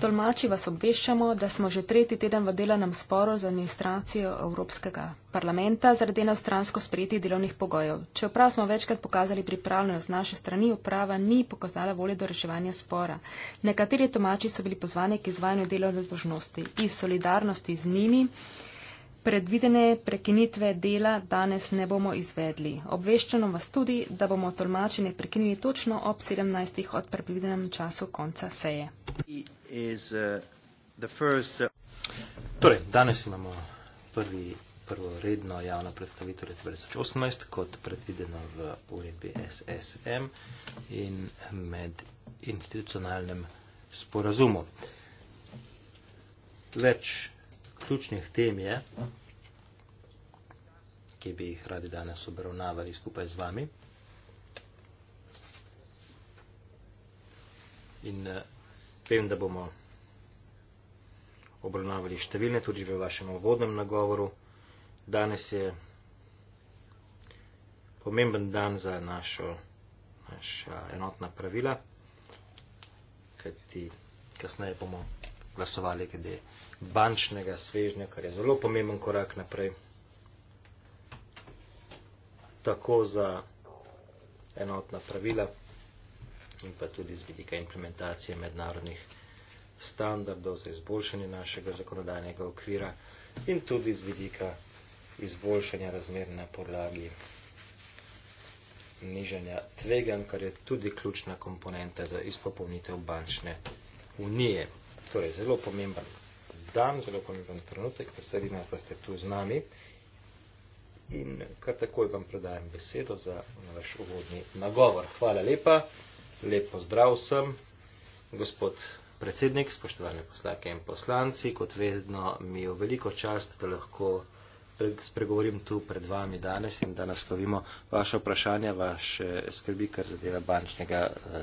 Tolmači vas obveščamo, da smo že tretji teden v delanem sporu z administracijo Evropskega parlamenta zaradi neostransko sprejetih delovnih pogojev. Čeprav smo večkrat pokazali pripravljenost naše strani, uprava ni pokazala volje do reševanja spora. Nekateri tolmači so bili pozvani k izvajanju delovne dožnosti. Iz solidarnosti z njimi. Predvidene prekinitve dela danes ne bomo izvedli. Obveščeno vas tudi, da bomo tolmačenje prekinili točno ob 17. od predvidenem času konca seje. Is, uh, first, uh... torej, danes imamo prvi, prvo redno javno predstavitev leta 2018, kot predvideno v uredbi SSM in med institucionalnim sporazumom. Več ključnih tem je, ki bi jih radi danes obravnavali skupaj z vami. In eh, vem, da bomo obravnavali številne tudi v vašem uvodnem nagovoru. Danes je pomemben dan za našo, naša enotna pravila, kajti kasneje bomo glasovali glede bančnega svežnja, kar je zelo pomemben korak naprej. Tako za enotna pravila in pa tudi z vidika implementacije mednarodnih standardov za izboljšanje našega zakonodajnega okvira in tudi z vidika izboljšanja razmer na podlagi nižanja tvegan, kar je tudi ključna komponenta za izpopolnitev bančne unije. Torej, zelo pomemben dan, zelo pomemben trenutek, veseli nas, da ste tu z nami. In kar takoj vam predajem besedo za vaš uvodni nagovor. Hvala lepa, lepo zdrav sem, gospod predsednik, spoštovane poslake in poslanci. Kot vedno mi je veliko čast, da lahko spregovorim tu pred vami danes in da naslovimo vaše vprašanja, vaše skrbi, kar zadeva bančnega eh,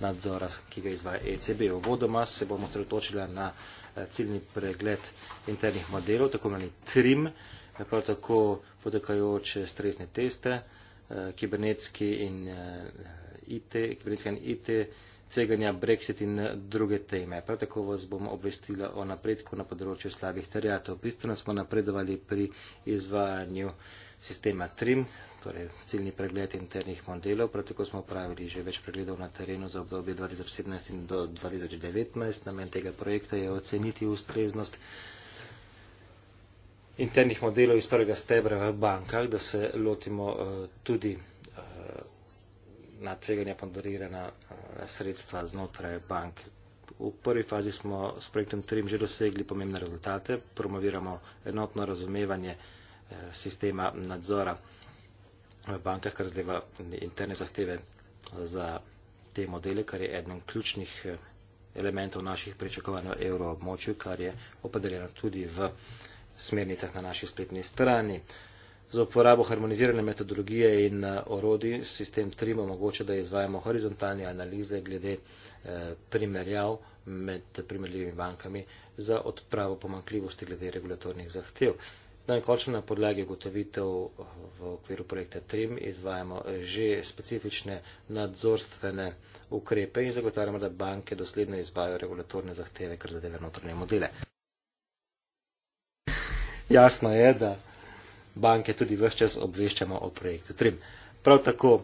nadzora, ki ga izvaja ECB. Uvodoma se bomo sredotočili na. Eh, ciljni pregled internih modelov, tako imeni TRIM, eh, prav tako potekajoče stresne teste, eh, kibernetski in IT, kibernetski in IT tveganja, Brexit in druge teme. Prav tako vas bom obvestila o napredku na področju slabih terjatov. Bistveno smo napredovali pri izvajanju uh, sistema TRIM, torej ciljni pregled internih modelov, protiko smo pravili že več pregledov na terenu za obdobje 2017 do 2019. Namen tega projekta je oceniti ustreznost internih modelov iz prvega stebra v bankah, da se lotimo eh, tudi eh, na tveganja ponderirana eh, sredstva znotraj bank. V prvi fazi smo s projektom TRIM že dosegli pomembne rezultate, promoviramo enotno razumevanje vsega, sistema nadzora v bankah, kar zleva interne zahteve za te modele, kar je eden ključnih eh, elementov naših pričakovanj v evroobmočju, kar je opredeljeno tudi v smernicah na naši spletni strani. Za uporabo harmonizirane metodologije in eh, orodi sistem TRIM omogoča, da izvajamo horizontalne analize glede eh, primerjav med primerljivimi bankami za odpravo pomankljivosti glede regulatornih zahtev. Na končno na podlagi gotovitev eh, v okviru projekta TRIM izvajamo eh, že specifične nadzorstvene ukrepe in zagotavljamo, da banke dosledno izvajo regulatorne zahteve, kar zadeve notranje modele. Jasno je, da banke tudi vse čas obveščamo o projektu TRIM. Prav tako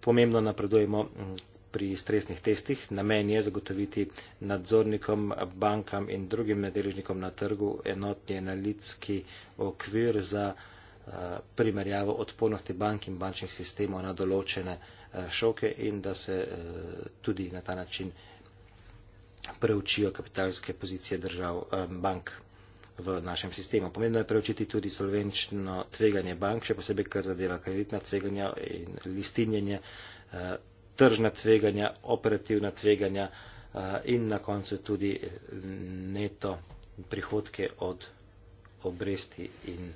pomembno napredujemo mm, pri stresnih testih. Namen je zagotoviti nadzornikom, bankam in drugim deležnikom na trgu enotni analitski okvir za eh, primerjavo odpornosti bank in bančnih sistemov na določene eh, šoke in da se eh, tudi na ta način preučijo kapitalske pozicije držav bank v našem sistemu. Pomembno je preučiti tudi solvenčno tveganje bank, še posebej kar zadeva kreditna tveganja in listinjenje tržna tveganja, operativna tveganja eh, in na koncu tudi neto prihodke od obresti in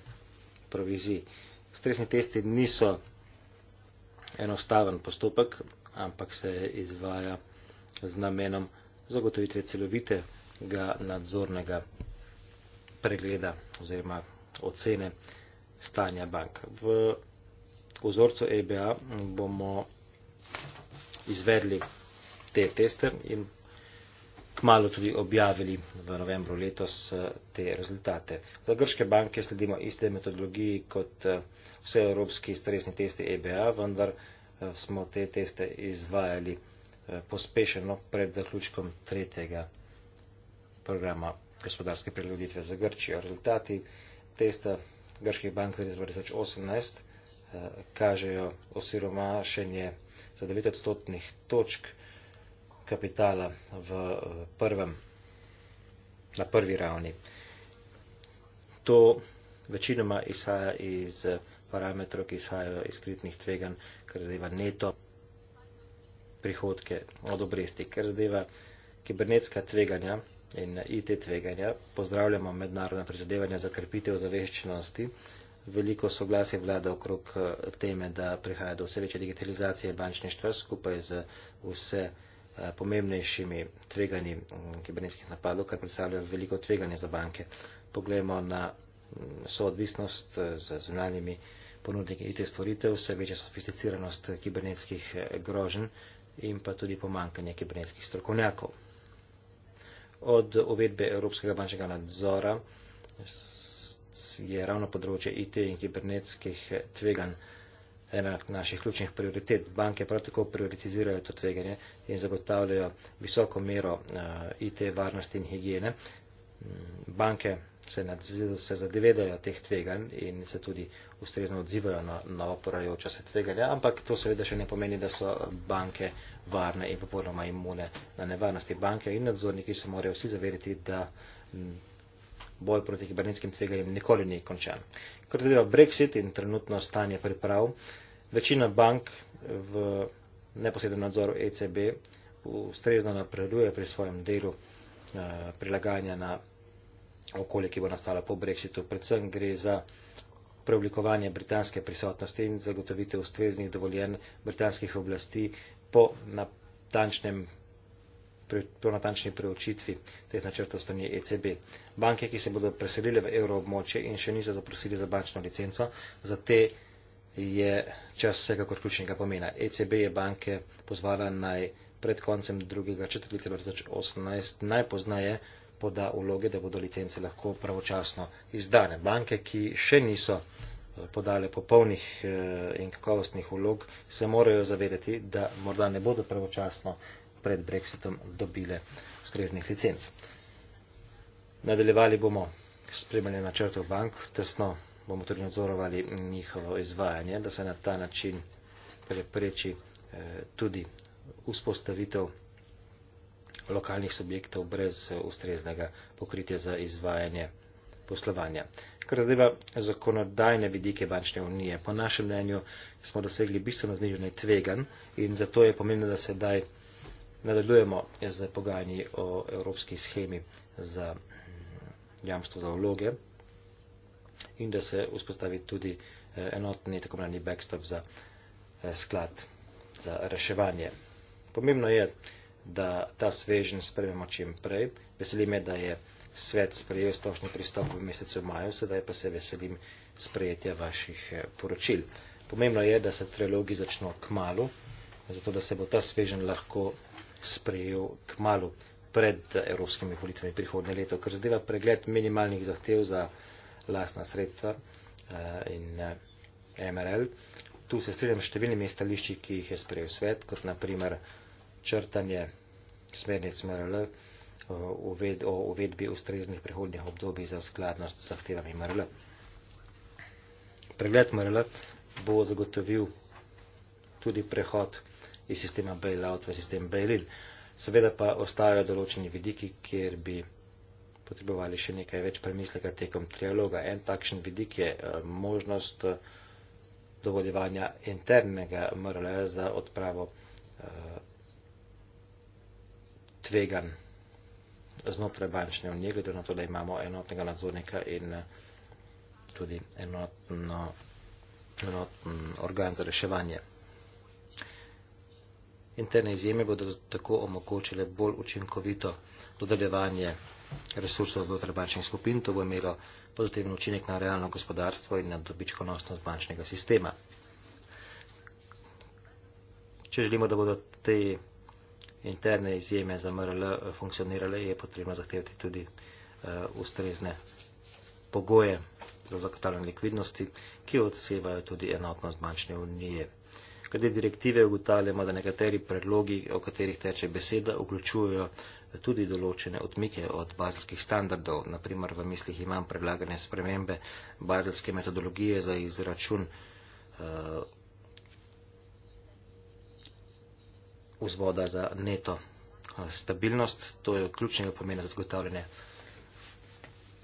provizij. Stresni testi niso enostaven postopek, ampak se izvaja z namenom zagotovitve celovitega nadzornega pregleda oziroma ocene stanja bank. V vzorcu EBA bomo izvedli te teste in kmalo tudi objavili v novembru letos eh, te rezultate. Za grške banke sledimo iste metodologiji kot eh, vse evropski stresni testi EBA, vendar eh, smo te teste izvajali pospešeno pred zaključkom tretjega programa gospodarske prilagoditve za Grčijo. Rezultati testa grških bank za 2018 kažejo osiromašenje za 9 odstotnih točk kapitala v eh, prvem, na prvi ravni. To večinoma izhaja iz eh, parametrov, ki izhajajo iz kritnih tveganj, kar zadeva neto prihodke od obresti, kar zadeva kibernetska tveganja in IT tveganja. Pozdravljamo mednarodne prizadevanja za krepitev zaveščenosti veliko soglasje vlada okrog eh, teme, da prihaja do vse večje digitalizacije bančništva skupaj z vse eh, pomembnejšimi tveganji mm, kibernetskih napadov, kar predstavlja veliko tveganje za banke. Poglejmo na mm, soodvisnost eh, z zunanjimi ponudniki IT stvoritev, vse večja sofisticiranost kibernetskih grožen in pa tudi pomankanje kibernetskih strokovnjakov. Od uvedbe Evropskega bančnega nadzora konec je ravno področje IT in kibernetskih tveganj ena naših ključnih prioritet. Banke prav tako prioritizirajo to tveganje in zagotavljajo visoko mero eh, IT varnosti in higiene. Mm, banke se, nadzivajo, se zadevedajo teh tveganj in se tudi ustrezno odzivajo na novo porajoča se tveganja, ampak to seveda še ne pomeni, da so banke varne in popolnoma imune na nevarnosti. Banke in nadzorniki se morajo vsi zaveriti, da mm, boj proti kibernetskim tveganjem nikoli ni končan. Kar zadeva Brexit in trenutno stanje priprav, večina bank v neposrednem nadzoru ECB ustrezno napreduje pri svojem delu eh, prilagajanja na okolje, ki bo nastalo po Brexitu. Predvsem gre za preoblikovanje britanske prisotnosti in zagotovitev ustreznih dovoljen britanskih oblasti po natančnem pri pronatančni preučitvi teh načrtov strani ECB. Banke, ki se bodo preselile v euroobmočje in še niso zaprosili za bančno licenco, za te je čas vsekakor ključnega pomena. ECB je banke pozvala naj pred koncem drugega četrtletja 2018 najpoznaje poda vloge, da bodo licence lahko pravočasno izdane. Banke, ki še niso eh, podale popolnih eh, in kakovostnih vlog, se morajo zavedati, da morda ne bodo pravočasno pred Brexitom dobile ustreznih licenc. Nadaljevali bomo spremljanje načrtov bank, tesno bomo tudi nadzorovali njihovo izvajanje, da se na ta način prepreči eh, tudi vzpostavitev lokalnih subjektov brez eh, ustreznega pokritja za izvajanje poslovanja. Kar zadeva zakonodajne vidike bančne unije, po našem mnenju smo dosegli bistveno znižanje tveganj in zato je pomembno, da se daj nadaljujemo z pogajanji o evropski schemi za mm, jamstvo za vloge in da se vzpostavi tudi eh, enotni tako imenovani backstop za eh, sklad za reševanje. Pomembno je, da ta svežen sprememo čim prej. Veselim me, da je svet sprejel stošnji pristop v mesecu maju, sedaj pa se veselim sprejetja vaših eh, poročil. Pomembno je, da se trilogi začno k malu, zato da se bo ta svežen lahko sprejel k malu pred evropskimi volitvami prihodne leto. Kar zadeva pregled minimalnih zahtev za lasna sredstva eh, in eh, MRL, tu se strinjam s številnimi stališči, ki jih je sprejel svet, kot naprimer črtanje smernic MRL eh, o uvedbi ustreznih prihodnih obdobij za skladnost z zahtevami MRL. Pregled MRL bo zagotovil tudi prehod MRL iz sistema bail-out v sistem bail-in. Seveda pa ostajajo določeni vidiki, kjer bi potrebovali še nekaj več premisleka tekom trialoga. En takšen vidik je eh, možnost eh, dovoljevanja internega MRL za odpravo eh, tvegan znotraj bančne unije, glede na to, da imamo enotnega nadzornika in tudi enotno, enotno organ za reševanje. Interne izjeme bodo tako omogočile bolj učinkovito dodeljevanje resursov znotraj bančnih skupin. To bo imelo pozitiven učinek na realno gospodarstvo in na dobičkonosnost bančnega sistema. Če želimo, da bodo te interne izjeme za MRL eh, funkcionirale, je potrebno zahtevati tudi uh, ustrezne pogoje za zagotavljanje likvidnosti, ki odsevajo tudi enotnost bančne unije. Glede direktive ugotavljamo, da nekateri predlogi, o katerih teče beseda, vključujejo tudi določene odmike od bazilskih standardov. Naprimer, v mislih imam predlagane spremembe bazilske metodologije za izračun uh, vzvoda za neto eh, stabilnost. To je ključnega pomena za zagotavljanje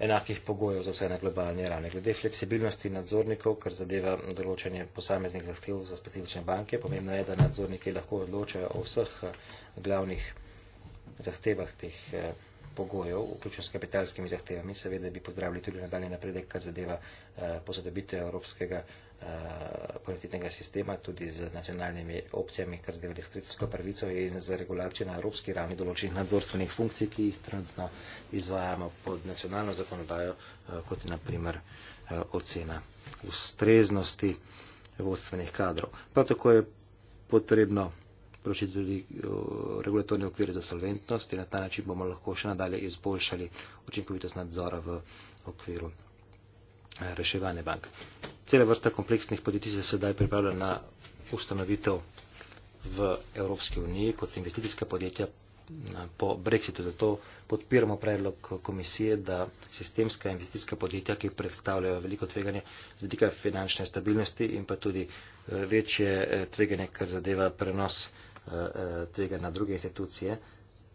enakih pogojev za vse na globalni ravni. Glede fleksibilnosti nadzornikov, kar zadeva določanje posameznih zahtev za specifične banke, pomembno je, da nadzorniki lahko odločajo o vseh eh, glavnih zahtevah teh eh, pogojev, vključno s kapitalskimi zahtevami. Seveda bi pozdravili tudi nadaljni napredek, kar zadeva eh, posodobitev evropskega prioritetnega eh, sistema, tudi z nacionalnimi opcijami, kar zdaj velja skritsko pravico in z regulacijo na evropski ravni določenih nadzorstvenih funkcij, ki jih trenutno izvajamo pod nacionalno zakonodajo, eh, kot je naprimer eh, ocena ustreznosti vodstvenih kadrov. Prav tako je potrebno prošiti tudi regulatorni okvir za solventnost in na ta način bomo lahko še nadalje izboljšali učinkovitost nadzora v okviru reševanje bank. Cela vrsta kompleksnih podjetij se sedaj pripravlja na ustanovitev v Evropski uniji kot investicijska podjetja eh, po brexitu. Zato podpiramo predlog komisije, da sistemska investicijska podjetja, ki predstavljajo veliko tveganje z vidika finančne stabilnosti in pa tudi eh, večje eh, tveganje, kar zadeva prenos tveganja na druge institucije,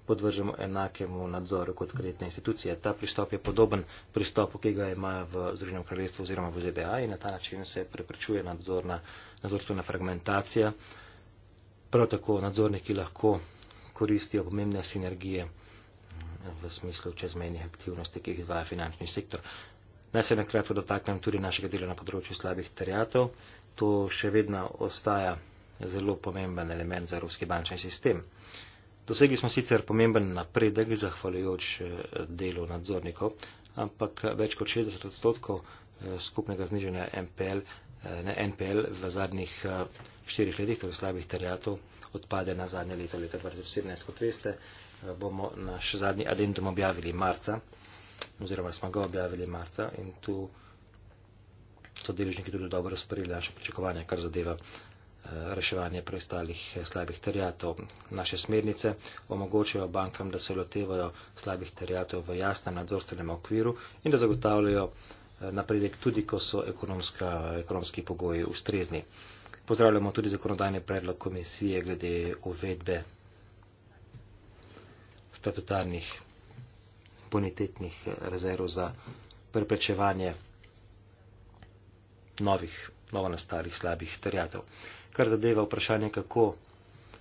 podvržemo enakemu nadzoru kot kreditne institucije. Ta pristop je podoben pristopu, ki ga imajo v Združenem kraljestvu oziroma v ZDA in na ta način se preprečuje nadzorna, nadzorstvena fragmentacija. Prav tako nadzorniki lahko koristijo pomembne sinergije v smislu čezmejnih aktivnosti, ki jih izvaja finančni sektor. Naj se nakratko dotaknem tudi našega dela na področju slabih terjatov. To še vedno ostaja zelo pomemben element za ruski bančni sistem. Dosegli smo sicer pomemben napredek, zahvaljujoč eh, delu nadzornikov, ampak eh, več kot 60 odstotkov eh, skupnega zniženja NPL, NPL v zadnjih štirih letih, torej slabih terjatov, odpade na zadnje leto, leta 2017. Kot veste, bomo naš zadnji adendum objavili marca, oziroma smo ga objavili marca in tu so deležniki tudi dobro sprejeli naše pričakovanja, kar zadeva reševanje preostalih eh, slabih terjatov. Naše smernice omogočajo bankam, da se lotevajo slabih terjatov v jasnem nadzorstvenem okviru in da zagotavljajo eh, napredek tudi, ko so ekonomski pogoji ustrezni. Pozdravljamo tudi zakonodajni predlog komisije glede uvedbe statutarnih bonitetnih eh, rezerv za preprečevanje novih, novo nastalih slabih terjatov kar zadeva vprašanje, kako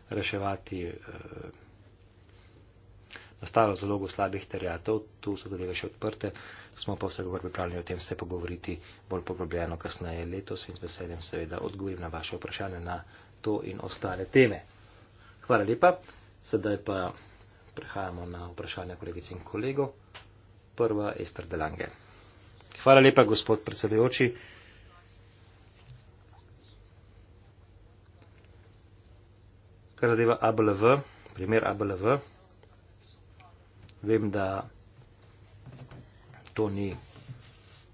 reševati eh, nastalo zalogo slabih terjatov, tu so zadeve še odprte, smo pa vsekakor pripravljeni o tem se pogovoriti bolj poglobljeno kasneje letos in z veseljem seveda odgovorim na vaše vprašanje na to in ostale teme. Hvala lepa, sedaj pa prehajamo na vprašanje kolegic in kolegov. Prva, Ester Delange. Hvala lepa, gospod predsedujoči. kar zadeva ABLV, primer ABLV, vem, da to ni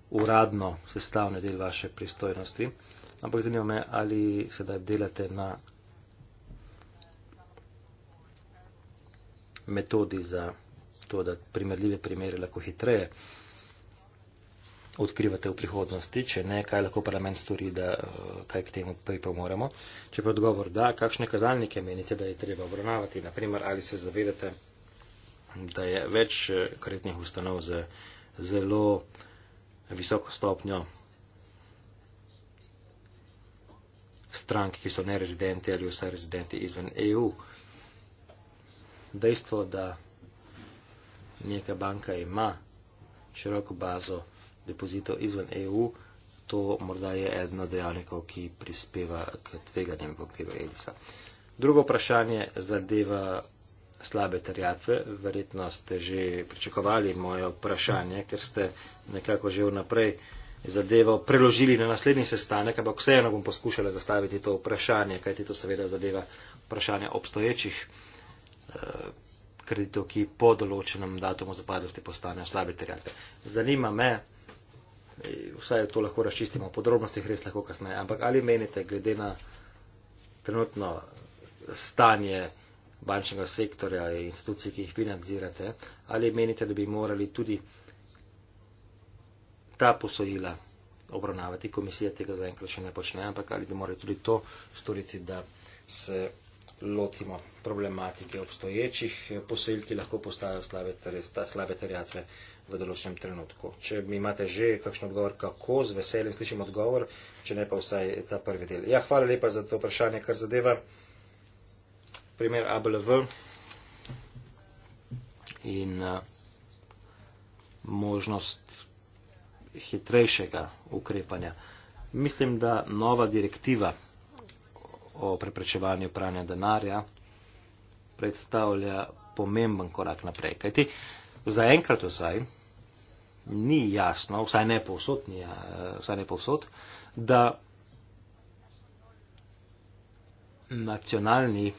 uradno sestavni del vaše pristojnosti, ampak zanima me, ali sedaj delate na metodi za to, da primerljive primere lahko hitreje odkrivate v prihodnosti, če ne, kaj lahko parlament stori, da eh, kaj k temu pripomoremo. Če pa odgovor da, kakšne kazalnike menite, da je treba obravnavati, naprimer, ali se zavedate, da je več eh, kreditnih ustanov z zelo visoko stopnjo strank, ki so nerezidenti ali vsaj rezidenti izven EU. Dejstvo, da neka banka ima široko bazo, depozitov izven EU, to morda je edno dejavnikov, ki prispeva k tveganjem v okviru Elisa. Drugo vprašanje zadeva slabe terjatve. Verjetno ste že pričakovali moje vprašanje, ker ste nekako že vnaprej zadevo preložili na naslednji sestanek, ampak vseeno bom poskušala zastaviti to vprašanje, kajti to seveda zadeva vprašanje obstoječih eh, kreditov, ki po določenem datumu zapadlosti postanejo slabe terjatve. Zanima me, vse to lahko razčistimo, podrobnosti res lahko kasneje. Ampak ali menite, glede na trenutno stanje bančnega sektorja in institucij, ki jih financirate, ali menite, da bi morali tudi ta posojila obravnavati, komisija tega zaenkrat še ne počne, ampak ali bi morali tudi to storiti, da se lotimo problematike obstoječih posojil, ki lahko postajajo slabe terjatve. Ter, ter, ter, ter, ter, ter, ter, ter, v določenem trenutku. Če imate že kakšen odgovor, kako, z veseljem slišim odgovor, če ne pa vsaj ta prvi del. Ja, hvala lepa za to vprašanje, kar zadeva primer ABLV in eh, možnost hitrejšega ukrepanja. Mislim, da nova direktiva o preprečevanju pranja denarja predstavlja pomemben korak naprej. Kajti, zaenkrat vsaj, ni jasno, vsaj ne povsod, ni, eh, vsaj ne povsod da nacionalni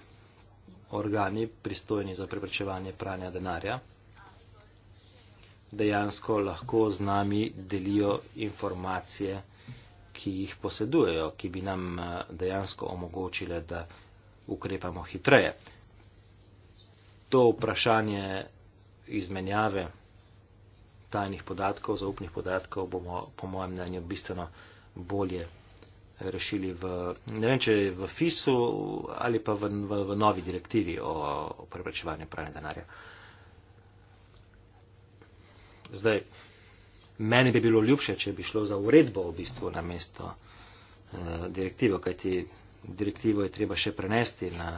organi pristojni za preprečevanje pranja denarja dejansko lahko z nami delijo informacije, ki jih posedujejo, ki bi nam eh, dejansko omogočile, da ukrepamo hitreje. To vprašanje izmenjave tajnih podatkov, zaupnih podatkov, bomo po mojem mnenju bistveno bolje rešili v, ne vem, če v FIS-u ali pa v, v, v novi direktivi o, o preprečevanju pranja denarja. Zdaj, meni bi bilo ljubše, če bi šlo za uredbo v bistvu na mesto eh, direktivo, kajti direktivo je treba še prenesti na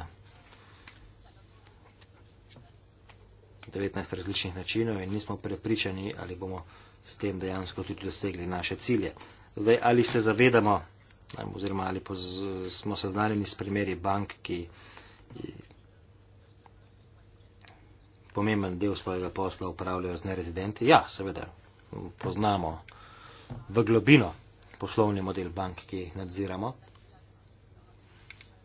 19 različnih načinov in nismo prepričani, ali bomo s tem dejansko tudi dosegli naše cilje. Zdaj, ali se zavedamo, oziroma ali poz, smo seznanjeni s primeri bank, ki pomemben del svojega posla upravljajo z nerezidenti? Ja, seveda, poznamo v globino poslovni model bank, ki nadziramo.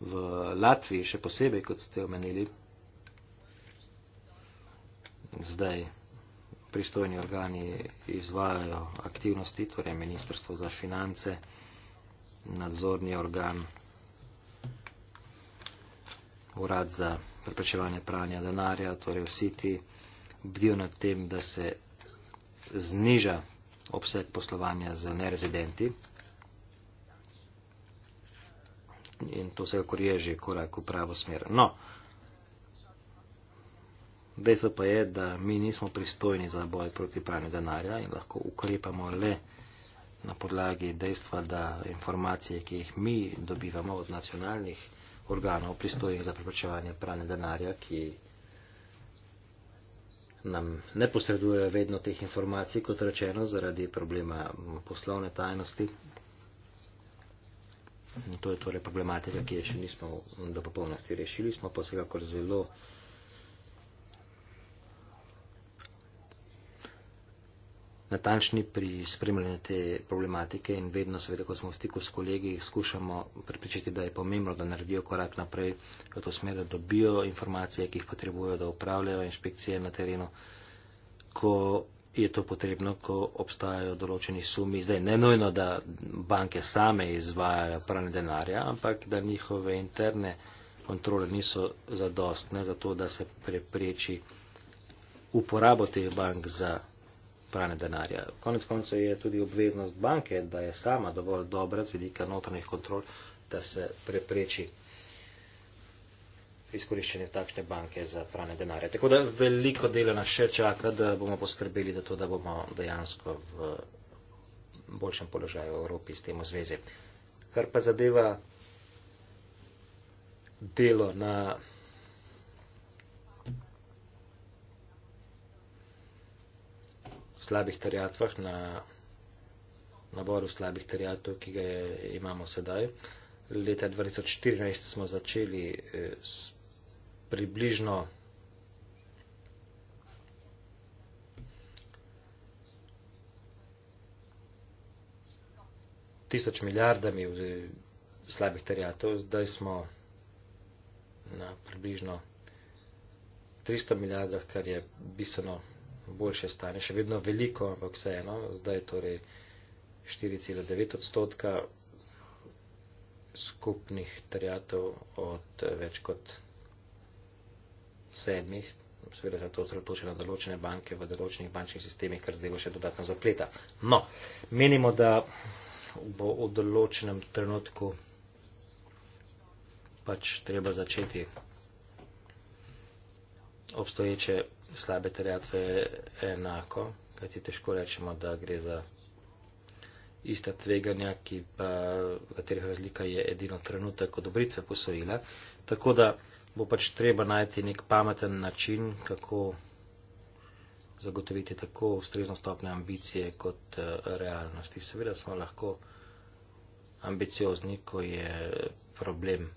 V Latviji še posebej, kot ste omenili, zdaj pristojni organi izvajajo aktivnosti, torej Ministrstvo za finance, nadzorni organ, urad za preprečevanje pranja denarja, torej vsi ti bdijo nad tem, da se zniža obseg poslovanja z nerezidenti. In to se je korježi korak v pravo smer. No, Dejstvo pa je, da mi nismo pristojni za boj proti pranju denarja in lahko ukrepamo le na podlagi dejstva, da informacije, ki jih mi dobivamo od nacionalnih organov, pristojnih za preprečevanje pranja denarja, ki nam ne posredujejo vedno teh informacij, kot rečeno, zaradi problema poslovne tajnosti. In to je torej problematika, ki je še nismo do popolnosti rešili, smo pa vsekakor zelo. natančni pri spremljanju te problematike in vedno, seveda, ko smo v stiku s kolegi, skušamo prepričati, da je pomembno, da naredijo korak naprej v to smer, da dobijo informacije, ki jih potrebujejo, da upravljajo inšpekcije na terenu, ko je to potrebno, ko obstajajo določeni sumi. Zdaj, ne nujno, da banke same izvajajo pranje denarja, ampak da njihove interne kontrole niso zadostne za to, da se prepreči uporabo teh bank za pranje denarja. Konec koncev je tudi obveznost banke, da je sama dovolj dobra z vidika notranjih kontrol, da se prepreči izkoriščenje takšne banke za pranje denarja. Tako da veliko dela nas še čaka, da bomo poskrbeli za to, da bomo dejansko v boljšem položaju v Evropi s tem v zvezi. Kar pa zadeva delo na v slabih terjatvah, na naboru slabih terjatev, ki ga je, imamo sedaj. Leta 2014 smo začeli eh, s približno tisoč milijardami eh, slabih terjatov, zdaj smo na približno 300 milijardah, kar je bistveno boljše stanje, še vedno veliko, ampak vseeno, zdaj je torej 4,9 odstotka skupnih terjatov od eh, več kot sedmih, seveda se to osredotoča na določene banke v določenih bančnih sistemih, kar zdaj bo še dodatno zapleta. No, menimo, da bo v določenem trenutku pač treba začeti obstoječe slabe terjatve enako, kajti težko rečemo, da gre za ista tveganja, pa, katerih razlika je edino trenutek odobritve posojila. Tako da bo pač treba najti nek pameten način, kako zagotoviti tako ustrezno stopne ambicije kot eh, realnosti. Seveda smo lahko ambiciozni, ko je problem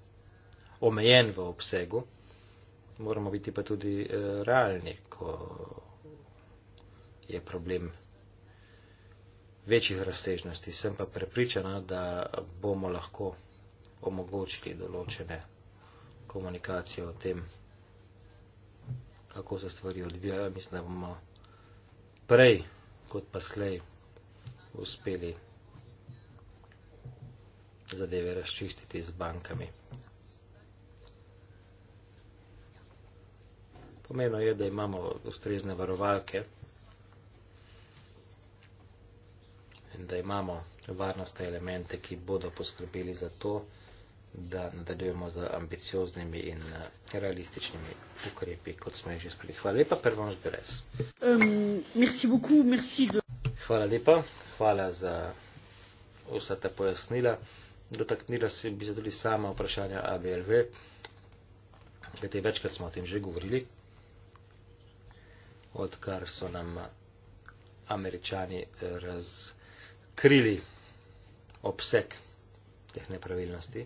omejen v obsegu moramo biti pa tudi eh, realni, ko je problem večjih razsežnosti. Sem pa prepričana, da bomo lahko omogočili določene komunikacije o tem, kako se stvari odvijajo. Mislim, da bomo prej kot pa slej uspeli zadeve razčistiti z bankami. Pomeno je, da imamo ustrezne varovalke in da imamo varnostne elemente, ki bodo poskrbeli za to, da nadaljujemo z ambicioznimi in eh, realističnimi ukrepi, kot smo jih že sprejeli. Hvala lepa, Pervonš Berez. Um, de... Hvala lepa, hvala za vsa ta pojasnila. Dotaknila se bi se tudi sama vprašanja ABLV, kajte večkrat smo o tem že govorili odkar so nam američani razkrili obseg teh nepravilnosti.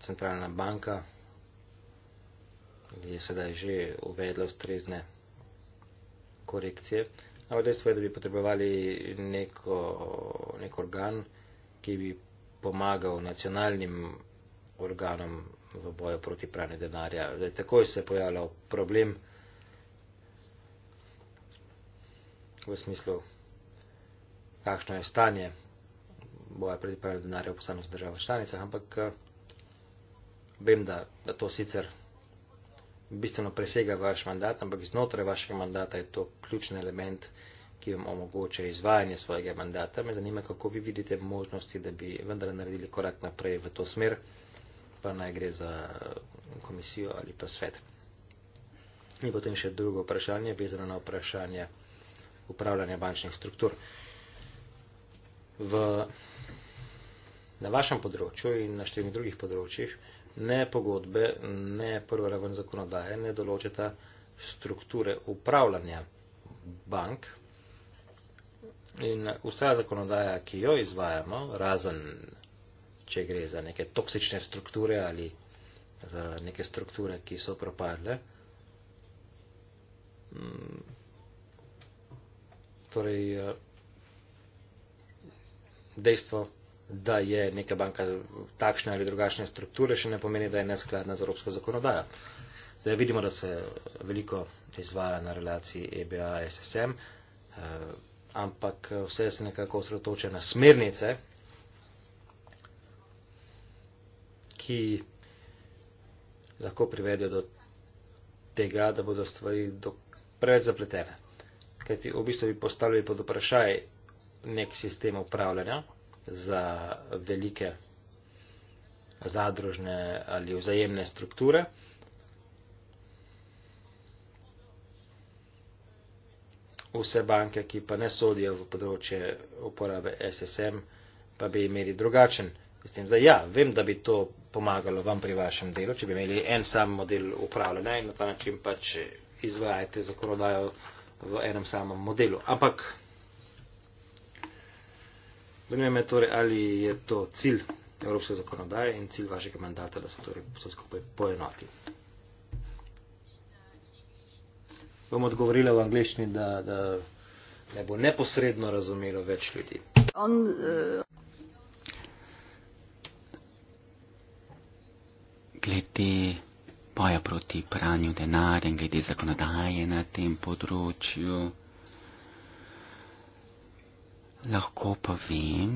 Centralna banka je sedaj že uvedla ustrezne korekcije, ampak dejstvo je, da bi potrebovali neko, nek organ, ki bi pomagal nacionalnim organom v boju proti pranju denarja. Zdaj, takoj se je pojavljal problem v smislu, kakšno je stanje boja proti pranju denarja v posameznih državah članicah, ampak eh, vem, da, da to sicer bistveno presega vaš mandat, ampak iznotraj vašega mandata je to ključni element, ki vam omogoča izvajanje svojega mandata. Me zanima, kako vi vidite možnosti, da bi vendar naredili korak naprej v to smer pa naj gre za komisijo ali pa svet. In potem še drugo vprašanje, vezano na vprašanje upravljanja bančnih struktur. V, na vašem področju in na številnih drugih področjih ne pogodbe, ne prvo raven zakonodaje ne določata strukture upravljanja bank. In vsa zakonodaja, ki jo izvajamo, razen če gre za neke toksične strukture ali za neke strukture, ki so propadle. Mm. Torej, eh, dejstvo, da je neka banka takšne ali drugačne strukture, še ne pomeni, da je neskladna z evropsko zakonodajo. Zdaj vidimo, da se veliko izvaja na relaciji EBA-SSM, eh, ampak eh, vse se nekako osredotoča na smernice, ki lahko privedejo do tega, da bodo stvari do, preveč zapletene. Ker ti v bistvu bi postavili pod vprašaj nek sistem upravljanja za velike zadružne ali vzajemne strukture. Vse banke, ki pa ne sodijo v področje uporabe SSM, pa bi imeli drugačen sistem. Zdaj, ja, vem, da bi to pomagalo vam pri vašem delu, če bi imeli en sam model upravljanja in na ta način pač izvajate zakonodajo v enem samem modelu. Ampak, zanima me torej, ali je to cilj evropske zakonodaje in cilj vašega mandata, da se torej vse skupaj poenoti. Bom odgovorila v angliščini, da, da ne bo neposredno razumelo več ljudi. On, uh... glede boja proti pranju denarja in glede zakonodaje na tem področju. Lahko pa vem.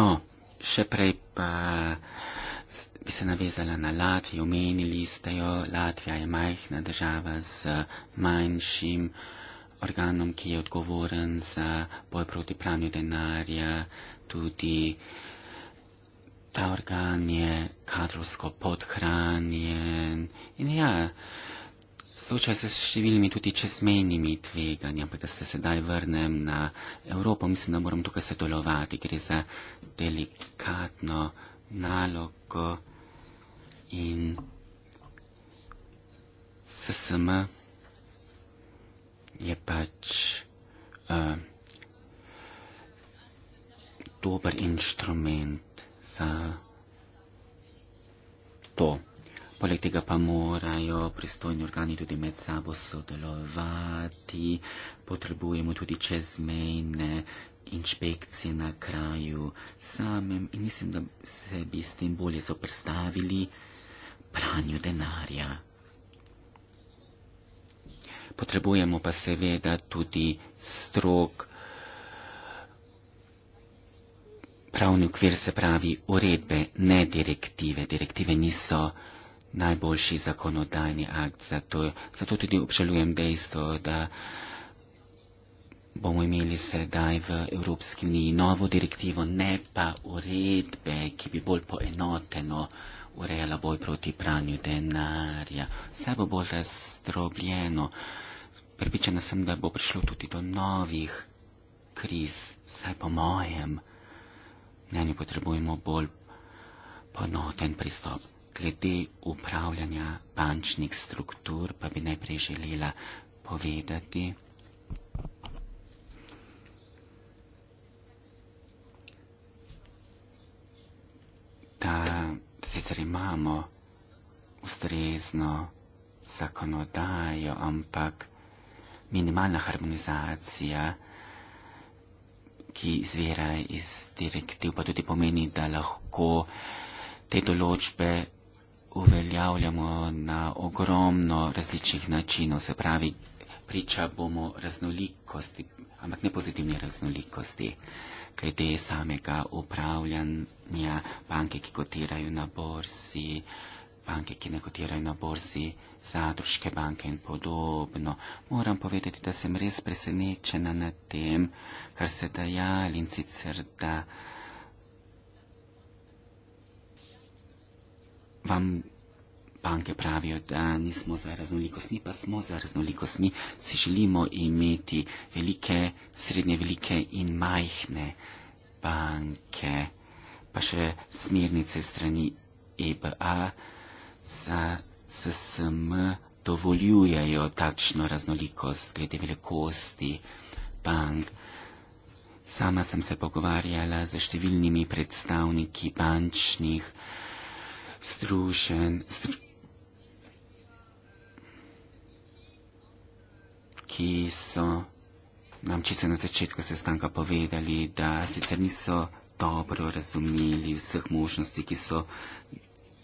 No, še prej pa bi se navezala na Latvijo. Omenili ste jo, Latvija je majhna država z manjšim organom, ki je odgovoren za boj proti pranju denarja, tudi uh, ta organ je kadrovsko podhranjen in ja, sooča se s številnimi tudi čezmejnimi tveganji, ampak da se sedaj vrnem na Evropo, mislim, da moram tukaj sodelovati, gre za delikatno nalogo in SSM je pač uh, dober inštrument za to. Poleg tega pa morajo pristojni organi tudi med sabo sodelovati. Potrebujemo tudi čezmejne inšpekcije na kraju samem in mislim, da se bi s tem bolje zoprstavili pranju denarja. Potrebujemo pa seveda tudi strok pravni okvir, se pravi uredbe, ne direktive. Direktive niso najboljši zakonodajni akt, zato, zato tudi obžalujem dejstvo, da bomo imeli sedaj v Evropski uniji novo direktivo, ne pa uredbe, ki bi bolj poenoteno urejala boj proti pranju denarja. Vse bo bolj razdrobljeno. Pripričana sem, da bo prišlo tudi do novih kriz, vsaj po mojem. Meni potrebujemo bolj ponoten pristop. Glede upravljanja bančnih struktur pa bi najprej želela povedati, da sicer imamo ustrezno zakonodajo, ampak minimalna harmonizacija ki izvira iz direktiv, pa tudi pomeni, da lahko te določbe uveljavljamo na ogromno različnih načinov, se pravi, priča bomo raznolikosti, ampak ne pozitivni raznolikosti, glede samega upravljanja banke, ki kotirajo na borzi banke, ki nekotirajo na borzi, zadruške banke in podobno. Moram povedati, da sem res presenečena nad tem, kar ste dajali in sicer, da vam banke pravijo, da nismo za raznolikost, mi pa smo za raznolikost, mi si želimo imeti velike, srednje velike in majhne banke, pa še smernice strani. EBA za SSM dovoljujejo takšno raznolikost glede velikosti bank. Sama sem se pogovarjala z številnimi predstavniki bančnih združen, str ki so nam čisto na začetku sestanka povedali, da sicer niso dobro razumeli vseh možnosti, ki so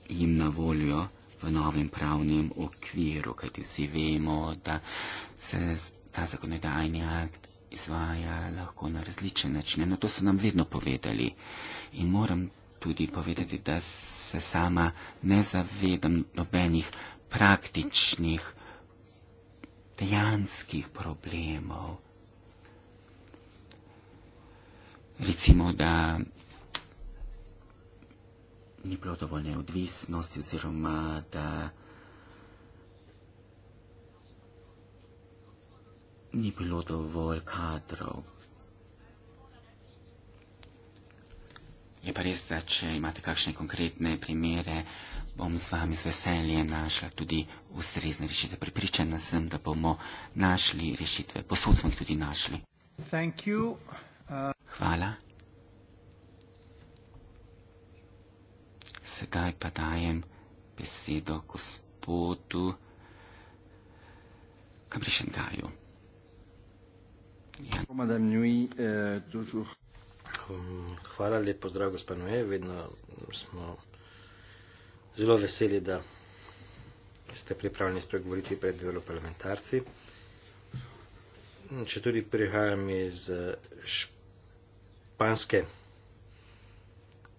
jim na voljo novem pravnem okviru, kajti vsi vemo, da se ta zakonodajni akt izvaja lahko na različne načine. Na to so nam vedno povedali. In moram tudi povedati, da se sama ne zavedam nobenih praktičnih, dejanskih problemov. Recimo, da ni bilo dovolj neodvisnosti oziroma da ni bilo dovolj kadrov. Je pa res, da če imate kakšne konkretne primere, bom z vami z veseljem našla tudi ustrezne rešitve. Pripričana sem, da bomo našli rešitve. Posod smo jih tudi našli. Thank you. Uh... Hvala. sedaj pa dajem besedo gospodu Kamrišengaju. Ja. Hvala lepo, zdrav gospod Noe, vedno smo zelo veseli, da ste pripravljeni spregovoriti pred delo parlamentarci. Če tudi prihajam iz španske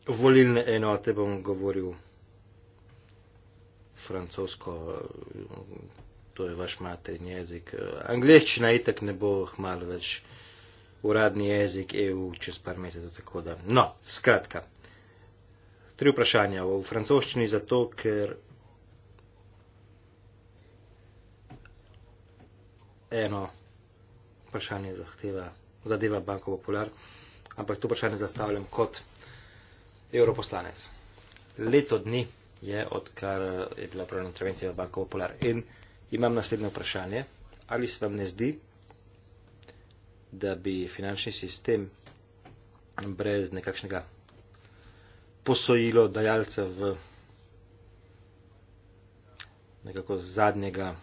volilne enote bom govoril francosko, to je vaš materin jezik. Angliščina itak ne bo hmalo več uradni jezik EU čez par mesecev, tako da. No, skratka. Tri vprašanja v francoščini zato, ker eno vprašanje zahteva, zadeva Banko Popular, ampak to vprašanje zastavljam kot evroposlanec. Leto dni je, odkar je bila pravna intervencija v Banko Popular. In imam naslednje vprašanje. Ali se vam ne zdi, da bi finančni sistem brez nekakšnega posojilo dajalca v nekako zadnjega,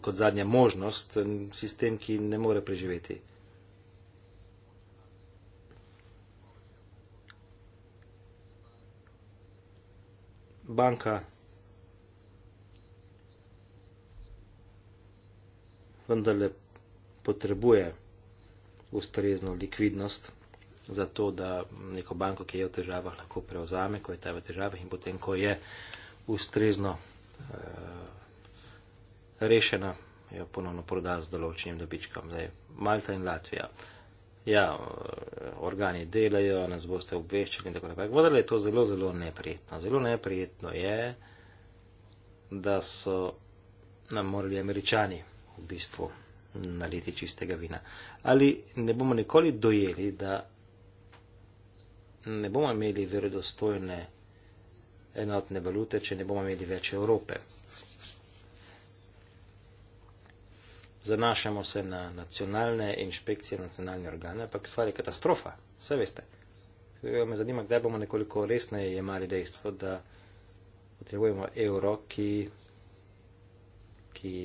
kot zadnja možnost, sistem, ki ne more preživeti? banka vendarle potrebuje ustrezno likvidnost za to, da neko banko, ki je v težavah, lahko prevzame, ko je ta v težavah in potem, ko je ustrezno eh, rešena, jo ponovno proda z določenim dobičkom. Malta in Latvija ja, eh, organi delajo, nas boste obveščali in tako naprej. Vendar je to zelo, zelo neprijetno. Zelo neprijetno je, da so nam morali američani v bistvu naliti čistega vina. Ali ne bomo nikoli dojeli, da ne bomo imeli verodostojne enotne valute, če ne bomo imeli več Evrope. zanašamo se na nacionalne inšpekcije, nacionalne organe, ampak stvar je katastrofa, vse veste. Torej, me zanima, kdaj bomo nekoliko resneje jemali dejstvo, da potrebujemo evro, ki, ki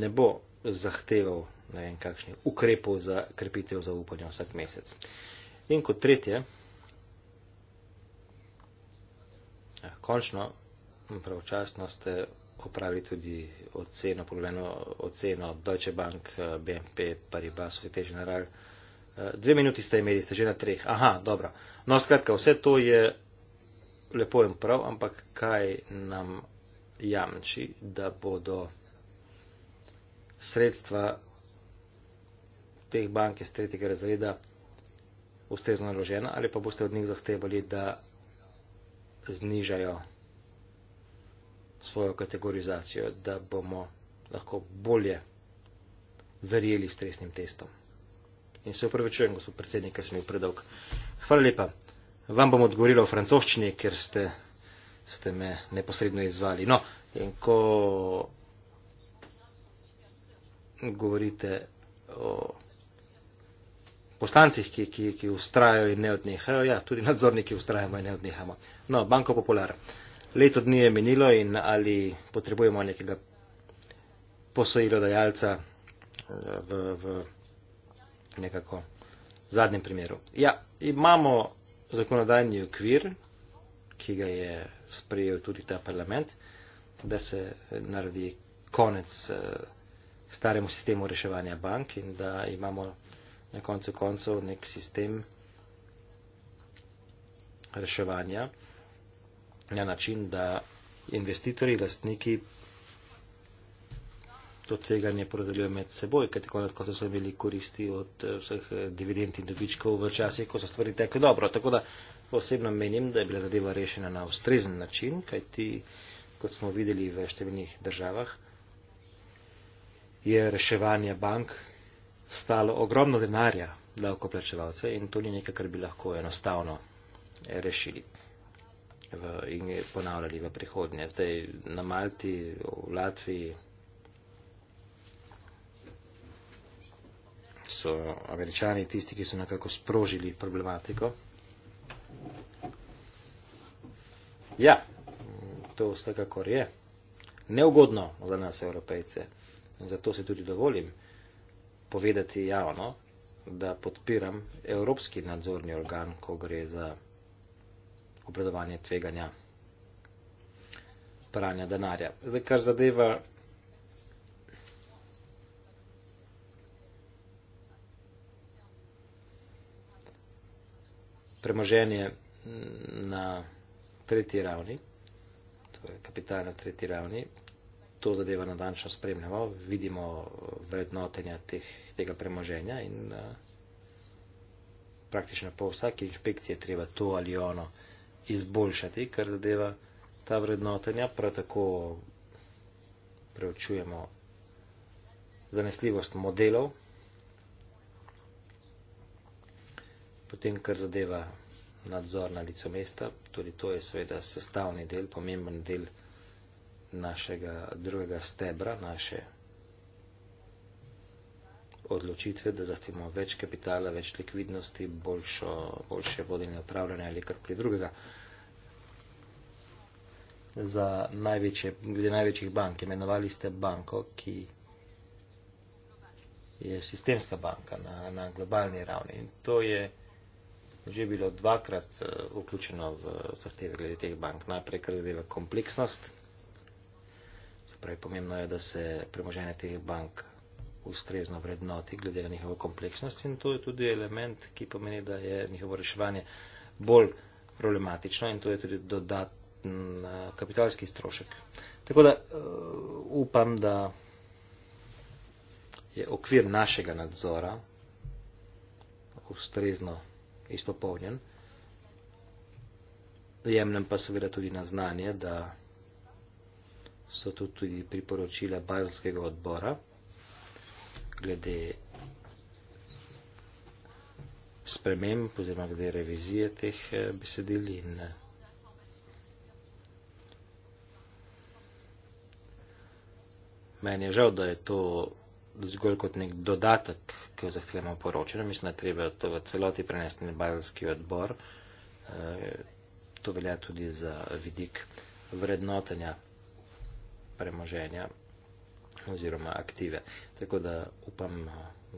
ne bo zahteval ne vem, kakšni ukrepov za krepitev zaupanja vsak mesec. In kot tretje, ja, končno, pravočasno ste opravili tudi oceno, poglobljeno oceno Deutsche Bank, eh, BNP, Paribas, Societe General. Eh, dve minuti ste imeli, ste že na treh. Aha, dobro. No, skratka, vse to je lepo in prav, ampak kaj nam jamči, da bodo sredstva teh bank iz tretjega razreda ustrezno naložena ali pa boste od njih zahtevali, da znižajo svojo kategorizacijo, da bomo lahko bolje verjeli stresnim testom. In se upravičujem, gospod predsednik, ker sem bil predolg. Hvala lepa. Vam bom odgovorila v francoščini, ker ste, ste me neposredno izvali. No, in ko govorite o poslancih, ki, ki, ki ustrajajo in ne odnehajo, ja, tudi nadzorniki ustrajamo in ne odnehamo. No, Banko Popular leto dni je minilo in ali potrebujemo nekega posojilodajalca eh, v, v nekako zadnjem primeru. Ja, imamo zakonodajni okvir, ki ga je sprejel tudi ta parlament, da se naredi konec eh, staremu sistemu reševanja bank in da imamo na koncu koncev nek sistem reševanja na način, da investitorji, lastniki to tveganje porazdelijo med seboj, ker tako nadko so imeli koristi od eh, vseh eh, dividend in dobičkov v časih, ko so stvari tekle dobro. Tako da osebno menim, da je bila zadeva rešena na ustrezen način, kaj ti, kot smo videli v številnih državah, je reševanje bank stalo ogromno denarja davkoplačevalce in to ni nekaj, kar bi lahko enostavno rešili v, in je ponavljali v prihodnje. Zdaj na Malti, v Latviji so američani tisti, ki so nekako sprožili problematiko. Ja, to vsekakor je. Neugodno za nas, evropejce. In zato se tudi dovolim povedati javno, da podpiram evropski nadzorni organ, ko gre za obredovanje tveganja pranja denarja. Zdaj, kar zadeva premoženje na tretji ravni, to je kapital na tretji ravni, to zadeva na danšnjo spremljamo, vidimo vrednotenja teh, tega premoženja in uh, praktično po vsaki inšpekciji je treba to ali ono uh, izboljšati, kar zadeva ta vrednotenja, prav tako preučujemo zanesljivost modelov, potem kar zadeva nadzor na lico mesta, tudi to je seveda sestavni del, pomemben del našega drugega stebra, naše odločitve, da zahtevamo več kapitala, več likvidnosti, boljšo, boljše vodenje upravljanja ali karkoli drugega. Za največje, glede največjih bank, imenovali ste banko, ki je sistemska banka na, na globalni ravni. In to je že bilo dvakrat eh, vključeno v zahteve glede teh bank. Najprej, ker zadeva kompleksnost, se pravi, pomembno je, da se premoženje teh bank ustrezno vrednoti glede na njihovo kompleksnost in to je tudi element, ki pomeni, da je njihovo reševanje bolj problematično in to je tudi dodatn eh, kapitalski strošek. Tako da uh, upam, da je okvir našega nadzora ustrezno izpopolnjen. Jemnem pa seveda tudi na znanje, da so tu tudi priporočila Bazilskega odbora, glede sprememb oziroma glede revizije teh eh, besedil in eh, meni je žal, da je to zgolj kot nek dodatek, ki jo zahtevamo poročeno. Mislim, da treba to v celoti prenesti na bazalski odbor. Eh, to velja tudi za vidik vrednotenja premoženja oziroma aktive. Tako da upam,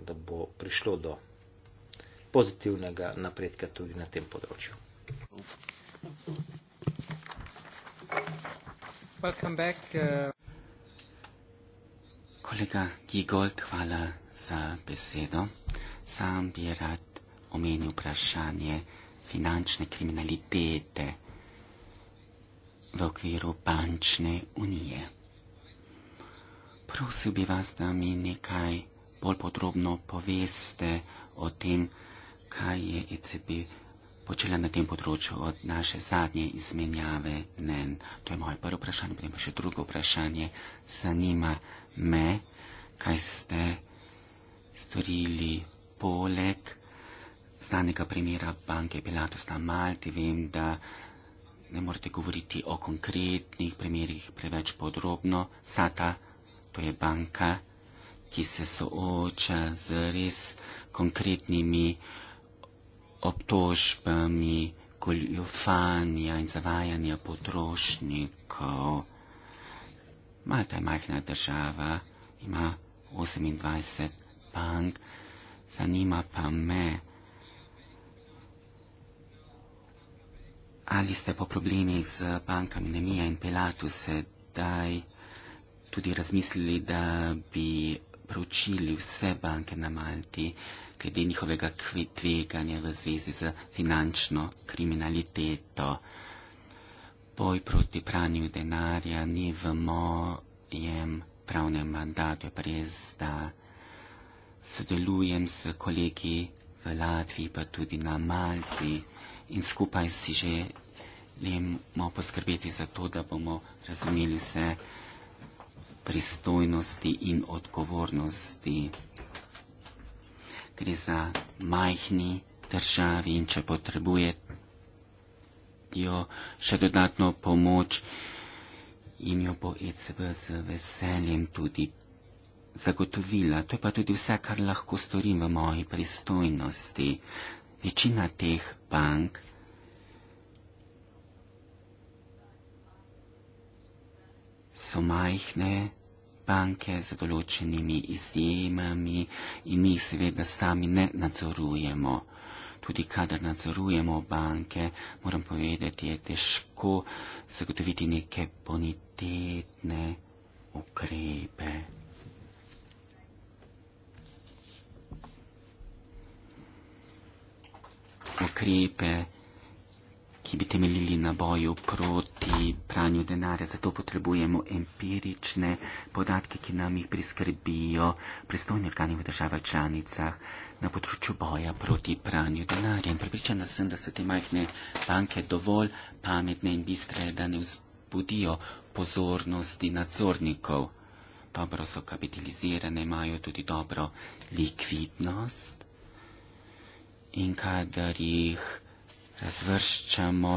da bo prišlo do pozitivnega napredka tudi na tem področju. Back, uh... Kolega Gigold, hvala za besedo. Sam bi rad omenil vprašanje finančne kriminalitete v okviru bančne unije prosil bi vas, da mi nekaj bolj podrobno poveste o tem, kaj je ECB počela na tem področju od naše zadnje izmenjave mnen. To je moje prvo vprašanje, potem pa še drugo vprašanje. Zanima me, kaj ste storili poleg znanega primera banke Pilatus na Malti. Vem, da ne morete govoriti o konkretnih primerjih preveč podrobno. Sata, ko je banka, ki se sooča z res konkretnimi obtožbami goljufanja in zavajanja potrošnikov. Malta je majhna država, ima 28 bank, zanima pa me, ali ste po problemih z bankami Nemija in Pilatu sedaj tudi razmislili, da bi preučili vse banke na Malti, glede njihovega tveganja v zvezi z finančno kriminaliteto. Boj proti pranju denarja ni v mojem pravnem mandatu, je pa res, da sodelujem s kolegi v Latviji, pa tudi na Malti in skupaj si želimo poskrbeti za to, da bomo razumeli vse pristojnosti in odgovornosti. Gre za majhni državi in če potrebuje jo še dodatno pomoč, jim jo bo ECB z veseljem tudi zagotovila. To je pa tudi vse, kar lahko storim v moji pristojnosti. Večina teh bank so majhne, banke z določenimi izjemami in mi seveda sami ne nadzorujemo. Tudi kadar nadzorujemo banke, moram povedati, je težko zagotoviti neke bonitetne ukrepe. Ukrepe ki bi temeljili na boju proti pranju denarja. Zato potrebujemo empirične podatke, ki nam jih priskrbijo pristojni organi v državah članicah na področju boja proti pranju denarja. In pripričana sem, da so te majhne banke dovolj pametne in bistre, da ne vzbudijo pozornosti nadzornikov. Dobro so kapitalizirane, imajo tudi dobro likvidnost. In kadar jih razvrščamo,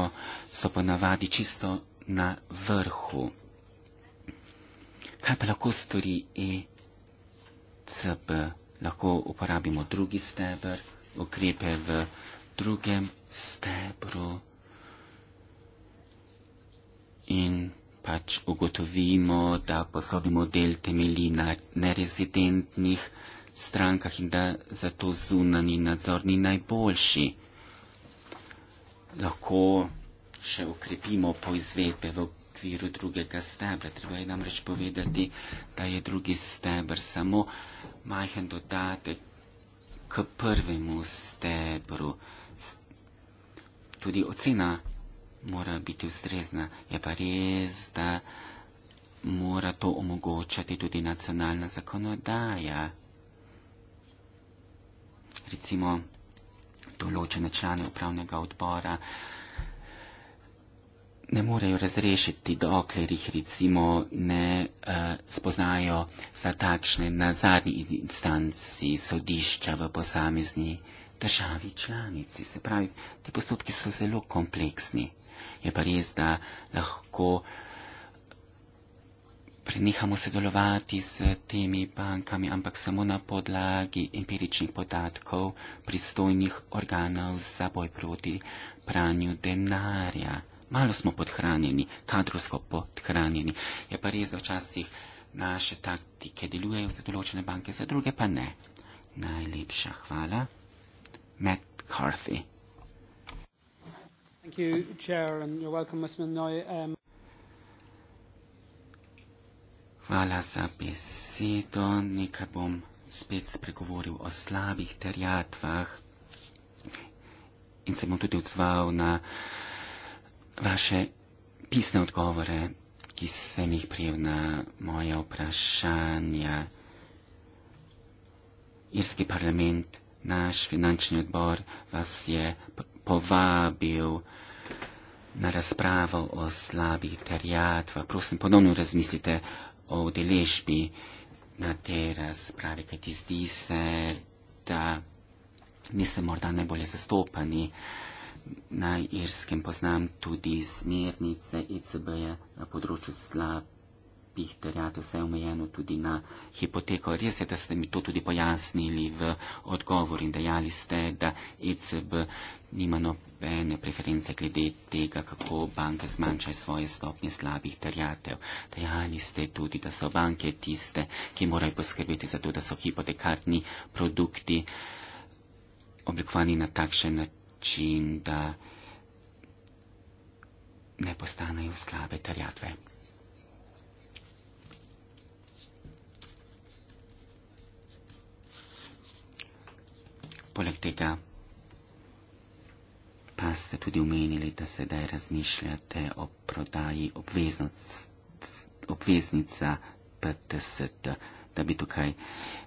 so ponavadi čisto na vrhu. Kaj pa lahko stori ECB? Lahko uporabimo drugi stebr, ukrepe v drugem stebru in pač ugotovimo, da poslovni model temelji na nerezidentnih strankah in da zato zunani nadzor ni najboljši lahko še ukrepimo poizvedbe v okviru drugega stebra. Treba je namreč povedati, da je drugi stebr samo majhen dodatek k prvemu stebru. Tudi ocena mora biti ustrezna. Je pa res, da mora to omogočati tudi nacionalna zakonodaja. Recimo, določene člane upravnega odbora ne morejo razrešiti, dokler jih recimo ne eh, spoznajo za takšne na zadnji instanci sodišča v posamezni državi članici. Se pravi, ti postopki so zelo kompleksni. Je pa res, da lahko prenehamo sodelovati s temi bankami, ampak samo na podlagi empiričnih podatkov pristojnih organov za boj proti pranju denarja. Malo smo podhranjeni, kadrovsko podhranjeni. Je pa res, da včasih naše taktike delujejo za določene banke, za druge pa ne. Najlepša hvala. Matt Carthy. Thank you, Chair, and you're welcome, Ms. Minoy. Um... Hvala za besedo. Nekaj bom spet spregovoril o slabih terjatvah in se bom tudi odzval na vaše pisne odgovore, ki sem jih prijel na moje vprašanja. Irski parlament, naš finančni odbor vas je povabil na razpravo o slabih terjatvah. Prosim, ponovno razmislite o udeležbi na tej razpravi, kaj ti zdi se, da niste morda najbolje zastopani. Na Irskem poznam tudi smernice ICB-ja e na področju slab bih terjatev vse omejeno tudi na hipoteko. Res je, da ste mi to tudi pojasnili v odgovor in dejali ste, da ECB nima nobene preference glede tega, kako banke zmanjšajo svoje stopnje slabih terjatev. Dejali ste tudi, da so banke tiste, ki morajo poskrbeti za to, da so hipotekarni produkti oblikovani na takšen način, da ne postanejo slabe terjatve. Poleg tega pa ste tudi omenili, da sedaj razmišljate o prodaji obveznica PTSD, da bi tukaj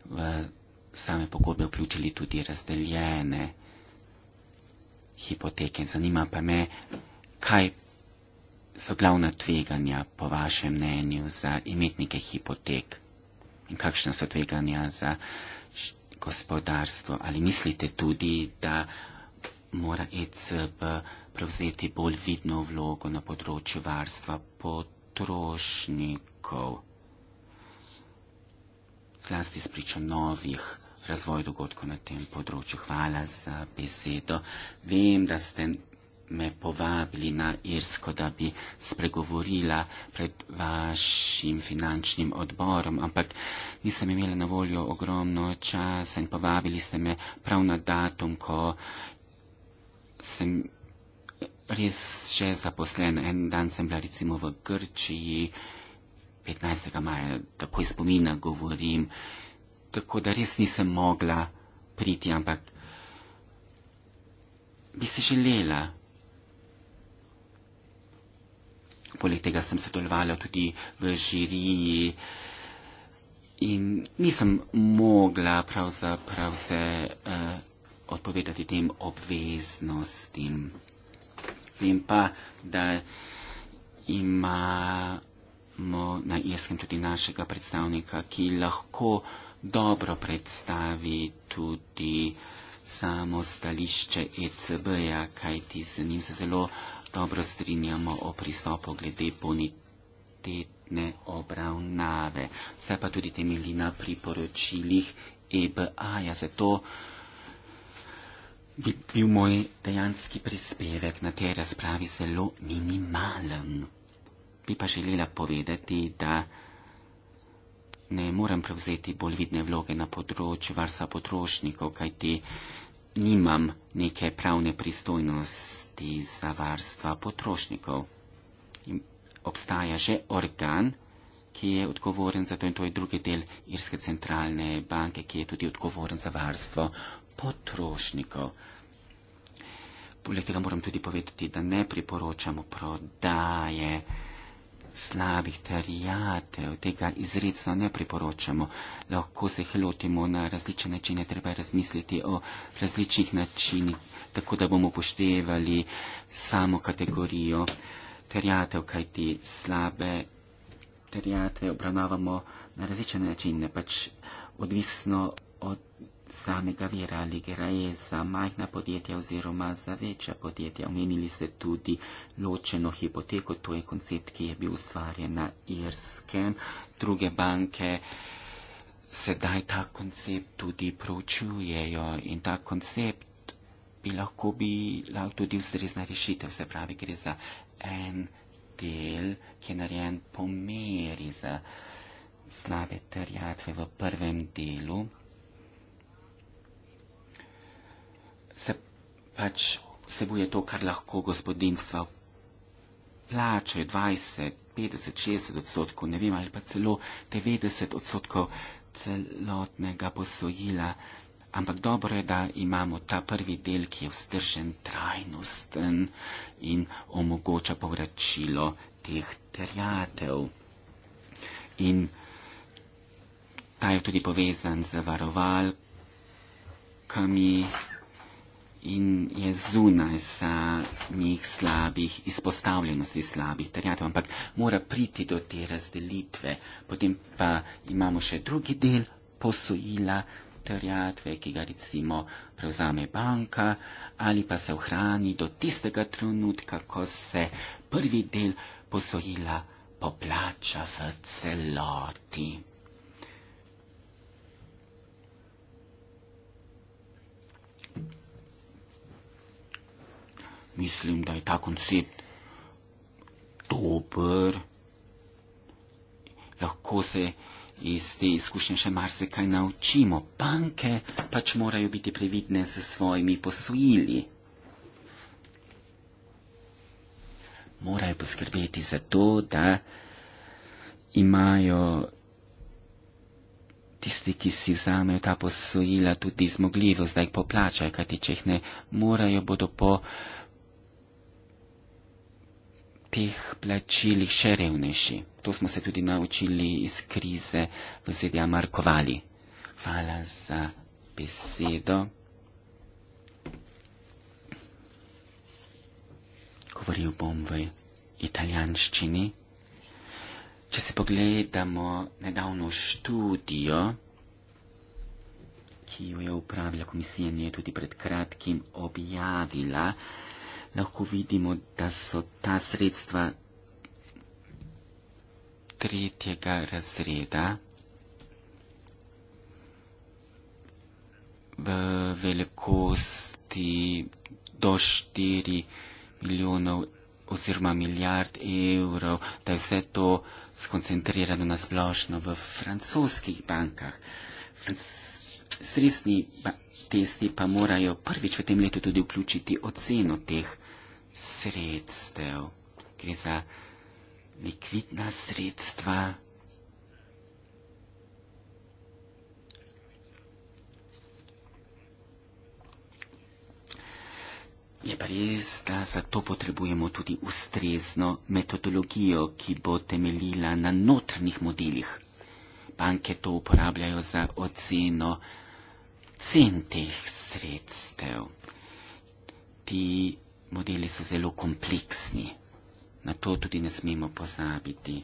v same pogodbe vključili tudi razdeljene hipoteke. Zanima pa me, kaj so glavna tveganja po vašem mnenju za imetnike hipotek in kakšna so tveganja za gospodarstvo. Ali mislite tudi, da mora ECB prevzeti bolj vidno vlogo na področju varstva potrošnikov, zlasti s pričo novih razvoj dogodkov na tem področju. Hvala za besedo. Vem, da ste me povabili na Irsko, da bi spregovorila pred vašim finančnim odborom, ampak nisem imela na voljo ogromno časa in povabili ste me prav na datum, ko sem res že zaposlen. En dan sem bila recimo v Grčiji, 15. maja, tako iz spomina govorim, tako da res nisem mogla priti, ampak bi se želela Poleg tega sem sodelovala tudi v žiriji in nisem mogla pravzaprav se uh, odpovedati tem obveznostim. Vem pa, da imamo na Irskem tudi našega predstavnika, ki lahko dobro predstavi tudi samo stališče ECB-ja, kajti z njim se zelo uh, dobro strinjamo o pristopu glede bonitetne obravnave. Vse pa tudi temelji na priporočilih EBA-ja. Zato bi bil moj dejanski prispevek na tej razpravi zelo minimalen. Bi pa želela povedati, da ne morem prevzeti bolj vidne vloge na področju varstva potrošnikov, kajti nimam neke pravne pristojnosti za varstva potrošnikov. In obstaja že organ, ki je odgovoren za to in to je drugi del Irske centralne banke, ki je tudi odgovoren za varstvo potrošnikov. Poleg tega moram tudi povedati, da ne priporočamo prodaje slabih terjatev, tega izredno ne priporočamo. Lahko se jih lotimo na različne načine, treba razmisliti o različnih načinih, tako da bomo poštevali samo kategorijo terjatev, kajti slabe terjatve obravnavamo na različne načine, pač odvisno od samega vira ali gre za majhna podjetja oziroma za večja podjetja. Omenili ste tudi ločeno hipoteko, to je koncept, ki je bil ustvarjen na Irskem. Druge banke sedaj ta koncept tudi proučujejo in ta koncept bi lahko bila tudi ustrezna rešitev, se pravi, gre za en del, ki je narejen po meri za slabe terjatve v prvem delu. se pač vsebuje to, kar lahko gospodinstva plačajo 20, 50, 60 odstotkov, ne vem, ali pa celo 90 odstotkov celotnega posojila. Ampak dobro je, da imamo ta prvi del, ki je vzdržen, trajnosten in omogoča povračilo teh terjatev. In ta je tudi povezan z varovalkami in je zunaj za njih slabih, izpostavljenosti slabih terjatev, ampak mora priti do te razdelitve. Potem pa imamo še drugi del posojila terjatve, ki ga recimo prevzame banka ali pa se ohrani do tistega trenutka, ko se prvi del posojila poplača v celoti. mislim, da je ta koncept dober. Lahko se iz te izkušnje še marsikaj naučimo. Banke pač morajo biti previdne z svojimi posojili. Morajo poskrbeti za to, da imajo tisti, ki si vzamejo ta posojila, tudi zmogljivost, da jih poplačajo, kajti če jih ne morajo, bodo po teh plačilih še revnejši. To smo se tudi naučili iz krize v ZDA Markovali. Hvala za besedo. Govoril bom v italijanščini. Če se pogledamo nedavno študijo, ki jo je upravila komisija in je tudi pred kratkim objavila, lahko vidimo, da so ta sredstva tretjega razreda v velikosti do 4 milijonov oziroma milijard evrov, da je vse to skoncentrirano na splošno v francoskih bankah. Stresni testi pa morajo prvič v tem letu tudi vključiti oceno teh sredstev, gre za likvidna sredstva. Je pa res, da zato potrebujemo tudi ustrezno metodologijo, ki bo temeljila na notrnih modelih. Banke to uporabljajo za oceno cen teh sredstev. Ti modeli so zelo kompleksni. Na to tudi ne smemo pozabiti.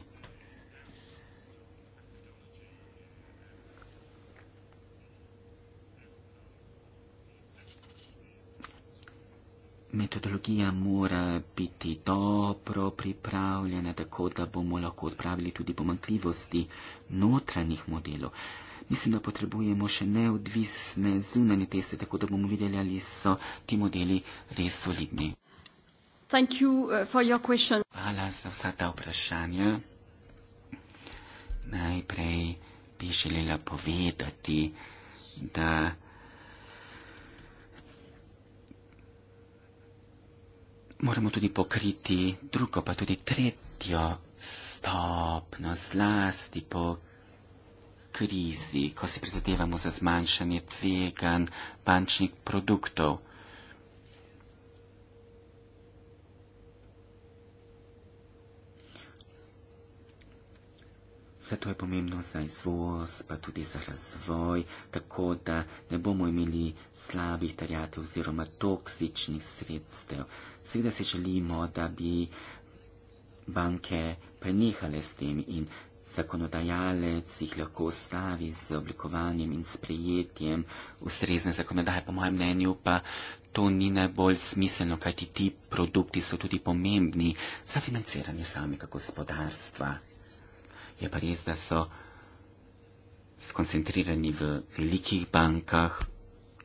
Metodologija mora biti dobro pripravljena, tako da bomo lahko odpravili tudi pomankljivosti notranjih modelov. Mislim, da potrebujemo še neodvisne zunanje teste, tako da bomo videli, ali so ti modeli res solidni. Thank you uh, for your question. Hvala za vsa ta vprašanja. Najprej bi želela povedati, da moramo tudi pokriti drugo, pa tudi tretjo stopno zlasti po krizi, ko se prizadevamo za zmanjšanje tvegan bančnih produktov. Zato je pomembno za izvoz, pa tudi za razvoj, tako da ne bomo imeli slabih tarjatev oziroma toksičnih sredstev. Seveda se želimo, da bi banke prenehale s tem in zakonodajalec jih lahko ustavi z oblikovanjem in sprejetjem ustrezne zakonodaje. Po mojem mnenju pa to ni najbolj smiselno, kajti ti produkti so tudi pomembni za financiranje samega gospodarstva je pa res, da so skoncentrirani v velikih bankah.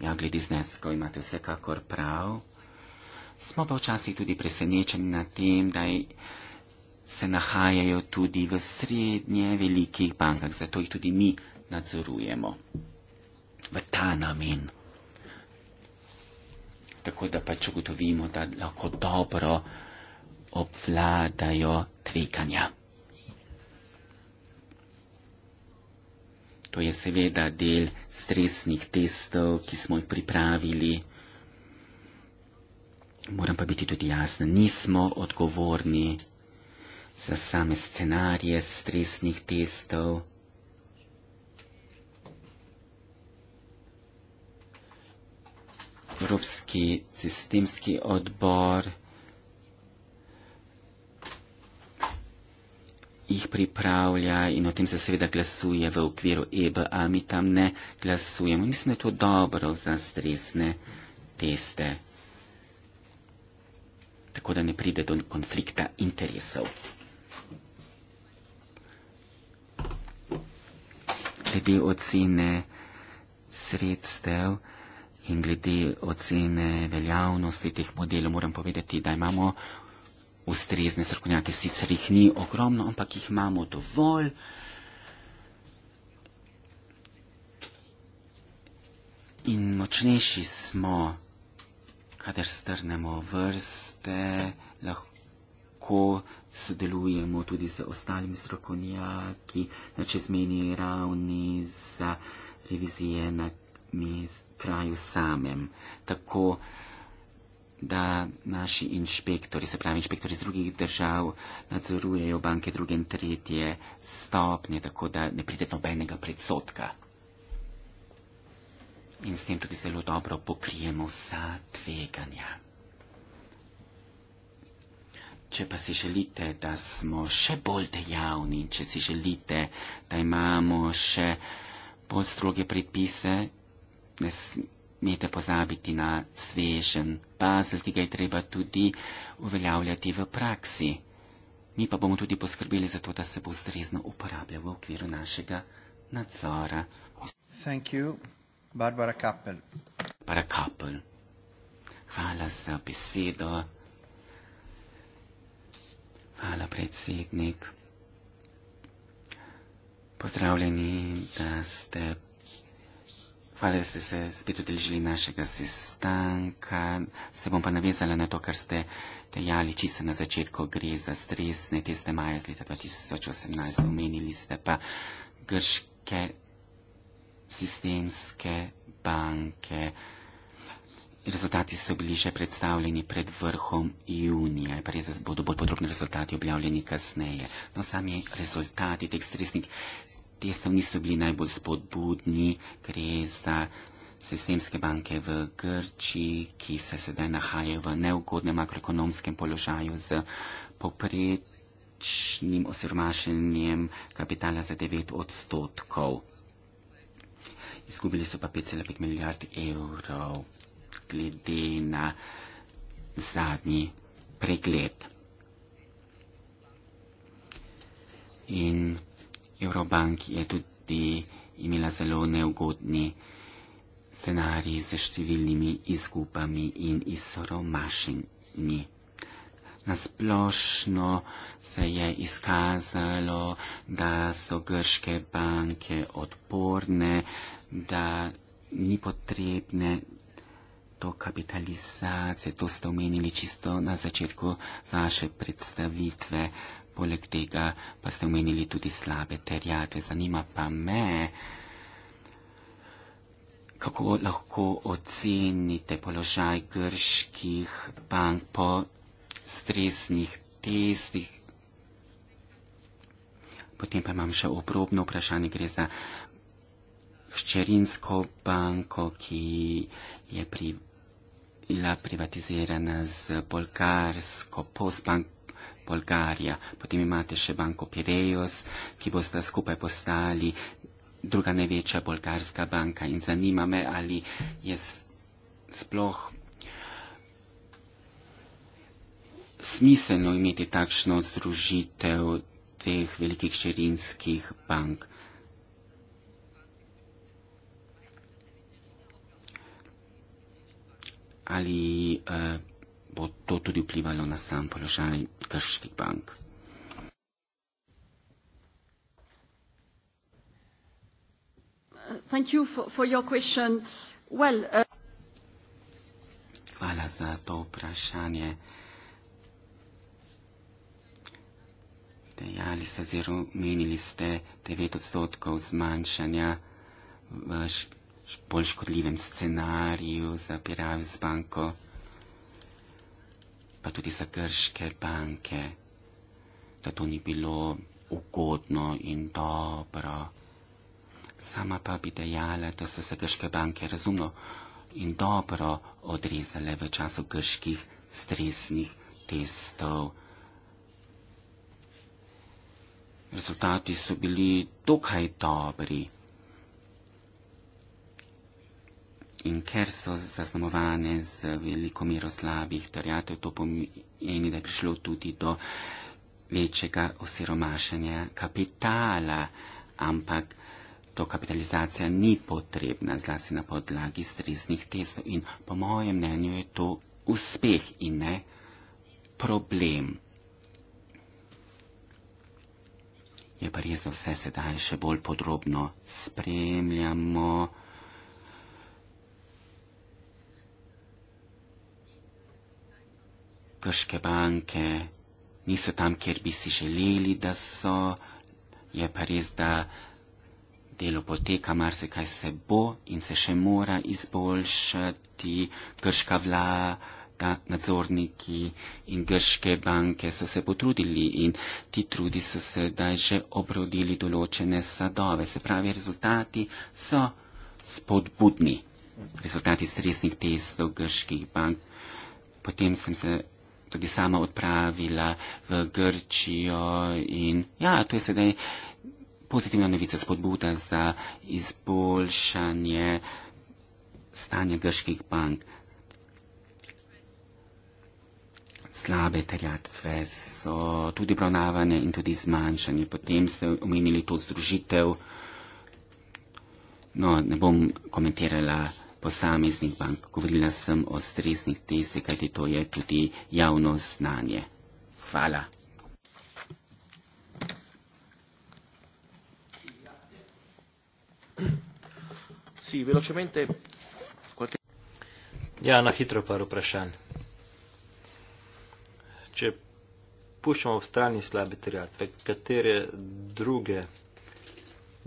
Ja, glede zneskov imate vsekakor prav. Smo pa včasih tudi presenečeni nad tem, da se nahajajo tudi v srednje velikih bankah, zato jih tudi mi nadzorujemo v ta namen. Tako da pač ugotovimo, da lahko dobro obvladajo tveganja. To je seveda del stresnih testov, ki smo jih pripravili. Moram pa biti tudi jasna, nismo odgovorni za same scenarije stresnih testov. Evropski sistemski odbor jih pripravlja in o tem se seveda glasuje v okviru EBA, mi tam ne glasujemo. Mislim, da je to dobro za stresne teste, tako da ne pride do konflikta interesov. Glede ocene sredstev in glede ocene veljavnosti teh modelov moram povedati, da imamo ustrezne srkonjake, sicer jih ni ogromno, ampak jih imamo dovolj. In močnejši smo, kader strnemo vrste, lahko sodelujemo tudi z ostalimi strokovnjaki na čezmeni ravni za revizije na kraju samem. Tako da naši inšpektori, se pravi inšpektori iz drugih držav, nadzorujejo banke druge in tretje stopnje, tako da ne pride nobenega predsotka. In s tem tudi zelo dobro pokrijemo vsa tveganja. Če pa si želite, da smo še bolj dejavni, če si želite, da imamo še bolj stroge predpise, ne smemo ne pa pozabiti na svežen pazl, ki ga je treba tudi uveljavljati v praksi. Mi pa bomo tudi poskrbeli za to, da se bo zrezno uporabljal v okviru našega nadzora. Thank you, Barbara Kappel. Barbara Kappel. Hvala za besedo. Hvala, predsednik. Pozdravljeni, da ste Hvala, da ste se spet odeležili našega sestanka. Se bom pa navezala na to, kar ste dejali čisto na začetku, gre za stresne teste maja z leta 2018. Omenili ste pa grške sistemske banke. Rezultati so bili že predstavljeni pred vrhom junija, prej bodo bolj podrobni rezultati objavljeni kasneje. No, sami rezultati teh stresnih te strani so bili najbolj spodbudni, gre za sistemske banke v Grčiji, ki se sedaj nahajajo v neugodnem makroekonomskem položaju z poprečnim osiromašenjem kapitala za 9 odstotkov. Izgubili so pa 5,5 milijard evrov glede na zadnji pregled. In Eurobank je tudi imela zelo neugodni scenarij z številnimi izgubami in izromašenji. Nasplošno se je izkazalo, da so grške banke odporne, da ni potrebne to kapitalizacije, to ste omenili čisto na začetku vaše predstavitve, poleg tega pa ste omenili tudi slabe terjatve. Zanima pa me, kako lahko ocenite položaj grških bank po stresnih testih. Potem pa imam še obrobno vprašanje, gre za hčerinsko banko, ki je pri, bila privatizirana z bolgarsko postbanko. Bolgarija, potem imate še banko Pireus, ki boste skupaj postali druga največja bolgarska banka in zanima me, ali je sploh smiselno imeti takšno združitev teh velikih širinskih bank. Ali uh, bo to tudi vplivalo na sam položaj krških bank. Uh, Hvala za to vprašanje. Dejali ste oziroma menili ste 9 odstotkov zmanjšanja v bolj škodljivem scenariju za pirajo z banko pa tudi za grške banke, da to ni bilo ugodno in dobro. Sama pa bi dejala, da so se grške banke razumno in dobro odrezale v času grških stresnih testov. Rezultati so bili dokaj dobri. in ker so zaznamovane z veliko mero slabih terjatev, to pomeni, da je prišlo tudi do večjega osiromašanja kapitala, ampak to kapitalizacija ni potrebna, zlasti na podlagi stresnih testov in po mojem mnenju je to uspeh in ne problem. Je pa res, da vse sedaj še bolj podrobno spremljamo. grške banke niso tam, kjer bi si želeli, da so. Je pa res, da delo poteka, marsikaj se bo in se še mora izboljšati. Grška vlada, nadzorniki in grške banke so se potrudili in ti trudi so se, da je že obrodili določene sadove. Se pravi, rezultati so spodbudni. Rezultati stresnih testov grških bank. Potem sem se tudi sama odpravila v Grčijo in ja, to je sedaj pozitivna novica, spodbuda za izboljšanje stanja grških bank. Slabe terjatve so tudi obravnavane in tudi zmanjšanje. Potem ste omenili to združitev. No, ne bom komentirala posameznih bank. Govorila sem o stresnih testih, kajti to je tudi javno znanje. Hvala. Sì, velocemente. Qualche... Ja, na hitro par vprašanj. Če puščamo v strani slabe terjatve, katere druge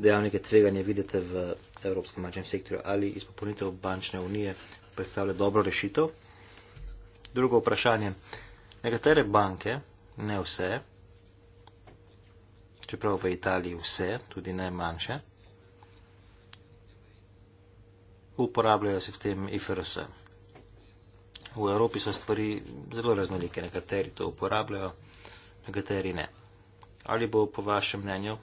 dejavnike tveganja vidite v Evropskem bančnem sektorju ali izpopolnitev bančne unije predstavlja dobro rešitev. Drugo vprašanje. Nekatere banke, ne vse, čeprav v Italiji vse, tudi najmanjše, uporabljajo sistem IFRS. V Evropi so stvari zelo raznolike, nekateri to uporabljajo, nekateri ne. Ali bo po vašem mnenju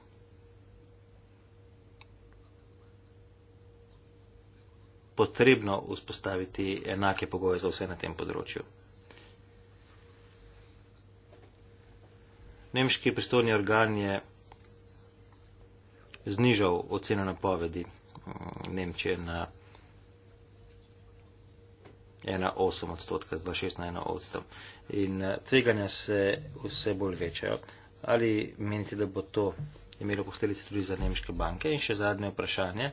potrebno vzpostaviti enake pogoje za vse na tem področju. Nemški pristojni organ je znižal oceno napovedi mm, Nemčije na 1,8 odstotka, 2,6 na 1 odstotek. In eh, tveganja se vse bolj večajo. Ali menite, da bo to imelo posledice tudi za nemške banke? In še zadnje vprašanje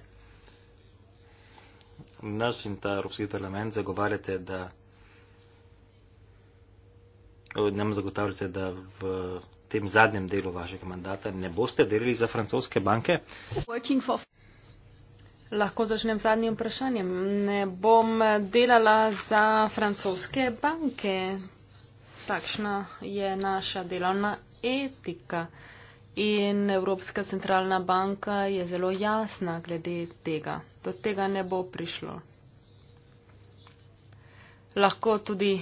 nas in ta Evropski parlament zagovarjate, da nam zagotavljate, da v tem zadnjem delu vašega mandata ne boste delili za francoske banke? Lahko začnem z zadnjim vprašanjem. Ne bom delala za francoske banke. Takšna je naša delovna etika. In Evropska centralna banka je zelo jasna glede tega do tega ne bo prišlo. Lahko tudi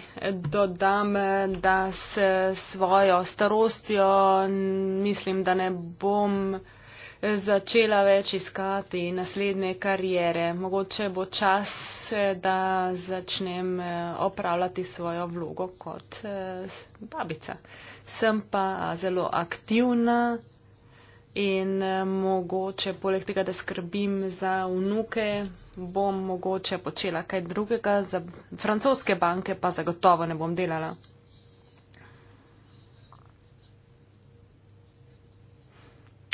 dodam, da s svojo starostjo mislim, da ne bom začela več iskati naslednje karijere. Mogoče bo čas, da začnem eh, opravljati svojo vlogo kot eh, babica. Sem pa zelo aktivna in eh, mogoče poleg tega, da skrbim za vnuke, bom mogoče počela kaj drugega, za francoske banke pa zagotovo ne bom delala.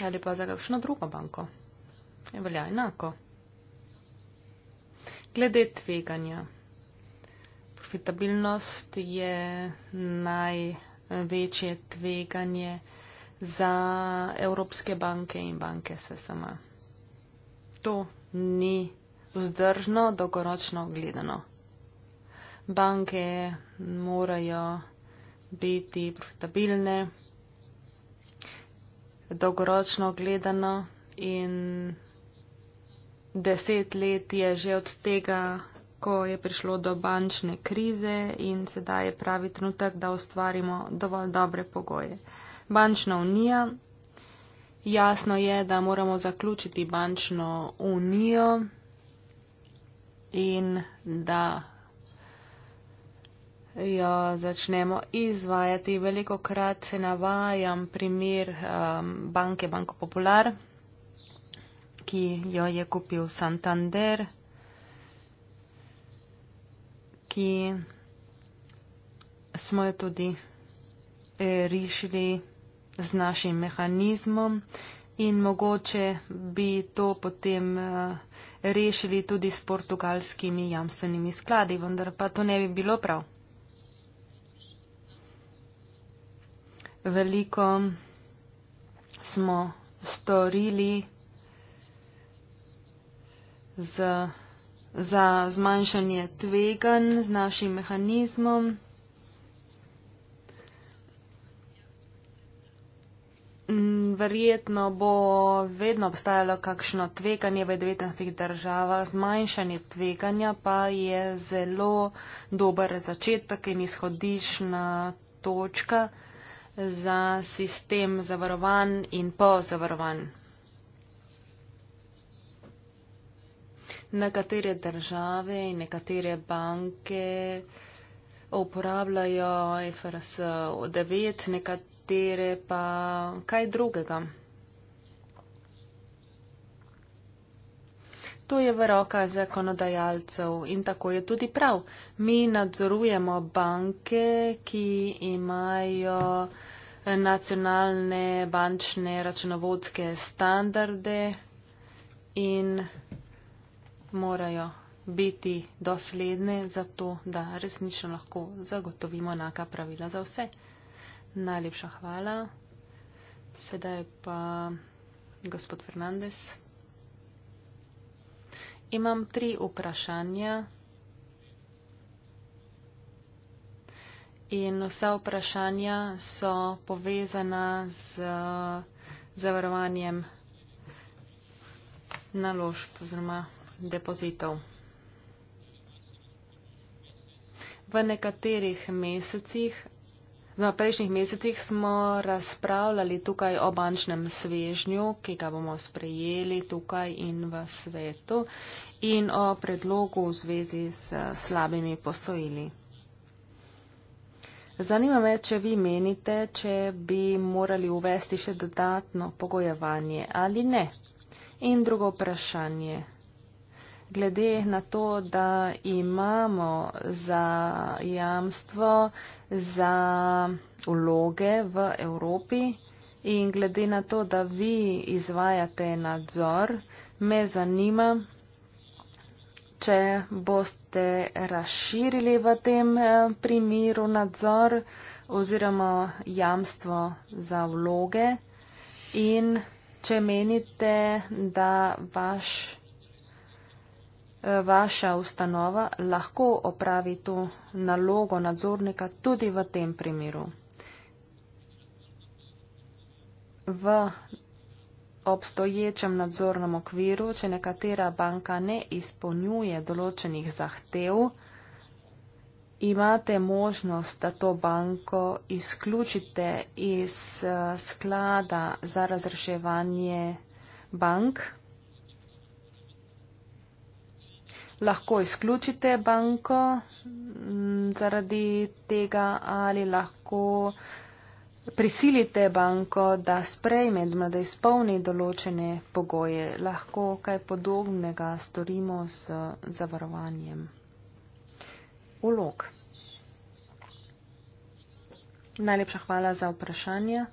Ali pa za kakšno drugo banko. Je velja enako. Glede tveganja. Profitabilnost je največje tveganje za evropske banke in banke SSM. To ni vzdržno, dolgoročno gledano. Banke morajo biti profitabilne, dolgoročno gledano in deset let je že od tega, ko je prišlo do bančne krize in sedaj je pravi trenutek, da ustvarimo dovolj dobre pogoje bančna unija. Jasno je, da moramo zaključiti bančno unijo in da jo začnemo izvajati. Veliko krat navajam primer um, banke Banko Popular, ki jo je kupil Santander, ki smo jo tudi eh, rešili z našim mehanizmom in mogoče bi to potem eh, rešili tudi s portugalskimi jamstvenimi skladi, vendar pa to ne bi bilo prav. Veliko smo storili z, za zmanjšanje tvegan z našim mehanizmom. Mm, verjetno bo vedno obstajalo kakšno tveganje v 19 državah. Zmanjšanje tveganja pa je zelo dober začetek in izhodišna točka za sistem zavarovanj in pozavarovanj. Nekatere države in nekatere banke uporabljajo FRS 9, nekatere katere pa kaj drugega. To je v roka zakonodajalcev in tako je tudi prav. Mi nadzorujemo banke, ki imajo nacionalne bančne računovodske standarde in morajo biti dosledne za to, da resnično lahko zagotovimo enaka pravila za vse. Najlepša hvala. Sedaj pa gospod Fernandez. Imam tri vprašanja. In vsa vprašanja so povezana z zavarovanjem naložb oziroma depozitov. V nekaterih mesecih V prejšnjih mesecih smo razpravljali tukaj o bančnem svežnju, ki ga bomo sprejeli tukaj in v svetu, in o predlogu v zvezi s slabimi posojili. Zanima me, če vi menite, če bi morali uvesti še dodatno pogojevanje ali ne. In drugo vprašanje glede na to, da imamo za jamstvo za vloge v Evropi in glede na to, da vi izvajate nadzor, me zanima, če boste razširili v tem eh, primeru nadzor oziroma jamstvo za vloge in če menite, da vaš vaša ustanova lahko opravi to nalogo nadzornika tudi v tem primeru. V obstoječem nadzornem okviru, če nekatera banka ne izpolnjuje določenih zahtev, imate možnost, da to banko izključite iz eh, sklada za razreševanje bank. lahko izključite banko zaradi tega ali lahko prisilite banko, da sprejme, da izpolni določene pogoje. Lahko kaj podobnega storimo z zavarovanjem. Ulog. Najlepša hvala za vprašanje.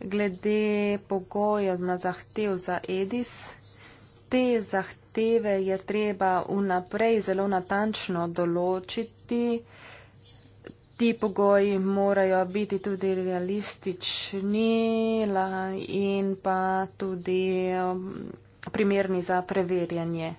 Glede pogojev na zahtev za EDIS, te zahteve zahteve je treba vnaprej zelo natančno določiti. Ti pogoji morajo biti tudi realistični in pa tudi um, primerni za preverjanje.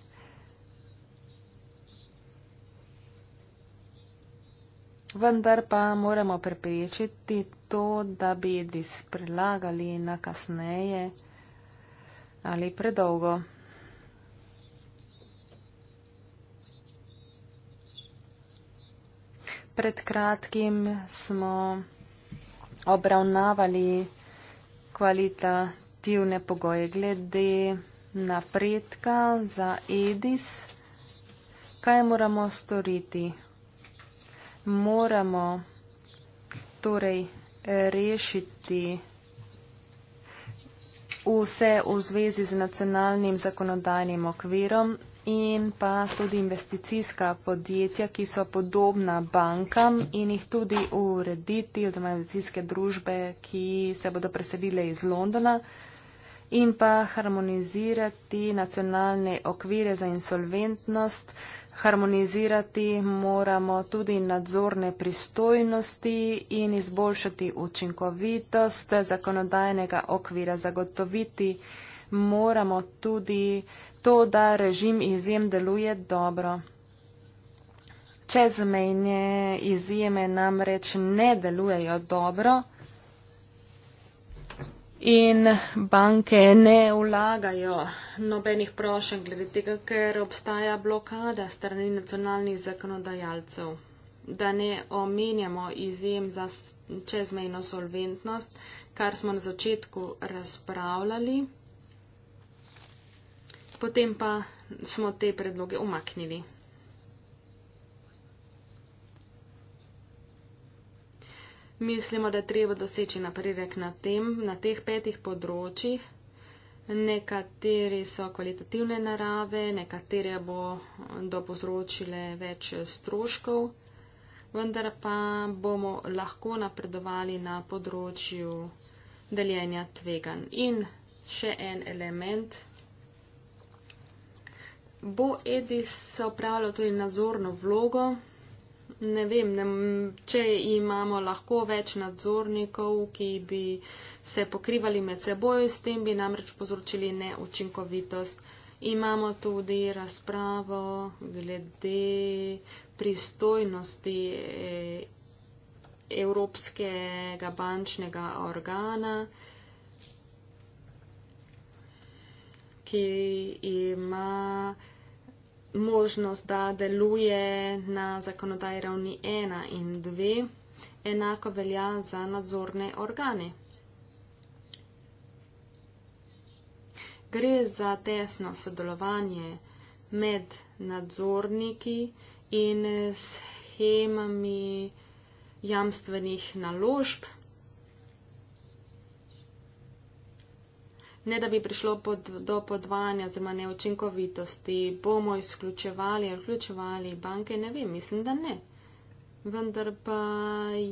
Vendar pa moramo preprečiti to, da bi dis prelagali na kasneje ali predolgo. pred kratkim smo obravnavali kvalitativne pogoje glede napredka za EDIS. Kaj moramo storiti? Moramo torej rešiti vse v zvezi z nacionalnim zakonodajnim okvirom in pa tudi investicijska podjetja, ki so podobna bankam in jih tudi urediti, oziroma investicijske družbe, ki se bodo preselile iz Londona in pa harmonizirati nacionalne okvire za insolventnost. Harmonizirati moramo tudi nadzorne pristojnosti in izboljšati učinkovitost zakonodajnega okvira. Zagotoviti moramo tudi to, da režim izjem deluje dobro. Čezmejne izjeme namreč ne delujejo dobro in banke ne vlagajo nobenih prošenj glede tega, ker obstaja blokada strani nacionalnih zakonodajalcev. Da ne omenjamo izjem za čezmejno solventnost, kar smo na začetku razpravljali potem pa smo te predloge umaknili. Mislimo, da je treba doseči napredek na, tem, na teh petih področjih. Nekateri so kvalitativne narave, nekatere bo dopozročile več stroškov, vendar pa bomo lahko napredovali na področju deljenja tvegan. In še en element bo Edis opravljal tudi nadzorno vlogo. Ne vem, ne, če imamo lahko več nadzornikov, ki bi se pokrivali med seboj, s tem bi namreč povzročili neučinkovitost. Imamo tudi razpravo glede pristojnosti eh, Evropskega bančnega organa. ki ima možnost, da deluje na zakonodaji ravni 1 in 2, enako velja za nadzorne organe. Gre za tesno sodelovanje med nadzorniki in schemami jamstvenih naložb, ne da bi prišlo pod, do podvajanja oziroma neučinkovitosti. Bomo izključevali ali vključevali banke, ne vem, mislim, da ne. Vendar pa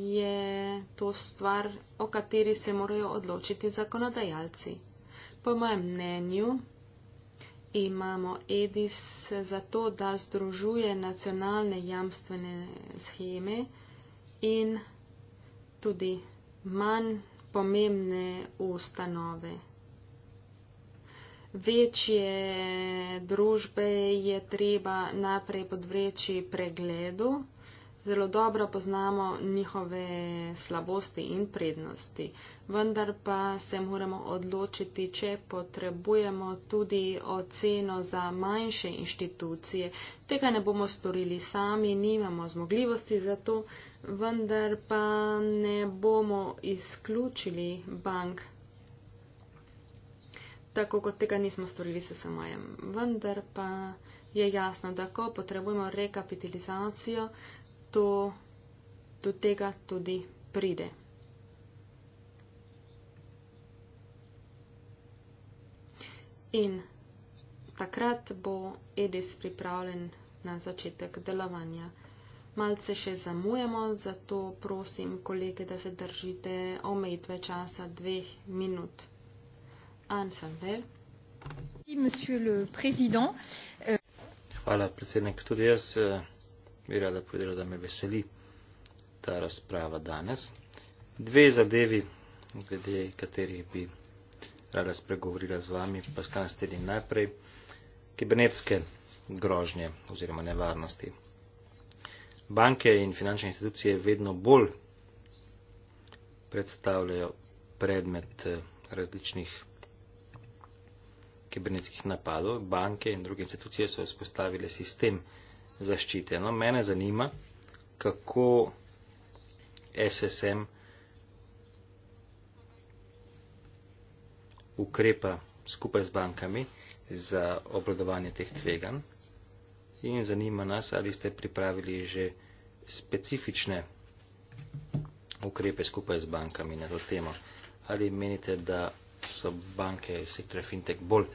je to stvar, o kateri se morajo odločiti zakonodajalci. Po mojem mnenju imamo EDIS zato, da združuje nacionalne jamstvene scheme in tudi manj pomembne ustanove večje družbe je treba najprej podvreči pregledu. Zelo dobro poznamo njihove slabosti in prednosti, vendar pa se moramo odločiti, če potrebujemo tudi oceno za manjše inštitucije. Tega ne bomo storili sami, nimamo zmogljivosti za to, vendar pa ne bomo izključili bank tako kot tega nismo storili s SMAJem. Vendar pa je jasno, da ko potrebujemo rekapitalizacijo, to do tega tudi pride. In takrat bo Edis pripravljen na začetek delovanja. Malce še zamujamo, zato prosim kolege, da se držite omejitve časa dveh minut. Anne Sandel. Euh, Hvala, predsednik. Tudi jaz eh, bi rada povedala, da me veseli ta razprava danes. Dve zadevi, glede katerih bi rada spregovorila z vami, pa sta naslednji najprej kibernetske grožnje oziroma nevarnosti. Banke in finančne institucije vedno bolj predstavljajo predmet eh, različnih kibernetskih napadov. Banke in druge institucije so vzpostavile sistem zaščite. No, mene zanima, kako SSM ukrepa skupaj z bankami za obladovanje teh tveganj. In zanima nas, ali ste pripravili že specifične ukrepe skupaj z bankami na to temo. Ali menite, da so banke sektora fintech bolj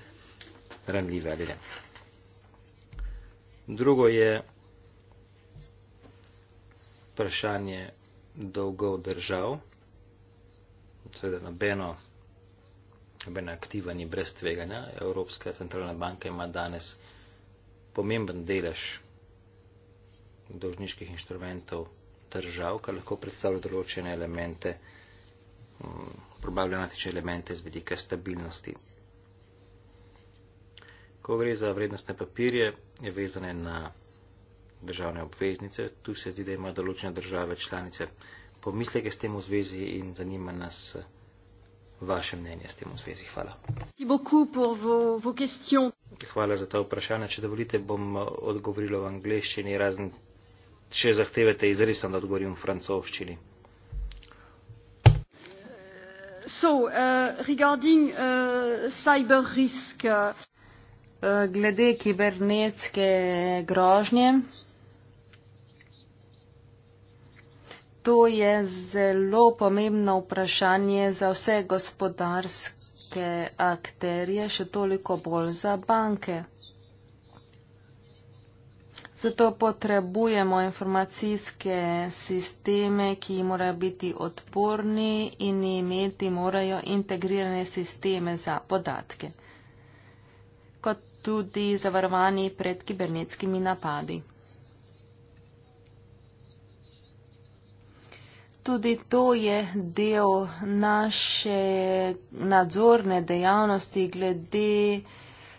ranljive ali ne. Drugo je vprašanje dolgov držav. Seveda, nobeno, nobeno aktiva ni brez tveganja. Evropska centralna banka ima danes pomemben delež dolžniških inštrumentov držav, kar lahko predstavlja določene elemente, mm, problematične elemente z vidika stabilnosti ko gre za vrednostne papirje, je vezane na državne obveznice. Tu se zdi, da ima določene države članice pomisleke s tem v zvezi in zanima nas eh, vaše mnenje s tem v zvezi. Hvala. Hvala za ta vprašanja. Če dovolite, bom eh, odgovorila v angleščini, razen če zahtevate izrisno, da odgovorim v francoščini. Eh, so, uh, regarding uh, cyber risk. Uh Glede kibernetske grožnje, to je zelo pomembno vprašanje za vse gospodarske akterje, še toliko bolj za banke. Zato potrebujemo informacijske sisteme, ki morajo biti odporni in imeti morajo integrirane sisteme za podatke kot tudi zavarovani pred kibernetskimi napadi. Tudi to je del naše nadzorne dejavnosti glede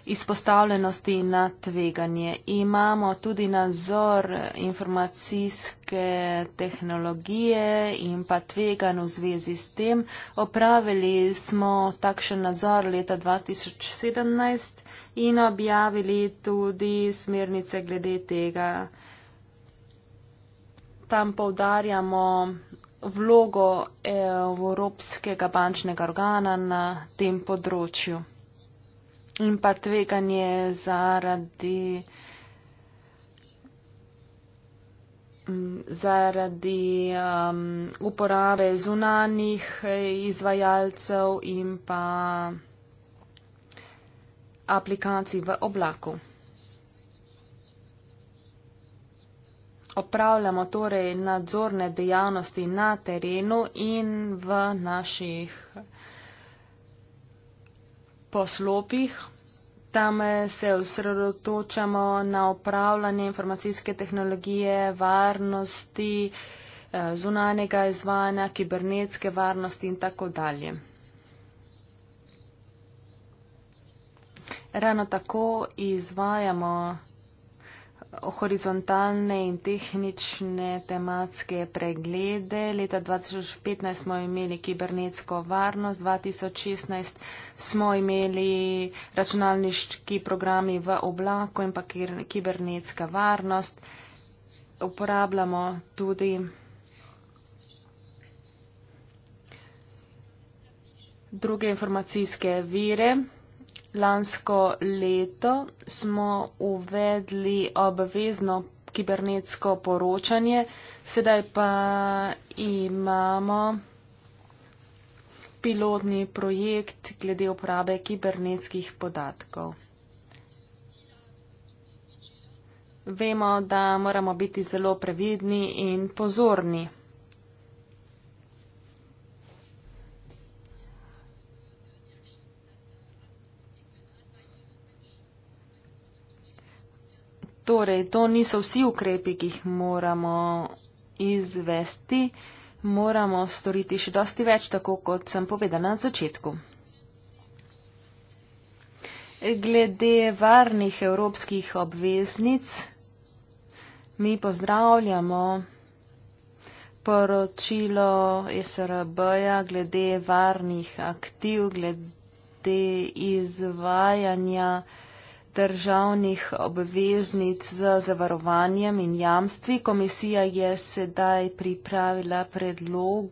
izpostavljenosti na tveganje. Imamo tudi nadzor informacijske tehnologije in pa tvegan v zvezi s tem. Opravili smo takšen nadzor leta 2017 in objavili tudi smernice glede tega. Tam povdarjamo vlogo Evropskega bančnega organa na tem področju. In pa tveganje zaradi, mm, zaradi um, uporabe zunanih eh, izvajalcev in pa aplikacij v oblaku. Opravljamo torej nadzorne dejavnosti na terenu in v naših po slopih. Tam se osredotočamo na upravljanje informacijske tehnologije, varnosti, eh, zunanjega izvajanja, kibernetske varnosti in tako dalje. Ravno tako izvajamo horizontalne in tehnične tematske preglede. Leta 2015 smo imeli kibernetsko varnost, 2016 smo imeli računalniški programi v oblaku in pa kibernetska varnost. Uporabljamo tudi druge informacijske vire lansko leto smo uvedli obvezno kibernetsko poročanje, sedaj pa imamo pilotni projekt glede uporabe kibernetskih podatkov. Vemo, da moramo biti zelo previdni in pozorni. Torej, to niso vsi ukrepi, ki jih moramo izvesti. Moramo storiti še dosti več, tako kot sem povedala na začetku. Glede varnih evropskih obveznic, mi pozdravljamo poročilo SRB-ja glede varnih aktiv, glede izvajanja državnih obveznic z zavarovanjem in jamstvi. Komisija je sedaj pripravila predlog,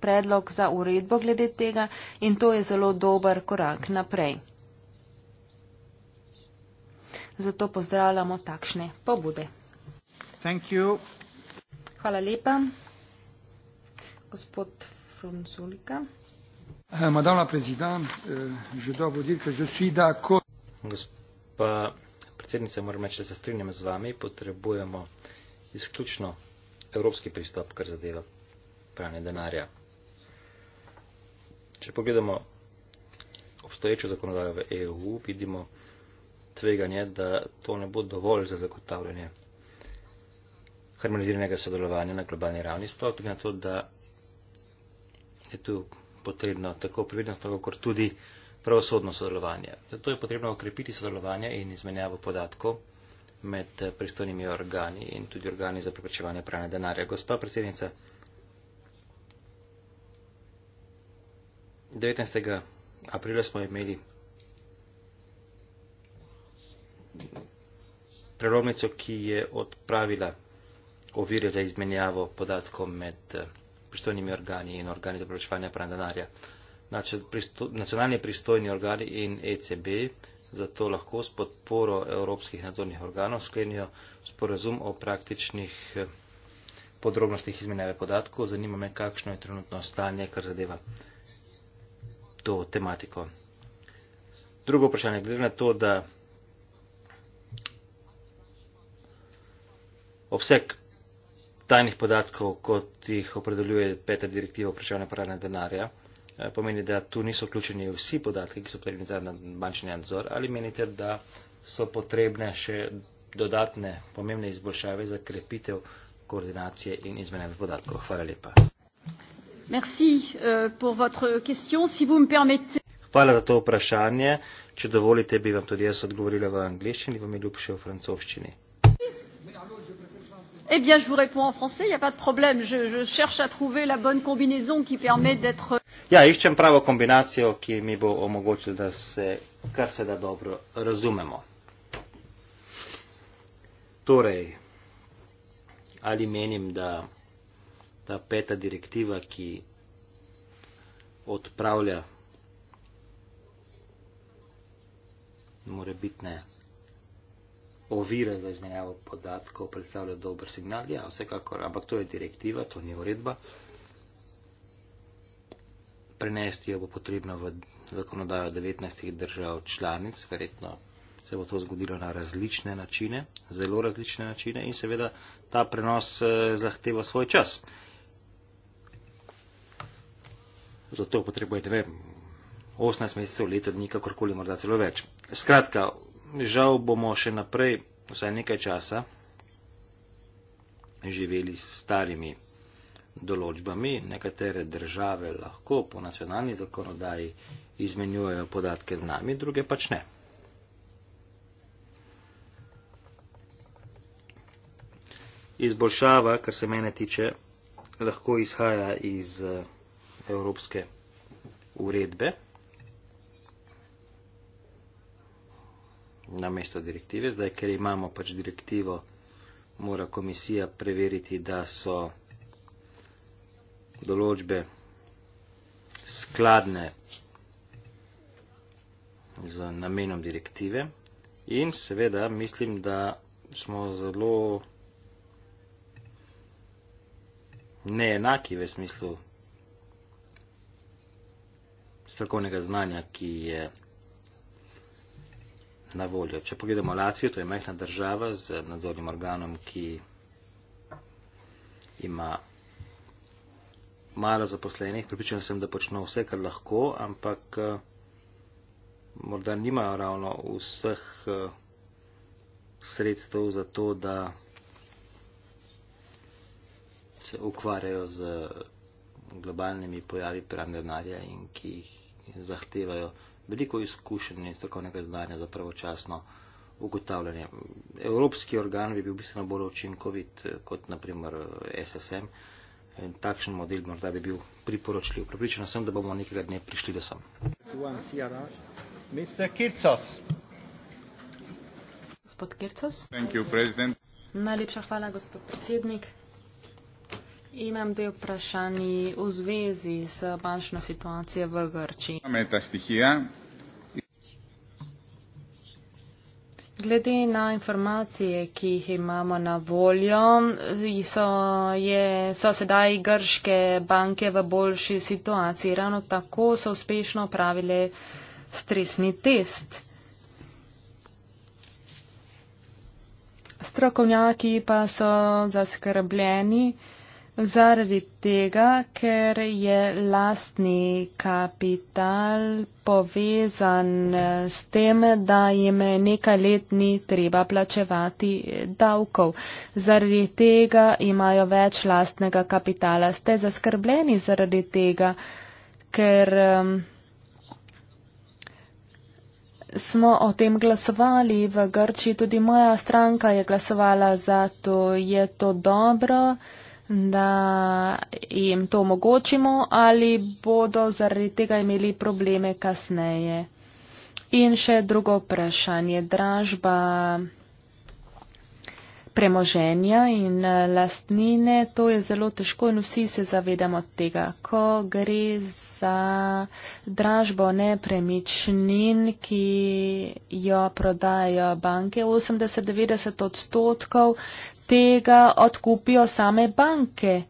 predlog za uredbo glede tega in to je zelo dober korak naprej. Zato pozdravljamo takšne pobude. Thank you. Hvala lepa. Gospod Fronzulika. Eh, madame la Presidente, eh, je dois vous dire que je suis d'accord pa predsednica, moram reči, da se strinjam z vami, potrebujemo izključno evropski pristop, kar zadeva pranje denarja. Če pogledamo obstoječo zakonodajo v EU, vidimo tveganje, da to ne bo dovolj za zagotavljanje harmoniziranega sodelovanja na globalni ravni, sploh tudi na to, da je tu potrebna tako previdnost, kot tudi pravosodno sodelovanje. Zato je potrebno okrepiti sodelovanje in izmenjavo podatkov med pristojnimi organi in tudi organi za preprečevanje pranja denarja. Gospa predsednica, 19. aprila smo imeli prelomnico, ki je odpravila ovire za izmenjavo podatkov med eh, pristojnimi organi in organi za preprečevanje pranja denarja nacionalni pristojni organi in ECB zato lahko s podporo evropskih nadzornih organov sklenijo sporazum o praktičnih eh, podrobnostih izmenjave podatkov. Zanima me, kakšno je trenutno stanje, kar zadeva to tematiko. Drugo vprašanje glede na to, da obseg tajnih podatkov, kot jih opredeljuje peta direktiva o prečevanju pranja denarja, Eh, pomeni, da tu niso vključeni vsi podatki, ki so potrebni za bančni nadzor, ali menite, da so potrebne še dodatne pomembne izboljšave za krepitev koordinacije in izmenjave podatkov? Hvala lepa. Merci, uh, question, si permette... Hvala za to vprašanje. Če dovolite, bi vam tudi jaz odgovorila v angliščini, pa mi ljubše v francoščini. Eh bien, je vous réponds en français, il n'y a pas de problème. Je, je cherche à trouver la bonne combinaison qui permet d'être. Ja, iščem pravo kombinacijo, ki mi bo omogočila, da se kar se da dobro razumemo. Torej, ali menim, da ta peta direktiva, ki odpravlja morebitne ovire za izmenjavo podatkov predstavlja dober signal, ja, vsekakor, ampak to je direktiva, to ni uredba. Prenesti jo bo potrebno v zakonodajo 19 držav članic, verjetno se bo to zgodilo na različne načine, zelo različne načine in seveda ta prenos eh, zahteva svoj čas. Zato potrebujete, ne vem, 18 mesecev, leto dni, kakorkoli, morda celo več. Skratka, žal bomo še naprej, vsaj nekaj časa, živeli s starimi določbami. Nekatere države lahko po nacionalni zakonodaji izmenjujejo podatke z nami, druge pač ne. Izboljšava, kar se mene tiče, lahko izhaja iz eh, Evropske uredbe. na mesto direktive. Zdaj, ker imamo pač direktivo, mora komisija preveriti, da so določbe skladne z namenom direktive. In seveda mislim, da smo zelo neenaki v smislu strokovnega znanja, ki je na voljo. Če pogledamo Latvijo, to je majhna država z nadzornim organom, ki ima malo zaposlenih. Pripričan sem, da počne vse, kar lahko, ampak eh, morda nimajo ravno vseh eh, sredstev za to, da se ukvarjajo z globalnimi pojavi pranja denarja in ki jih zahtevajo veliko izkušenj in strokovnega znanja za pravočasno ugotavljanje. Evropski organ bi bil bistveno bolj učinkovit eh, kot naprimer eh, SSM in takšen model morda bi bil priporočljiv. Pripričana sem, da bomo nekega dne prišli do sem. Najlepša hvala, gospod predsednik. Imam dve vprašanji v zvezi s bančno situacijo v Grči. Glede na informacije, ki jih imamo na voljo, so, je, so sedaj grške banke v boljši situaciji. Ravno tako so uspešno pravile stresni test. Strokovnjaki pa so zaskrbljeni. Zaradi tega, ker je lastni kapital povezan eh, s tem, da jim nekaj let ni treba plačevati eh, davkov. Zaradi tega imajo več lastnega kapitala. Ste zaskrbljeni zaradi tega, ker um, smo o tem glasovali v Grči, tudi moja stranka je glasovala za to, je to dobro da jim to omogočimo ali bodo zaradi tega imeli probleme kasneje. In še drugo vprašanje. Dražba premoženja in eh, lastnine, to je zelo težko in vsi se zavedamo tega. Ko gre za dražbo nepremičnin, ki jo prodajo banke, 80-90 odstotkov tega odkupijo same banke.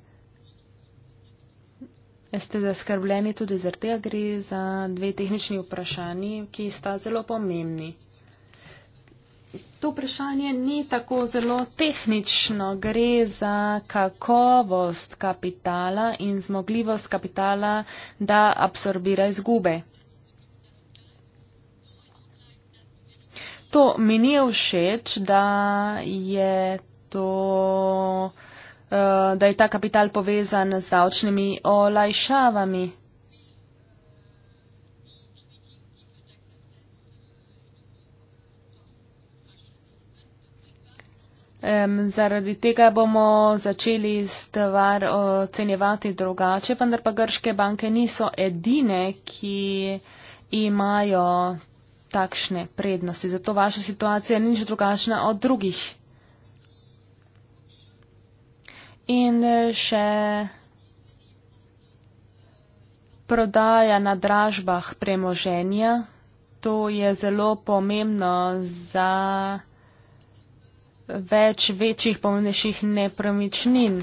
Ste zaskrbljeni tudi zaradi tega, gre za dve tehnični vprašanji, ki sta zelo pomembni. To vprašanje ni tako zelo tehnično, gre za kakovost kapitala in zmogljivost kapitala, da absorbira izgube. To mi ni všeč, da je to, eh, da je ta kapital povezan z davčnimi olajšavami. Um, zaradi tega bomo začeli stvar ocenjevati drugače, vendar pa grške banke niso edine, ki imajo takšne prednosti. Zato vaša situacija ni nič drugačna od drugih. In eh, še prodaja na dražbah premoženja. To je zelo pomembno za več večjih pomembnejših nepremičnin.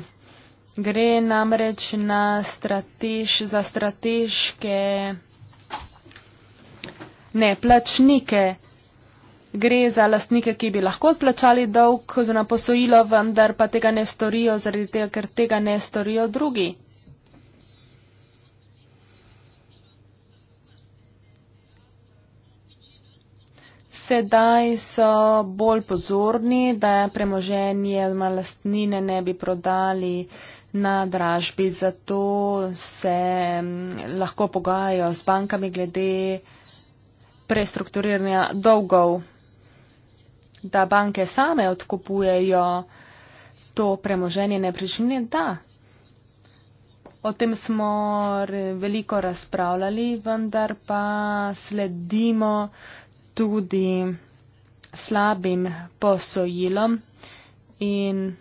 Gre namreč na stratež, za strateške neplačnike gre za lastnike, ki bi lahko odplačali dolg oziroma posojilo, vendar pa tega ne storijo, zaradi tega, ker tega ne storijo drugi. Sedaj so bolj pozorni, da premoženje oziroma lastnine ne bi prodali na dražbi, zato se mm, lahko pogajajo z bankami glede prestrukturiranja dolgov da banke same odkupujejo to premoženje nepremičnine, da. O tem smo veliko razpravljali, vendar pa sledimo tudi slabim posojilom in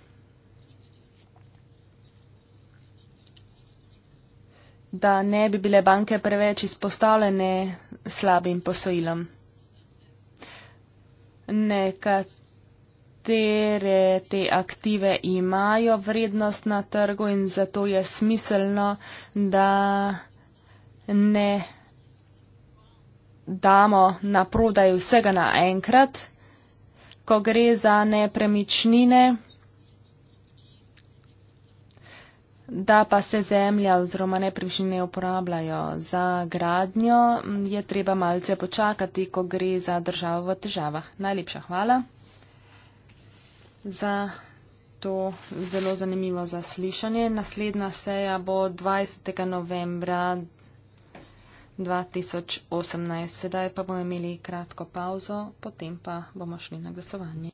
da ne bi bile banke preveč izpostavljene slabim posojilom nekatere te aktive imajo vrednost na trgu in zato je smiselno, da ne damo na prodaj vsega naenkrat, ko gre za nepremičnine. Da pa se zemlja oziroma nepremičnine uporabljajo za gradnjo, je treba malce počakati, ko gre za državo v težavah. Najlepša hvala za to zelo zanimivo zaslišanje. Naslednja seja bo 20. novembra 2018. Sedaj pa bomo imeli kratko pauzo, potem pa bomo šli na glasovanje.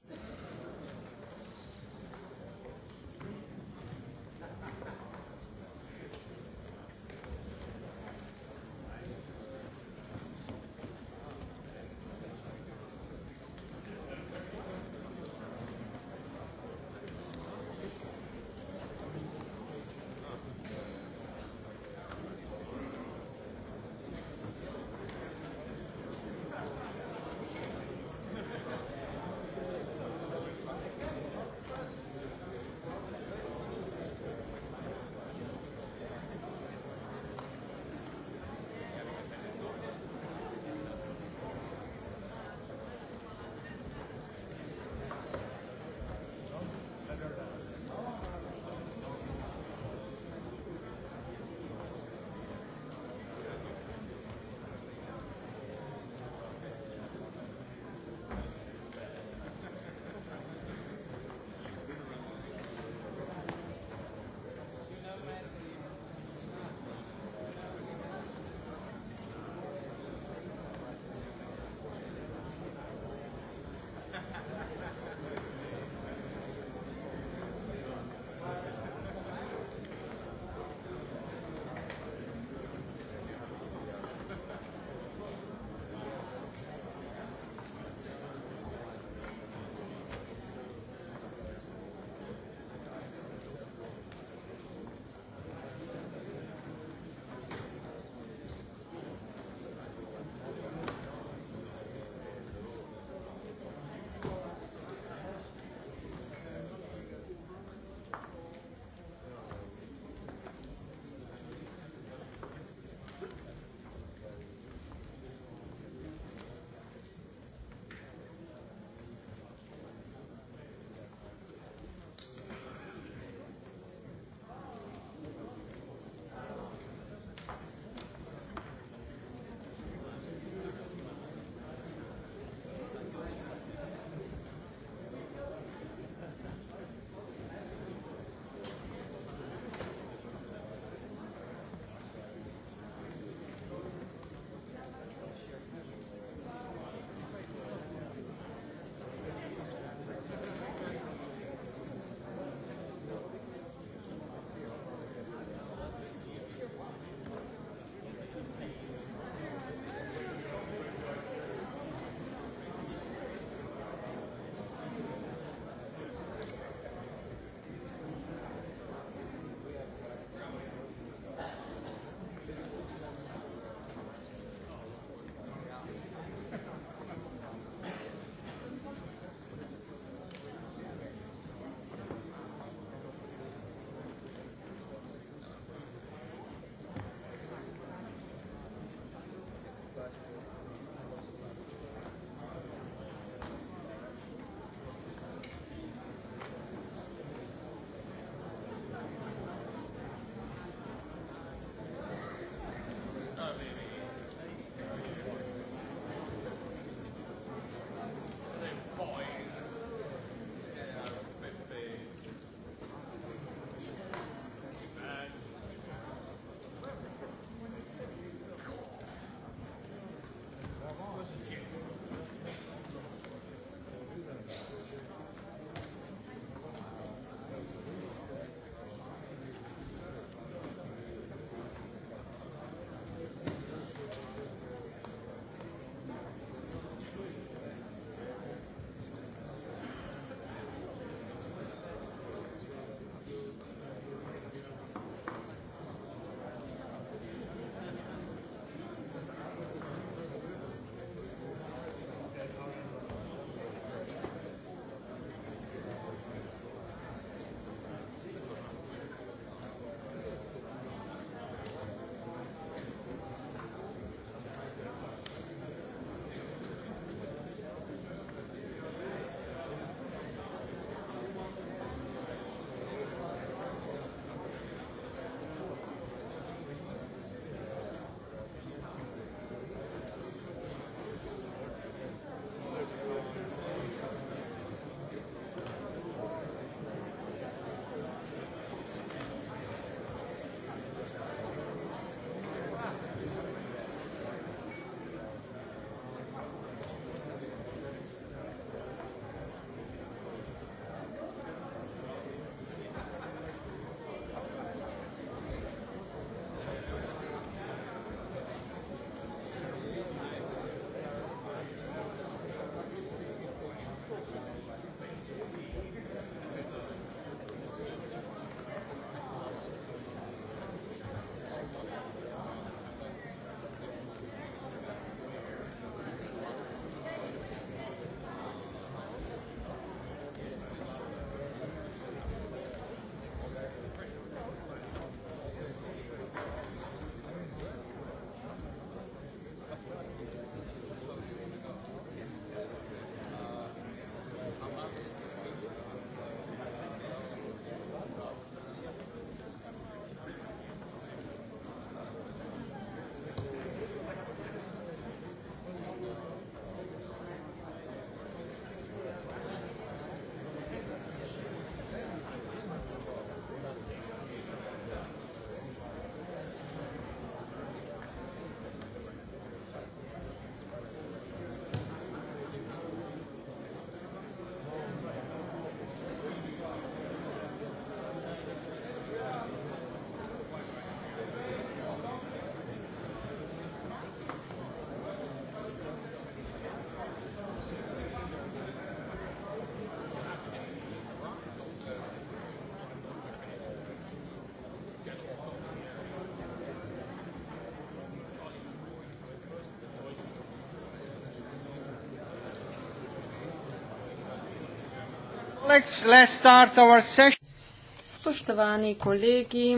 Spoštovani kolegi,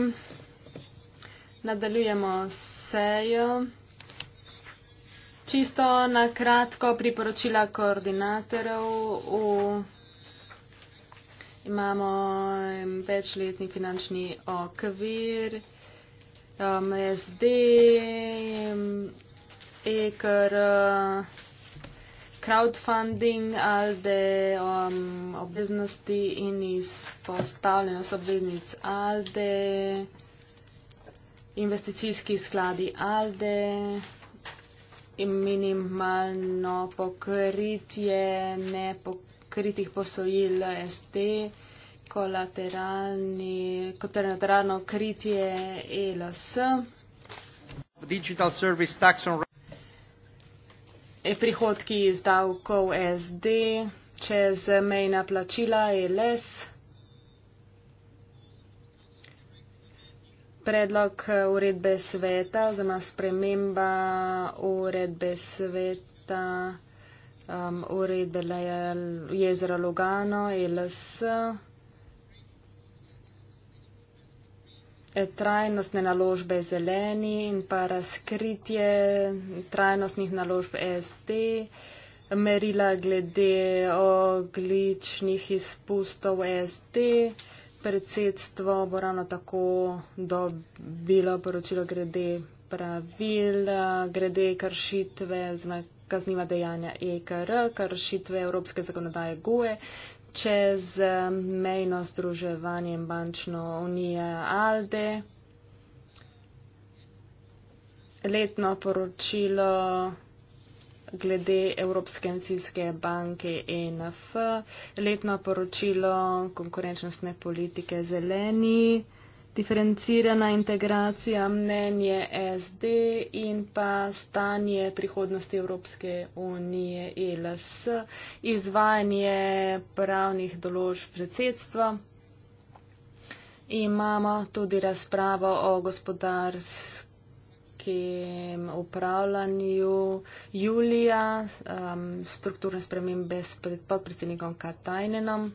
nadaljujemo sejo. Čisto na kratko priporočila koordinatorov. V, imamo večletni finančni okvir, MSD, EKR crowdfunding ali de um, obveznosti in izpostavljenost obveznic ali de investicijski skladi ali de minimalno pokritje nepokritih posojil ST, kolateralno kritje ELS. Digital service tax on prihodki iz davkov SD, čez mejna plačila e LS. Predlog uredbe sveta, oziroma sprememba uredbe sveta, um, uredbe jezera Logano, e LS. trajnostne naložbe zeleni in pa razkritje trajnostnih naložb ESD, merila glede ogličnih izpustov ESD. Predsedstvo bo ravno tako dobilo poročilo glede pravil, glede kršitve, znak kazniva dejanja EKR, kršitve evropske zakonodaje GUE, čez eh, mejno združevanje bančno unije ALDE. Letno poročilo glede Evropske investicijske banke ENF, letno poročilo konkurenčnostne politike zeleni diferencirana integracija mnenje SD in pa stanje prihodnosti Evropske unije ELS, izvajanje pravnih dolož predsedstva. Imamo tudi razpravo o gospodarskem upravljanju Julija, um, strukturne spremembe s podpredsednikom Katajnenom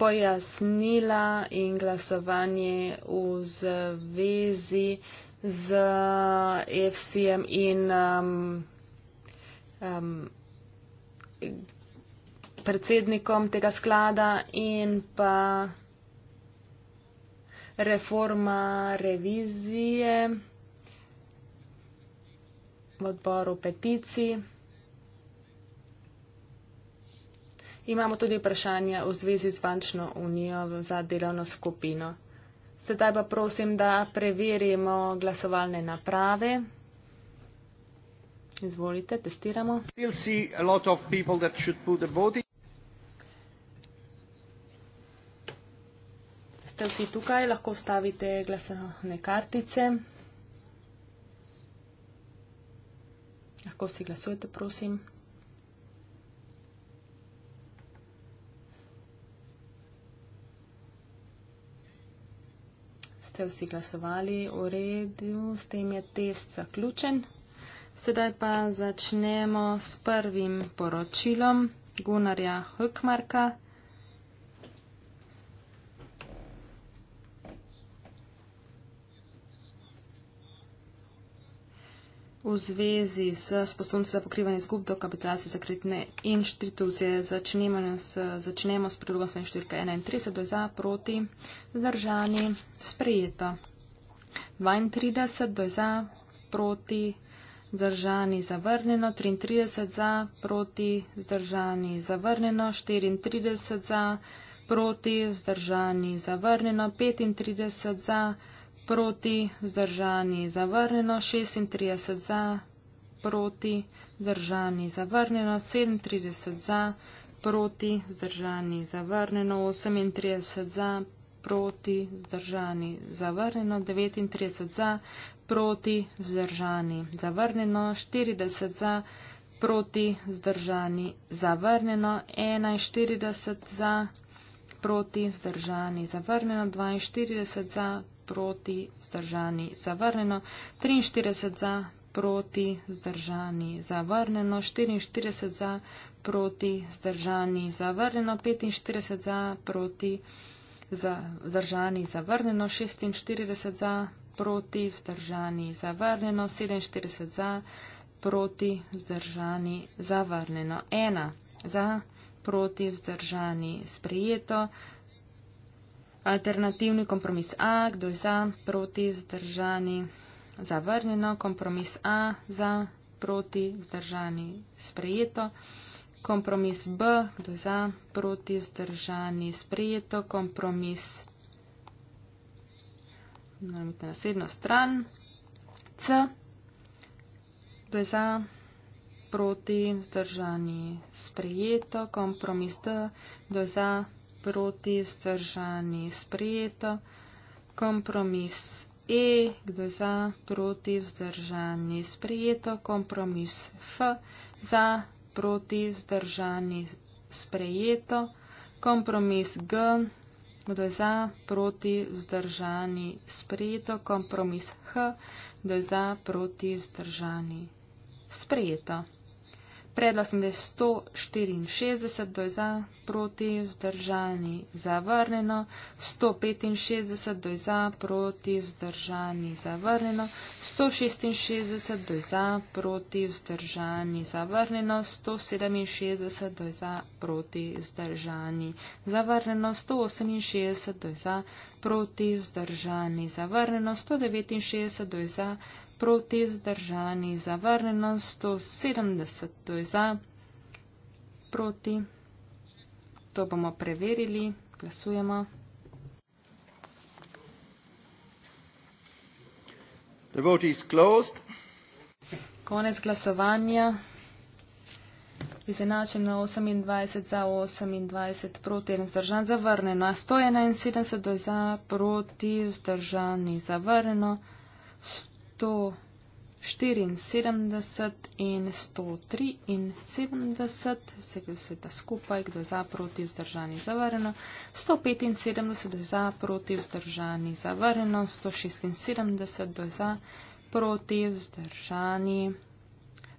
pojasnila in glasovanje v zvezi z FCM in um, um, predsednikom tega sklada in pa reforma revizije v odboru peticij. Imamo tudi vprašanje v zvezi z bančno unijo za delovno skupino. Sedaj pa prosim, da preverimo glasovalne naprave. Izvolite, testiramo. Ste vsi tukaj, lahko vstavite glasovne kartice. Lahko si glasujete, prosim. ste vsi glasovali v redu, s tem je test zaključen. Sedaj pa začnemo s prvim poročilom Gunarja Hökmarka. v zvezi s sposobnostjo za pokrivanje izgub do kapitalizacije za kreditne inštitucije. Začnemo, začnemo s predlogom svojim številka 31, do za, proti, zdržani, sprejeta. 32, do za, proti, zdržani, zavrnjeno, 33 za, proti, zdržani, zavrnjeno, 34 za, proti, zdržani, zavrnjeno, 35 za, proti, zdržani, zavrnjeno, 36 za, proti, zdržani, zavrnjeno, 37 za, proti, zdržani, zavrnjeno, 38 za, proti, zdržani, zavrnjeno, 39 za, proti, zdržani, zavrnjeno, 40 za, proti, zdržani, zavrnjeno, 41 za, proti, zdržani, zavrnjeno, 42 za, proti, zdržani, zavrnjeno, 43 za, proti, zdržani, zavrnjeno, 44 za, proti, zdržani, zavrnjeno, 45 za, proti, zdržani, zavrnjeno, 46 za, proti, zdržani, zavrnjeno, 47 za, proti, zdržani, zavrnjeno, 1 za, proti, zdržani, sprijeto, Alternativni kompromis A, kdo je za, proti, vzdržani, zavrnjeno. Kompromis A, za, proti, vzdržani, sprejeto. Kompromis B, kdo je za, proti, vzdržani, sprejeto. Kompromis, naredite naslednjo stran, C, kdo je za, proti, vzdržani, sprejeto. Kompromis D, kdo je za, proti vzdržani sprejeto, kompromis E, kdo za, proti vzdržani sprejeto, kompromis F, za, proti vzdržani sprejeto, kompromis G, kdo za, proti vzdržani sprejeto, kompromis H, kdo za, proti vzdržani sprejeto. Predlog sem bil 164, doj za, proti, vzdržani, zavrnjeno. 165, doj za, proti, vzdržani, zavrnjeno. 166, doj za, proti, vzdržani, zavrnjeno. 167, doj za, proti, vzdržani, zavrnjeno. 168, doj za, proti, vzdržani, zavrnjeno. 169, doj za, proti, vzdržani, zavrnjeno proti vzdržani, zavrnjeno 170, to je za, proti. To bomo preverili, glasujemo. The vote is closed. Konec glasovanja. Izenačen na 28 za 28 proti in vzdržan zavrneno. 171 za proti vzdržan in zavrneno. 174 in 173, se glasujeta skupaj, kdo za, proti, vzdržani, zavrjeno, 175 za, proti, vzdržani, zavrjeno, 176 do za, proti, vzdržani,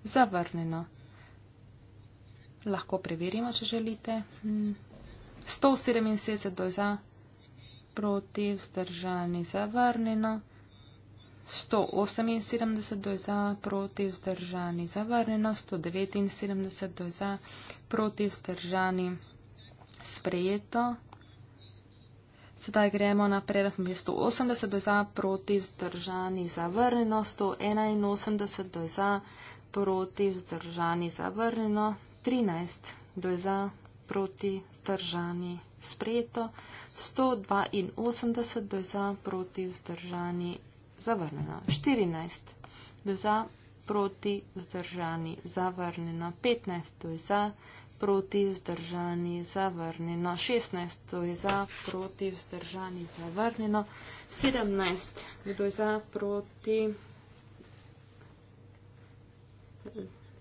zavrjeno. Lahko preverimo, če želite. 177 hmm. do za, proti, vzdržani, zavrjeno, 178 do za, proti vzdržani, zavarjeno 179 do za, proti vzdržani, sprejeto. Sedaj gremo naprej, da smo bili 180 do za, proti vzdržani, zavarjeno 181 do za, proti vzdržani, zavarjeno 13 do za, proti vzdržani, sprejeto 182 do za, proti vzdržani zavrnjeno. 14, to je za, proti, vzdržani, zavrnjeno. 15, to je za, proti, vzdržani, zavrnjeno. 16, to je za, proti, vzdržani, zavrnjeno. 17, kdo je za, proti.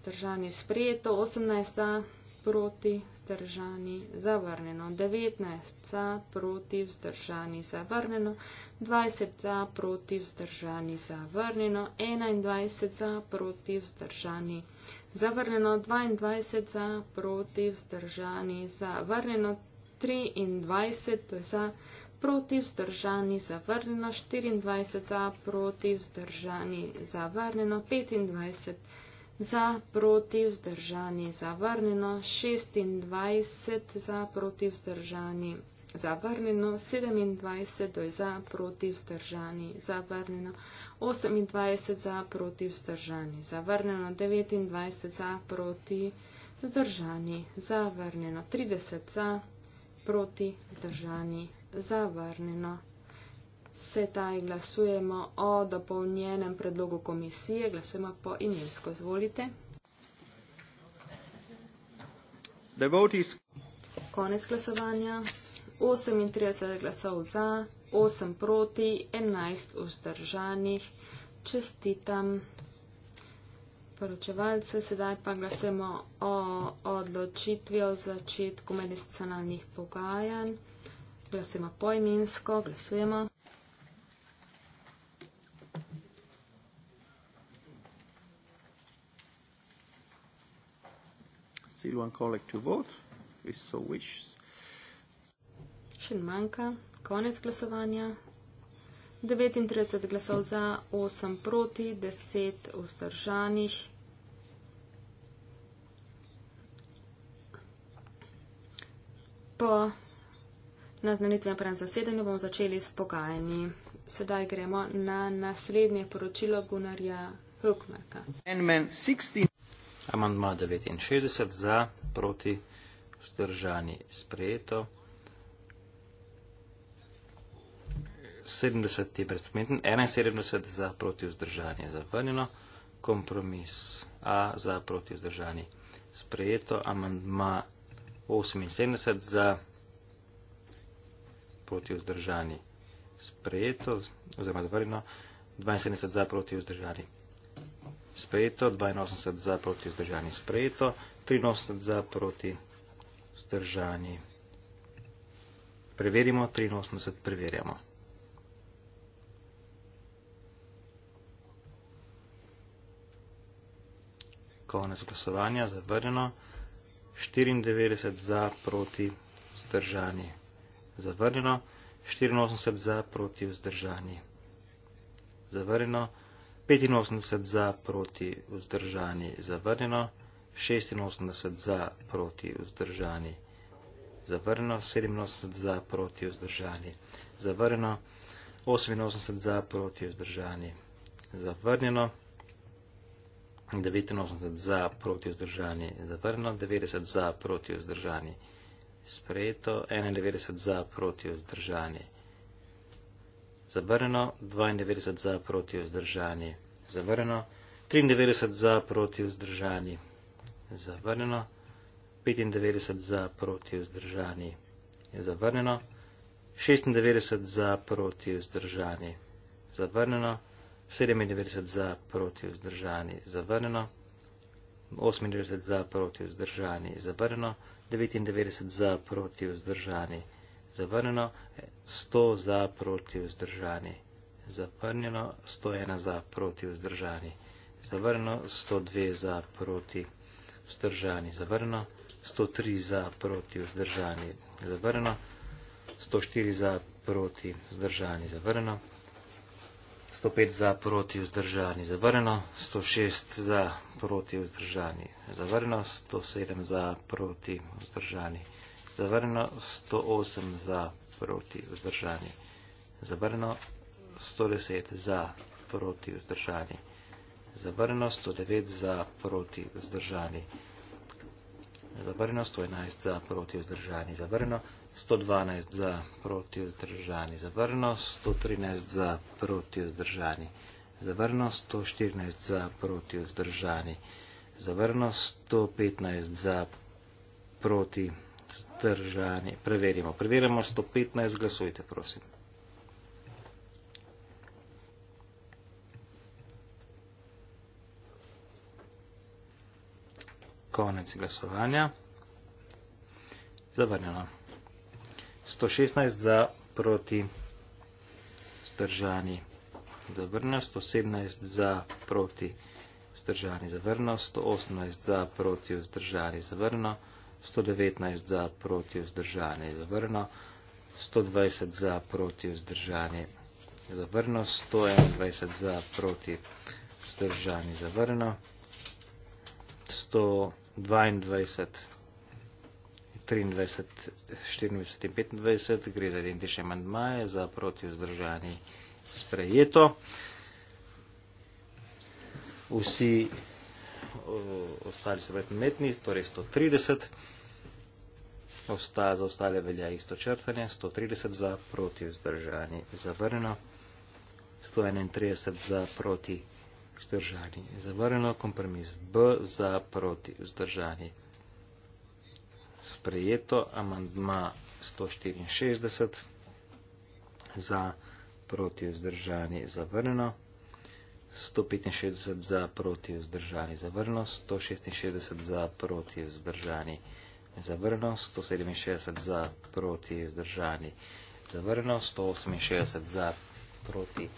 Držanje sprejeto, 18 proti, vzdržani, zavrnjeno, 19 za, proti, vzdržani, zavrnjeno, 20 za, proti, vzdržani, zavrnjeno, 21 za, proti, vzdržani, zavrnjeno, 22 za, proti, vzdržani, zavrnjeno, 23 za, proti, vzdržani, zavrnjeno, 24 za, proti, vzdržani, zavrnjeno, 25 za, za, proti, vzdržani, zavrnjeno, 26 za, proti, vzdržani, zavrnjeno, 27 za, proti, vzdržani, zavrnjeno, 28 za, proti, vzdržani, zavrnjeno, 29 za, proti, vzdržani, zavrnjeno, 30 za, proti, vzdržani, zavrnjeno. Sedaj glasujemo o dopolnjenem predlogu komisije. Glasujemo po imensko. Zvolite. Konec glasovanja. 38 glasov za, 8 proti, 11 vzdržanih. Čestitam poročevalce. Sedaj pa glasujemo o odločitvi o začetku medicinalnih pogajanj. Glasujemo po imensko. Glasujemo. Silvan Kolek to vote, if so wishes. Še manjka, konec glasovanja. 39 glasov za, 8 proti, 10 vzdržanih. Po naznanitvenem prvem zasedanju bomo začeli s pogajanji. Sedaj gremo na naslednje poročilo Gunarja Hökmarka. 16... Amandma 69 za, proti, vzdržani sprejeto. 70 je predstavljen, 71 za, proti, vzdržani zavrnjeno. Kompromis A za, proti, vzdržani sprejeto. Amandma 78 za, proti, vzdržani sprejeto, oziroma zavrnjeno. 72 za, proti, vzdržani sprejeto, 82 za proti vzdržani sprejeto, 83 za proti vzdržani. Preverimo, 83 preverjamo. Konec glasovanja, zavrjeno, 94 za proti vzdržani zavrjeno, 84 za proti vzdržani zavrjeno, 94 za proti vzdržani zavrjeno, 85 za, proti, vzdržani, zavrnjeno, 86 za, proti, vzdržani, zavrnjeno, 87 za, proti, vzdržani, zavrnjeno, 88 za, proti, vzdržani, zavrnjeno, 89 za, proti, vzdržani, zavrnjeno, 90 za, proti, vzdržani, sprejeto, 91 za, proti, vzdržani, zavrnjeno, zavrnjeno, 92 za proti vzdržani, zavrnjeno, 93 za proti vzdržani, zavrnjeno, 95 za proti vzdržani, zavrnjeno, 96 za proti vzdržani, zavrnjeno, 97 za proti vzdržani, zavrnjeno, 98 za proti vzdržani, zavrnjeno, 99 za proti vzdržani, zavrnjeno, zavrnjeno, 100 za proti vzdržani, zavrnjeno, 101 za proti vzdržani, zavrnjeno, 102 za proti vzdržani, zavrnjeno, 103 za proti vzdržani, zavrnjeno, 104 za proti vzdržani, zavrnjeno, 105 za proti vzdržani, zavrnjeno, 106 za proti vzdržani, zavrnjeno, 107 za proti vzdržani, zavrnjeno, zavrnjeno 108 za proti vzdržanje, zavrnjeno 110 za proti vzdržanje, zavrnjeno 109 za proti vzdržanje, zavrnjeno 111 za proti vzdržanje, zavrnjeno 112 za proti vzdržanje, zavrnjeno 113 za proti vzdržanje, zavrnjeno 114 za proti vzdržanje, zavrnjeno 115 za proti vzdržanje, vzdržani. Preverimo. Preverimo 115. Glasujte, prosim. Konec glasovanja. Zavrnjeno. 116 za proti vzdržani. Zavrnjeno. 117 za proti vzdržani. Zavrnjeno. 118 za proti vzdržani. Zavrnjeno. 119 za proti vzdržanje zavrno, 120 za proti vzdržanje zavrno, 121 za proti vzdržanje zavrno, 122, 23, 24 in 25 gre za identične mandmaje za proti vzdržanje sprejeto. Vsi Eh, ostali so predmetni, torej 130. Osta, za ostale velja isto črtanje, 130 za proti vzdržani zavrneno, 131 za proti vzdržani zavrneno, kompromis B za proti vzdržani sprejeto, amandma 164 za proti vzdržani zavrneno. 165 za proti vzdržani zavrno, 166 za proti vzdržani zavrno, 167 za proti vzdržani zavrno, 168 za proti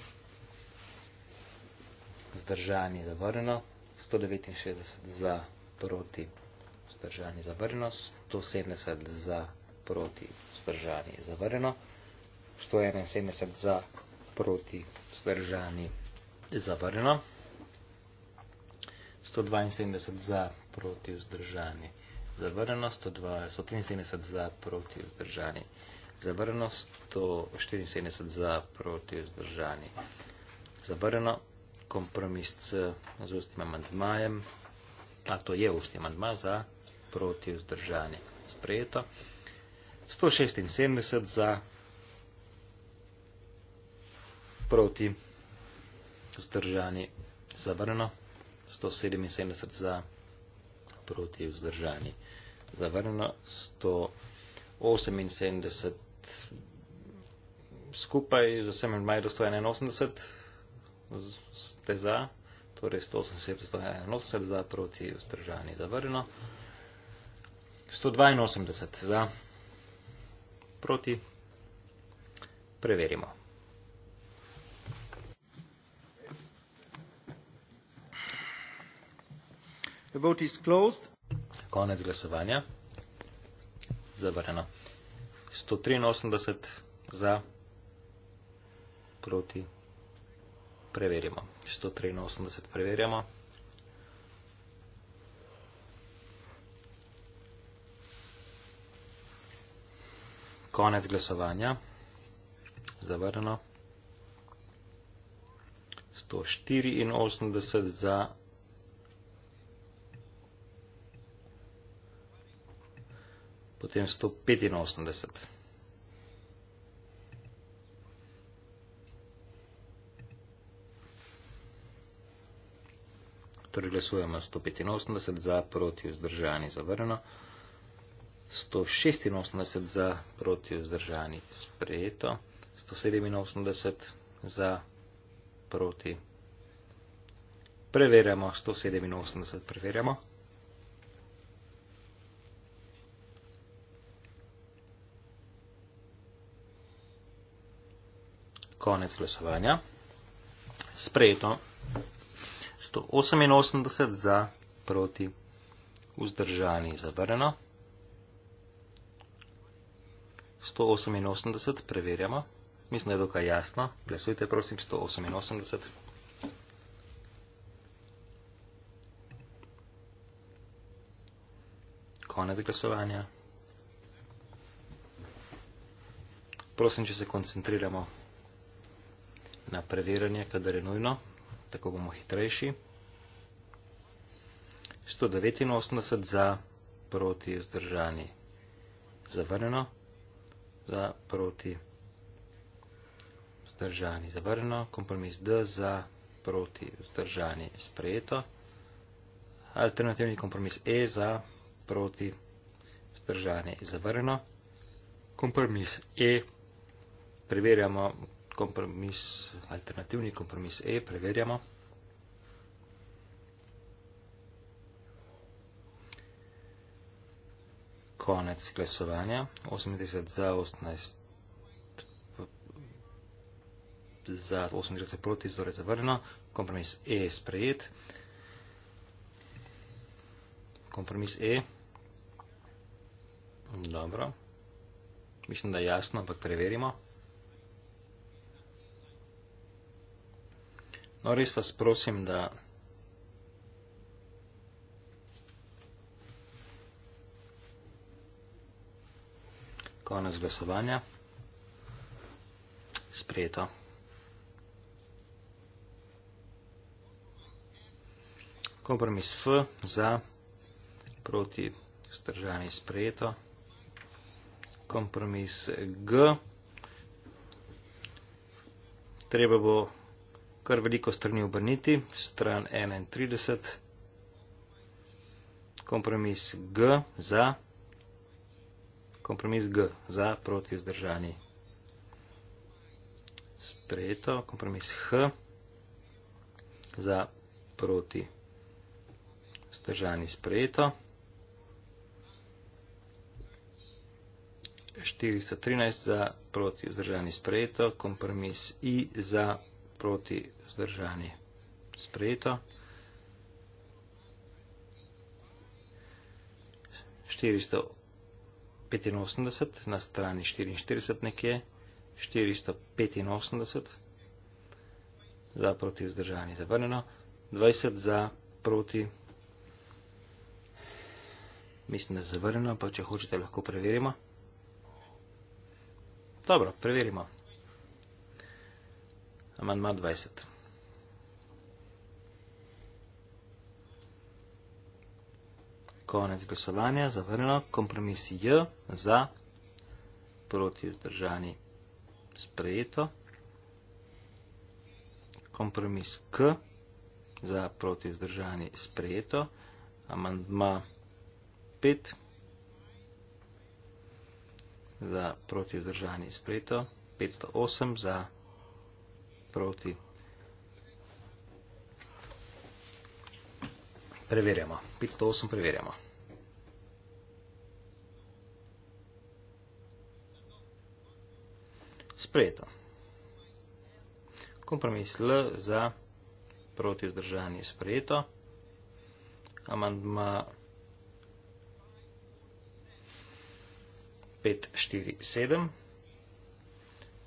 vzdržani zavrno, 169 za proti vzdržani zavrno, 170 za proti vzdržani zavrno, 171 za proti vzdržani zavrno je zavrnjeno. 172 za proti vzdržani zavrnjeno, 173 za proti vzdržani zavrnjeno, 174 za proti vzdržani zavrnjeno, kompromis c, z ustnim amandmajem, a to je ustni amandma za proti vzdržani sprejeto, 176 za proti vzdržani vzdržani zavrno, 177 za, proti vzdržani zavrno, 178 skupaj, z vsemi maj do 181 ste za, torej 178 181 za, proti vzdržani zavrno, 182 za, proti, preverimo. The vote is closed. Konec glasovanja. Zavrjeno. 183 za, proti, preverjamo. 183 preverjamo. Konec glasovanja. Zavrjeno. 184 za, proti, preverjamo. potem 185. Torej glasujemo 185 za, proti, vzdržani, zavrjeno. 186 za, proti, vzdržani, sprejeto. 187 za, proti. Preverjamo, 187 preverjamo. konec glasovanja. Sprejeto 188 za, proti, vzdržani, zavrnjeno. 188 preverjamo, mislim, da je dokaj jasno. Glasujte, prosim, 188. Konec glasovanja. Prosim, če se koncentriramo na preverjanje, kadar je nujno, tako bomo hitrejši. 189 za proti vzdržani zavrneno, za proti vzdržani zavrneno, kompromis D za proti vzdržani sprejeto, alternativni kompromis E za proti vzdržani zavrneno, kompromis E, preverjamo kompromis, alternativni kompromis E, preverjamo. Konec glasovanja, 80 za, 18 za, 80 proti, zdore zavrljeno, kompromis E je sprejet. Kompromis E, dobro, mislim, da je jasno, ampak preverimo. No, res vas prosim, da konec glasovanja. Sprejeto. Kompromis F za, proti stržani sprejeto. Kompromis G. Treba bo kar veliko strani obrniti, stran 31, kompromis G za, kompromis G za proti vzdržani. Sprejeto, kompromis H za proti vzdržani sprejeto. 413 za proti vzdržani sprejeto, kompromis I za proti vzdržani proti vzdržani. Sprejeto. Štiristo 85 na strani 44 nekje, 485 za proti vzdržanje zavrneno, 20 za proti, mislim, da zavrneno, pa če hočete, lahko preverimo. Dobro, preverimo. Amandma 20. Konec glasovanja, zavrnjeno, kompromis J za, proti vzdržani sprejeto, kompromis K za, proti vzdržani sprejeto, amandma 5 za, proti vzdržani sprejeto, 508 za, proti vzdržani sprejeto, proti. Preverjamo. 508 preverjamo. Sprejeto. Kompromis L za proti zdržanje sprejeto. Amandma 547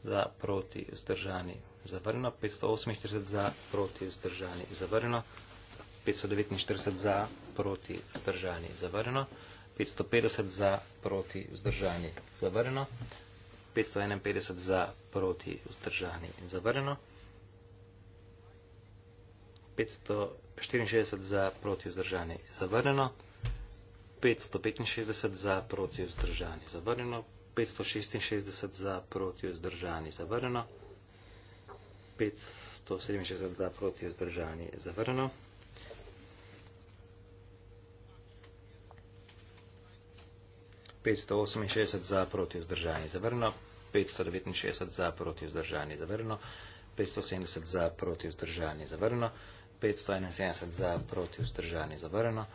za proti zdržanje sprejeto zavrnjeno, 548 za, proti vzdržani zavrnjeno, 549 za, proti vzdržani zavrnjeno, 550 za, proti vzdržani zavrnjeno, 551 za, proti vzdržani zavrnjeno, 564 za, proti vzdržani zavrnjeno, 565 za, proti vzdržani zavrnjeno, 566 za, proti vzdržani zavrnjeno, 567 proti vzdržanje zavrnjeno. petsto oseminšestdeset za proti vzdržanje zavrnjeno petsto devetinšestdeset za proti vzdržanje zavrnjeno petsto sedemdeset za proti vzdržanje zavrnjeno petsto enainsedemdeset za proti vzdržanje zavrnjeno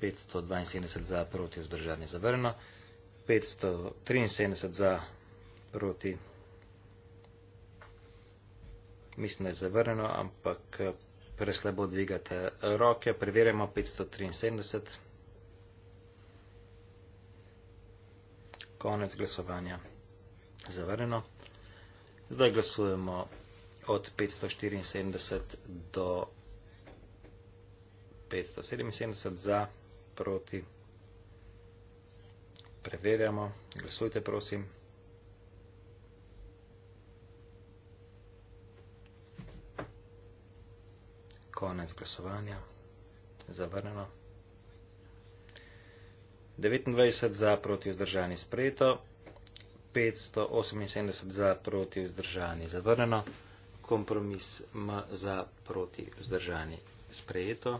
petsto dvainsedemdeset za proti vzdržanje zavrnjeno petsto triinsedemdeset za proti vzdržanje zavrnjeno mislim, da je zavrnjeno, ampak eh, preslebo dvigate roke, preverjamo 573. Konec glasovanja. Zavrnjeno. Zdaj glasujemo od 574 do 577 za, proti. Preverjamo. Glasujte, prosim. konec glasovanja, zavrnjeno. 29 za proti vzdržani sprejeto, 578 za proti vzdržani zavrnjeno, kompromis M za proti vzdržani sprejeto,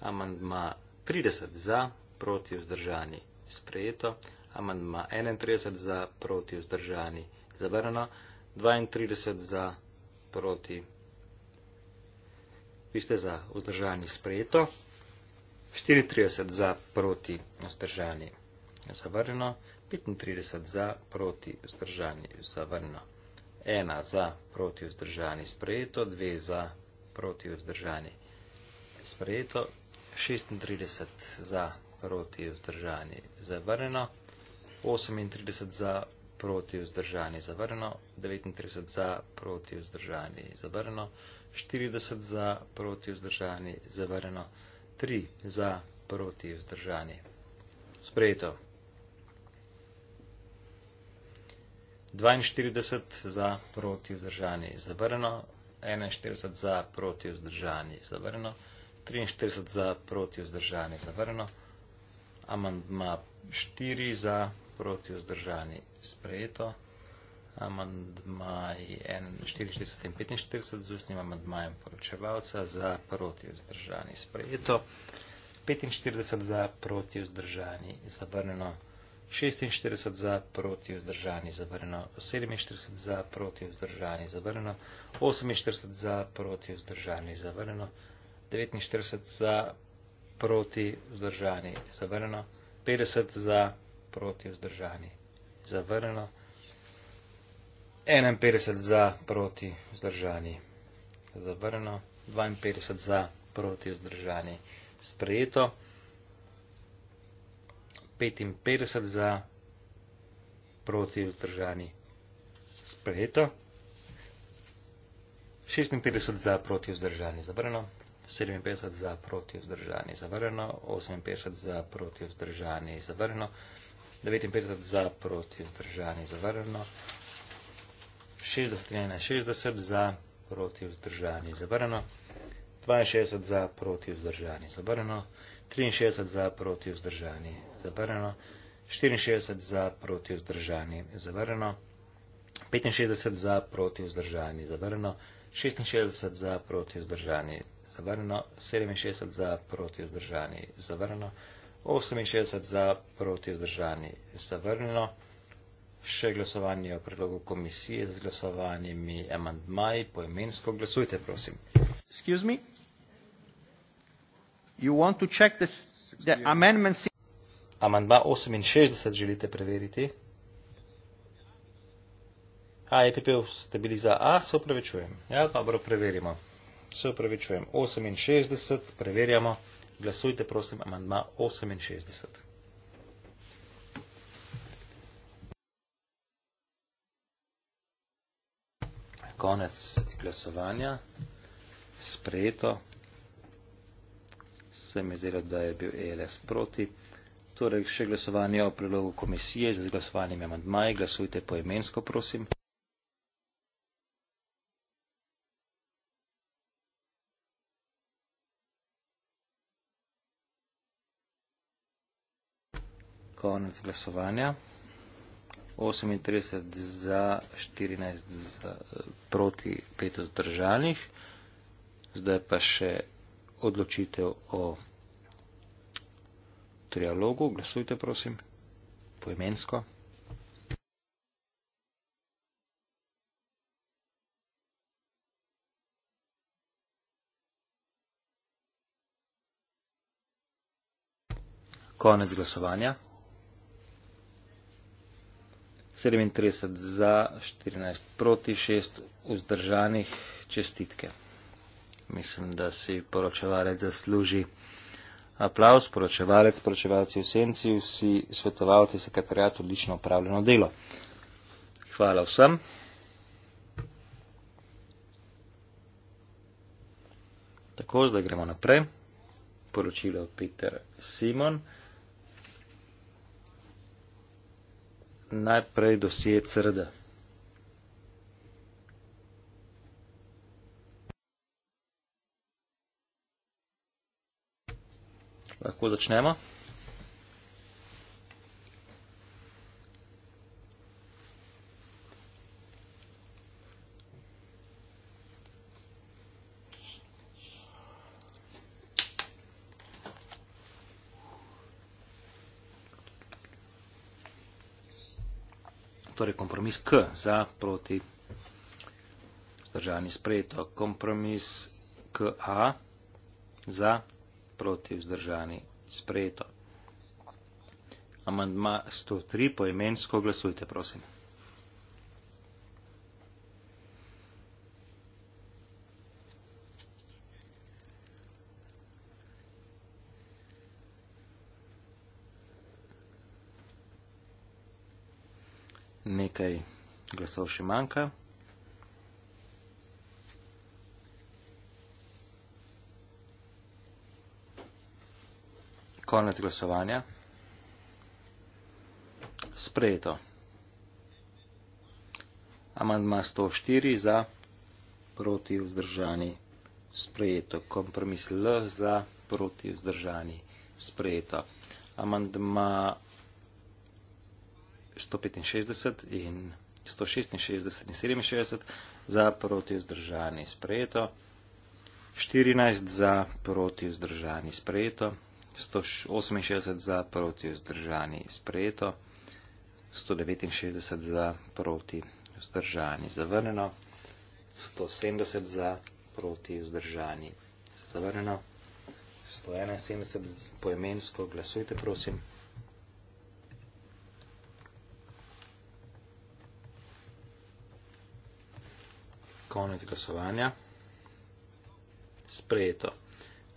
amandma 30 za proti vzdržani sprejeto, amandma 31 za proti vzdržani zavrnjeno, 32 za proti vzdržani sprejeto. Vi ste za vzdržani sprejeto, 34 za proti vzdržani zavrnjeno, 35 za proti vzdržani zavrnjeno, 1 za proti vzdržani sprejeto, 2 za proti vzdržani sprejeto, 36 za proti vzdržani zavrnjeno, 38 za proti vzdržani zavrnjeno, 39 za proti vzdržani zavrnjeno, 40 za proti vzdržani, zavrjeno 3 za proti vzdržani. Sprejeto. 42 za proti vzdržani, zavrjeno 41 za proti vzdržani, zavrjeno 43 za proti vzdržani, zavrjeno amandma 4 za proti vzdržani, sprejeto amandmaj 41 in 45 z ustnim amandmajem poročevalca za proti vzdržani sprejeto, 45 za proti vzdržani zavrneno, 46 za proti vzdržani zavrneno, 47 za proti vzdržani zavrneno, 48 za proti vzdržani zavrneno, 49 za proti vzdržani zavrneno, 50 za proti vzdržani zavrneno, 51 za proti vzdržani zavrnjeno, 52 za proti vzdržani sprejeto, 55 za proti vzdržani sprejeto, 56 za proti vzdržani zavrnjeno, 57 za proti vzdržani zavrnjeno, 58 za proti vzdržani zavrnjeno, 59 za proti vzdržani zavrnjeno, 60 na 60 za proti vzdržanje zavrano, 62 za proti vzdržanje zavrano, 63 za proti vzdržanje zavrano, 64 za proti vzdržanje zavrano, 65 za proti vzdržanje zavrano, 66 za proti vzdržanje zavrano, 67 za proti vzdržanje zavrano, 68 za proti vzdržanje zavrano, še glasovanje o predlogu komisije z glasovanjemi amandmaji, poimensko glasujte, prosim. Excuse me? You want to check this, the amendments? Amandma 68 želite preveriti. A, EPP, ste bili za A, se upravičujem. Ja, dobro, preverimo. Se upravičujem. 68, preverjamo. Glasujte, prosim, amandma 68. konec glasovanja, sprejeto, se mi zdelo, da je bil ELS proti, torej še glasovanje o prilogu komisije za glasovanjem amandmaji, glasujte poimensko, prosim. Konec glasovanja. 38 za 14 za, proti 5 zdržanih. Zdaj pa še odločitev o trialogu. Glasujte, prosim, poimensko. Konec glasovanja. 37 za, 14 proti, 6 vzdržanih čestitke. Mislim, da si poročevalec zasluži aplavz, poročevalec, poročevalci v senci, vsi svetovalci, sekretarjat, odlično upravljeno delo. Hvala vsem. Tako, zdaj gremo naprej. Poročilo Peter Simon. najprej dosje CRD. Lahko začnemo. torej kompromis K za proti vzdržani sprejeto, kompromis KA za proti vzdržani sprejeto. Amandma 103, poimensko glasujte, prosim. nekaj glasov še manjka. Konec glasovanja. Sprejeto. Amandma 104 za proti vzdržani sprejeto. Kompromis L za proti vzdržani sprejeto. Amandma 104. 165 in 166 in 67 za proti vzdržani sprejeto, 14 za proti vzdržani sprejeto, 168 za proti vzdržani sprejeto, 169 za proti vzdržani zavrneno, 170 za proti vzdržani zavrneno, 171 poimensko, glasujte prosim. konec glasovanja. Sprejeto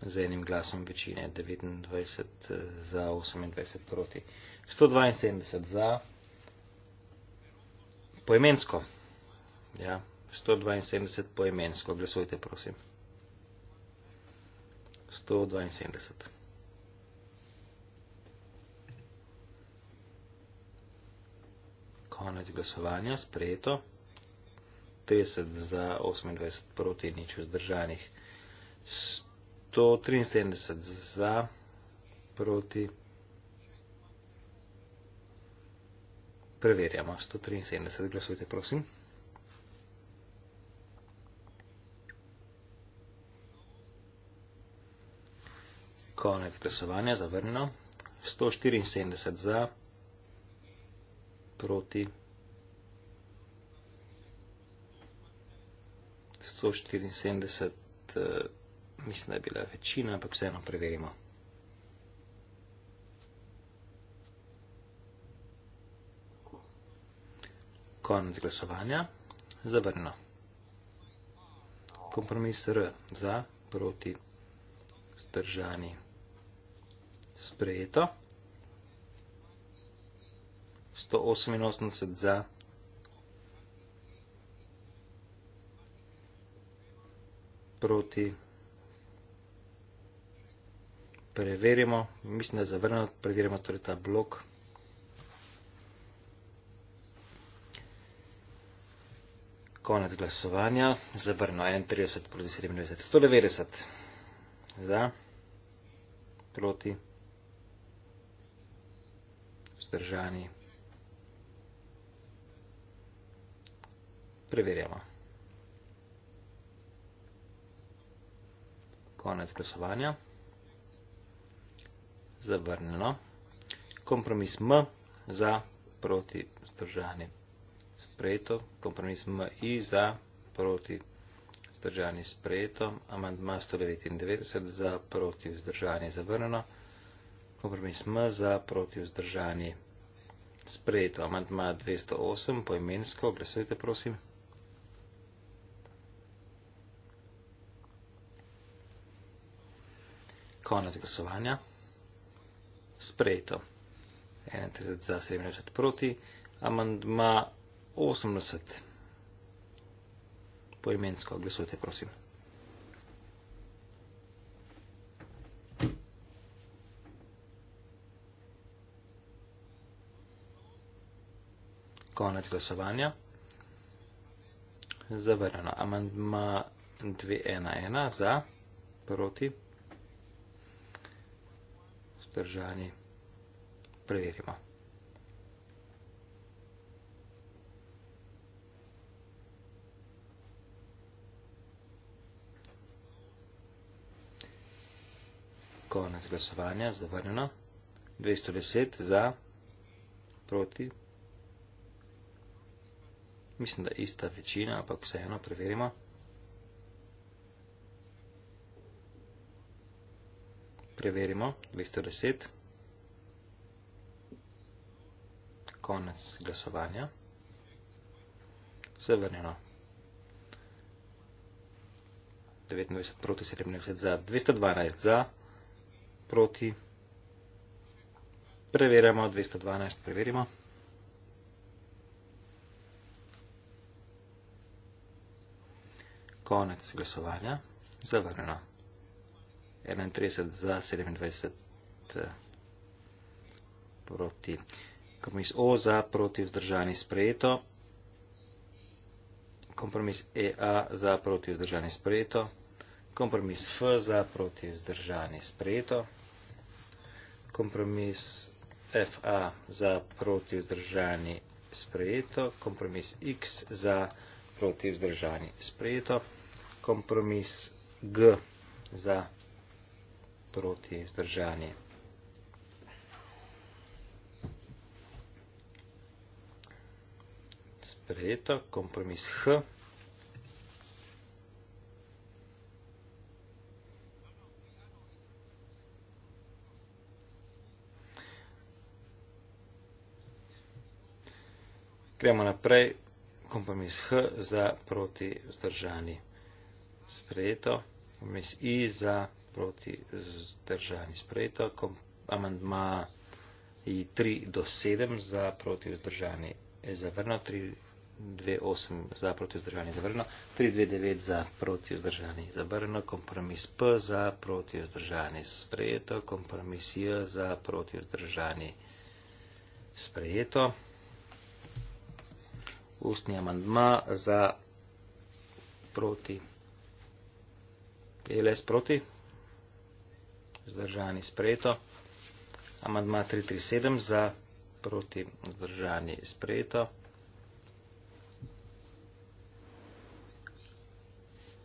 z enim glasom večine 29 eh, za 28 proti 172 za. Poimensko. Ja, 172 poimensko. Glasujte, prosim. 172. Konec glasovanja, sprejeto. 30 za 28 proti nič vzdržanih. 173 za proti. Preverjamo. 173 glasujte, prosim. Konec glasovanja, zavrnjeno. 174 za proti nič vzdržanih. 174, eh, mislim, da je bila večina, ampak vseeno preverimo. Konec glasovanja. Zavrnjeno. Kompromis R za, proti, zdržani, sprejeto. 188 za, proti. Preverimo, mislim, da je zavrnjeno, preverimo torej ta blok. Konec glasovanja, zavrnjeno 31 proti 97, 190 za, proti, vzdržani. Preverjamo. konec glasovanja. Zavrnjeno. Kompromis M za proti zdržani. Sprejeto. Kompromis M i za proti zdržani. Sprejeto. Amandma 199 za proti zdržani. Zavrnjeno. Kompromis M za proti zdržani. Sprejeto. Amandma 208 poimensko. Glasujte, prosim. konec glasovanja. Sprejeto. 31 za, 37 proti. Amandma 80. Poimensko glasujte, prosim. Konec glasovanja. Zavrnjeno. Amandma 211 za, proti vzdržani. Preverimo. Konec glasovanja, zavrnjeno. 210 za, proti. Mislim, da ista večina, ampak vseeno, preverimo. preverimo, 210, konec glasovanja, zavrnjeno, 29 proti 77 za, 212 za, proti, preverjamo, 212 preverimo, konec glasovanja, zavrnjeno. 31 za, 27 eh, proti. Kompromis O za, proti vzdržani sprejeto. Kompromis EA za, proti vzdržani sprejeto. Kompromis F za, proti vzdržani sprejeto. Kompromis FA za, proti vzdržani sprejeto. Kompromis X za, proti vzdržani sprejeto. Kompromis G za, proti vzdržani sprejeto proti vzdržanje. Sprejeto, kompromis H. Gremo naprej, kompromis H za proti vzdržanje. Sprejeto, kompromis I za proti vzdržanje proti vzdržani. Sprejeto, amandma je 3 do 7 za proti vzdržani zavrno, 3, 2, 8 za proti vzdržani zavrno, 3, 2, 9 za proti vzdržani zavrno, kompromis P za proti vzdržani sprejeto, kompromis J za proti vzdržani sprejeto. Ustni amandma za proti. LS proti vzdržani sprejeto. Amandma 337 za proti vzdržani sprejeto.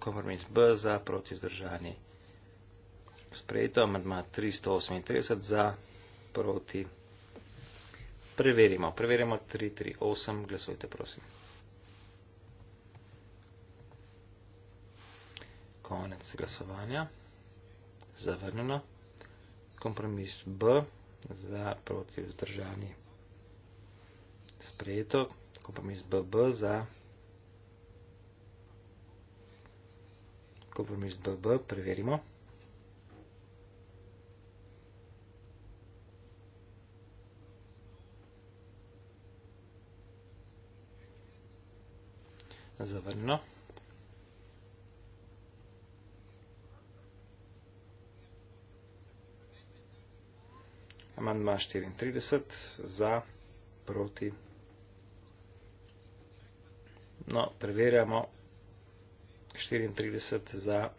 Kompromis B za proti vzdržani sprejeto. Amandma 338 za proti preverimo. Preverimo 338. Glasujte, prosim. Konec glasovanja zavrnjeno. Kompromis B za proti vzdržani sprejeto. Kompromis BB za kompromis BB preverimo. Zavrnjeno. amandma 34 za proti. No, preverjamo 34 za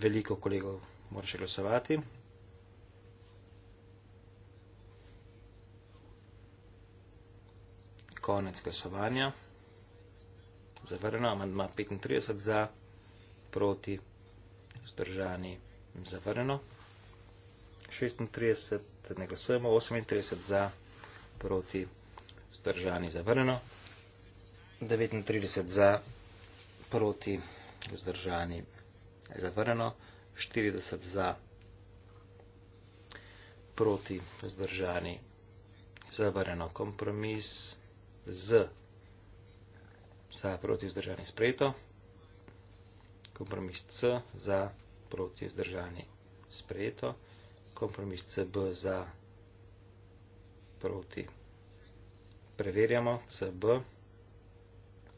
Veliko kolegov mora še glasovati. konec glasovanja. Zavrnjeno, amandma 35 za, proti, vzdržani, zavrnjeno. 36 ne glasujemo, 38 za, proti, vzdržani, zavrnjeno. 39 za, proti, vzdržani, zavrnjeno. 40 za, proti, vzdržani, zavrnjeno. Kompromis z za proti vzdržani sprejeto, kompromis C za proti vzdržani sprejeto, kompromis CB za proti preverjamo, CB,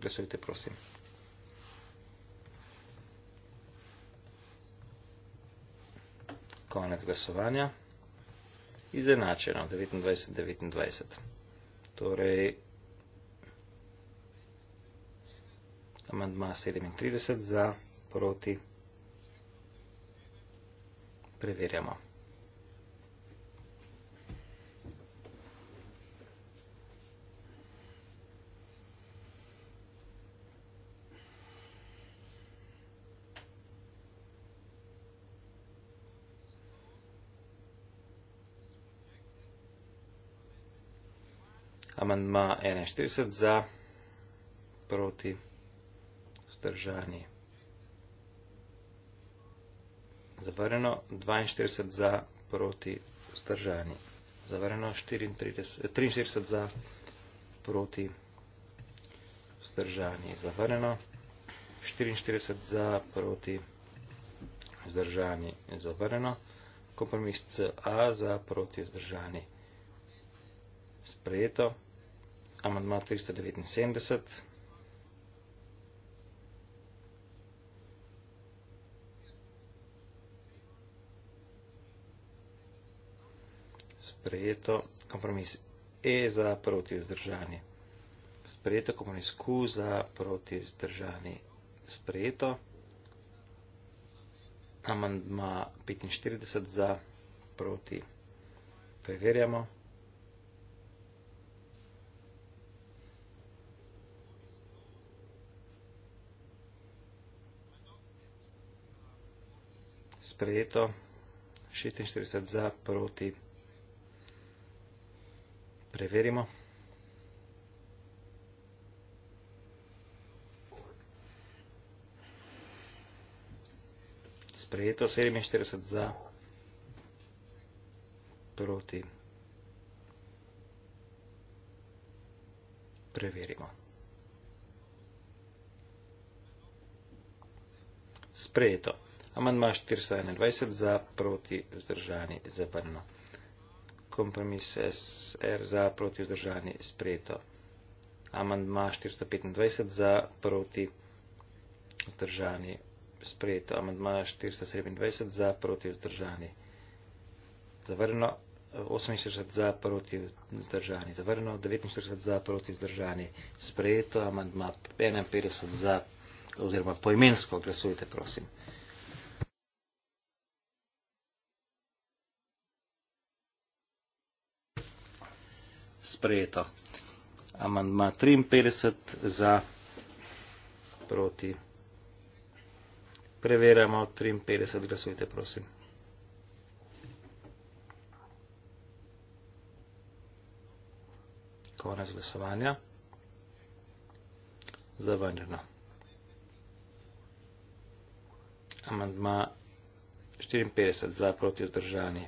glasujte prosim. Konec glasovanja, izenačeno, 29-29, torej 29. amandma 37 za proti. Preverjamo. Amandma 41 za proti vzdržani. Zavrjeno 42 za proti vzdržani. Zavrjeno 43 eh, za proti vzdržani. Zavrjeno 44 za proti vzdržani. Zavrjeno kompromis CA za proti vzdržani. Sprejeto. Amandma 379. sprejeto, kompromis E za proti vzdržanje. Sprejeto, kompromis Q za proti vzdržanje. Sprejeto, amandma 45 za proti. Preverjamo. Sprejeto, 46 za proti. Preverimo. Sprejeto 47 za proti. Preverimo. Sprejeto. Amandma 421 za proti zdržani zavrno kompromis SR za proti vzdržanje sprejeto. Amandma 425 za proti vzdržanje sprejeto. Amandma 427 za proti vzdržanje zavrno. 48 za proti vzdržanje zavrno. 49 za proti vzdržanje sprejeto. Amandma 51 za oziroma poimensko glasujte, prosim. sprejeto. Amandma 53 za proti. Preverjamo 53, glasujte prosim. Konec glasovanja. Zavrnjeno. Amandma 54 za proti vzdržanje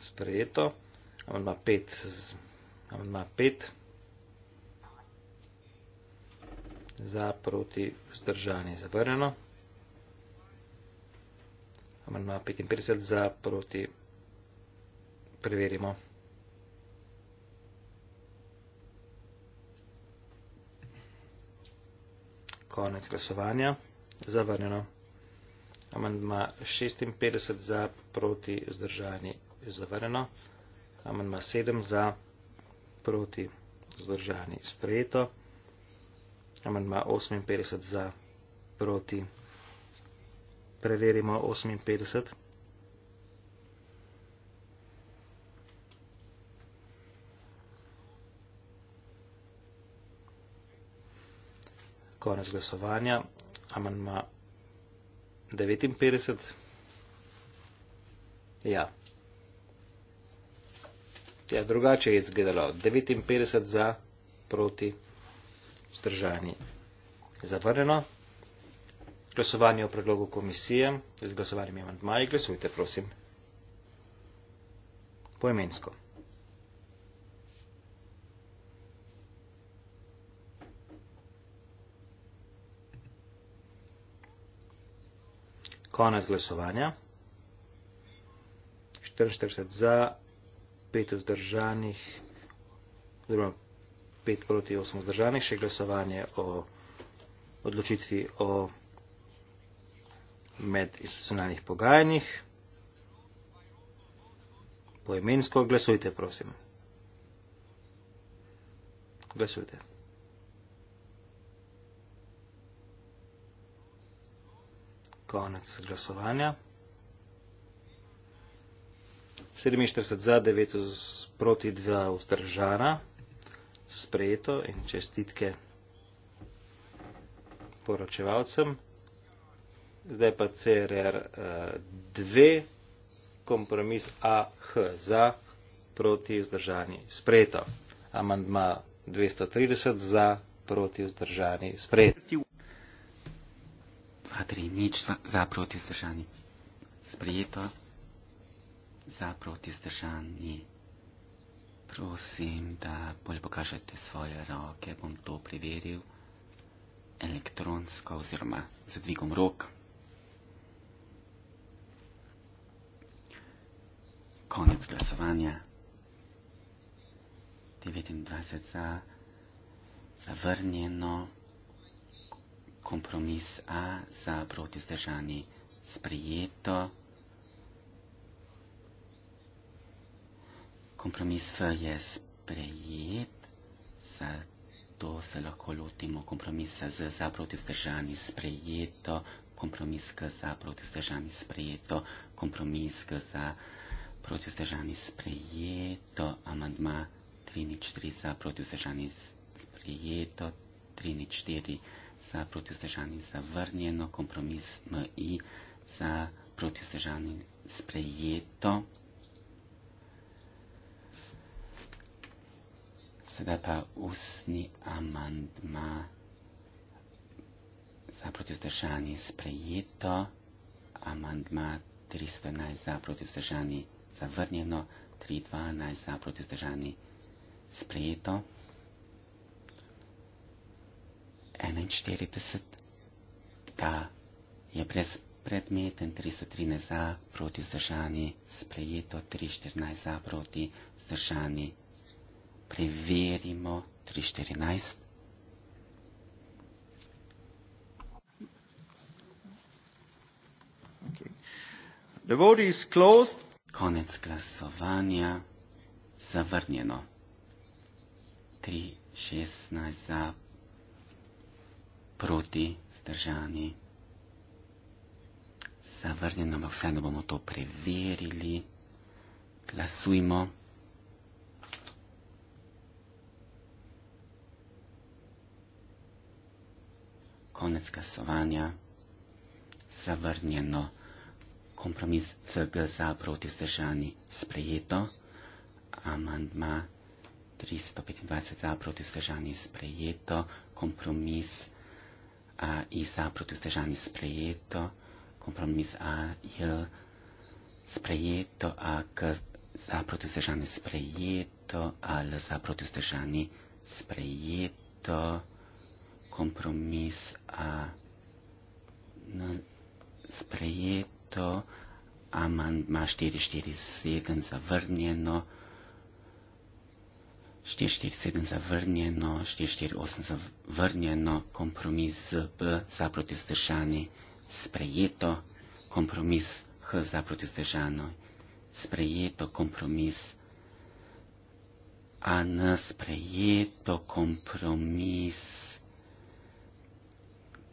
sprejeto. Amandma 5 za proti vzdržanje sprejeto. Amandma 5. Za, proti, vzdržani, zavrneno. Amandma 55. Za, proti, preverimo. Konec glasovanja. Zavrneno. Amandma 56. Za, proti, vzdržani, zavrneno. Amandma 7. Za, proti, vzdržani, zavrneno proti, vzdržani sprejeto. Amandma 58 za, proti. Preverimo 58. Konec glasovanja. Amandma 59. Ja, Ja, drugače je izgledalo. 59 za, proti, vzdržani. Zavrnjeno. Glasovanje o predlogu komisije z glasovanjem imandmaji. Glasujte, prosim. Poimensko. Konec glasovanja. 44 za, pet vzdržanih, oziroma pet proti osem vzdržanih, še glasovanje o odločitvi o medinstitucionalnih pogajanjih. Poimensko glasujte, prosim. Glasujte. Konec glasovanja. 47 za, 9 proti 2 vzdržana, sprejeto in čestitke poročevalcem. Zdaj pa CRR 2, kompromis AH za, proti vzdržani, sprejeto. Amandma 230 za, proti vzdržani, sprejeto. 2, 3, nič za, proti vzdržani, sprejeto za protistržanji. Prosim, da bolje pokažete svoje roke, bom to preveril elektronsko oziroma z dvigom rok. Konec glasovanja. 29 za zavrnjeno, kompromis A za protizdržanje sprijeto. kompromis je sprejet, zato se lahko lotimo kompromisa z za proti vzdržani sprejeto, kompromis k za proti vzdržani sprejeto, kompromis k za proti vzdržani sprejeto, amandma 3 nič 3 za proti vzdržani sprejeto, 3 nič 4 za proti vzdržani zavrnjeno, kompromis MI za proti vzdržani sprejeto. Sedaj pa usni amandma za proti vzdržani sprejeto, amandma 311 za proti vzdržani zavrnjeno, 312 za proti vzdržani sprejeto, 41 ta je brez predmeten, 313 za proti vzdržani sprejeto, 314 za proti vzdržani sprejeto preverimo 314. The vote is closed. Konec glasovanja zavrnjeno. 3.16 za proti zdržani. Zavrnjeno, ampak vseeno bomo to preverili. Glasujmo. konec glasovanja zavrnjeno kompromis CG za proti vzdržani sprejeto, amandma 325 za proti vzdržani sprejeto, kompromis A i za proti vzdržani sprejeto, kompromis A j sprejeto, A k za proti vzdržani sprejeto, A l za proti vzdržani sprejeto kompromis, a na sprejeto, amandma 447 zavrnjeno, 447 zavrnjeno, 448 zavrnjeno, kompromis z B za proti vzdržani sprejeto, kompromis H za proti vzdržano sprejeto, kompromis A N sprejeto, kompromis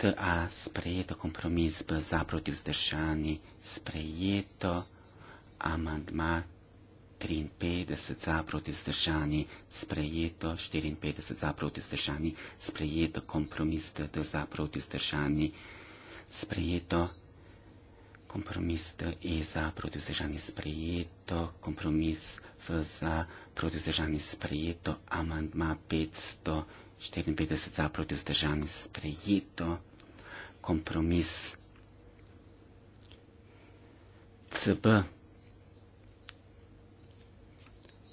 ZTA sprejeto kompromis B za proti vzdržani, sprejeto amandma 53 za proti vzdržani, sprejeto 54 za proti vzdržani, sprejeto kompromis DD za proti vzdržani, sprejeto kompromis DE za proti vzdržani, sprejeto kompromis V za proti vzdržani, sprejeto amandma 500. 54 za proti vzdržani sprejeto компромис. ЦБ.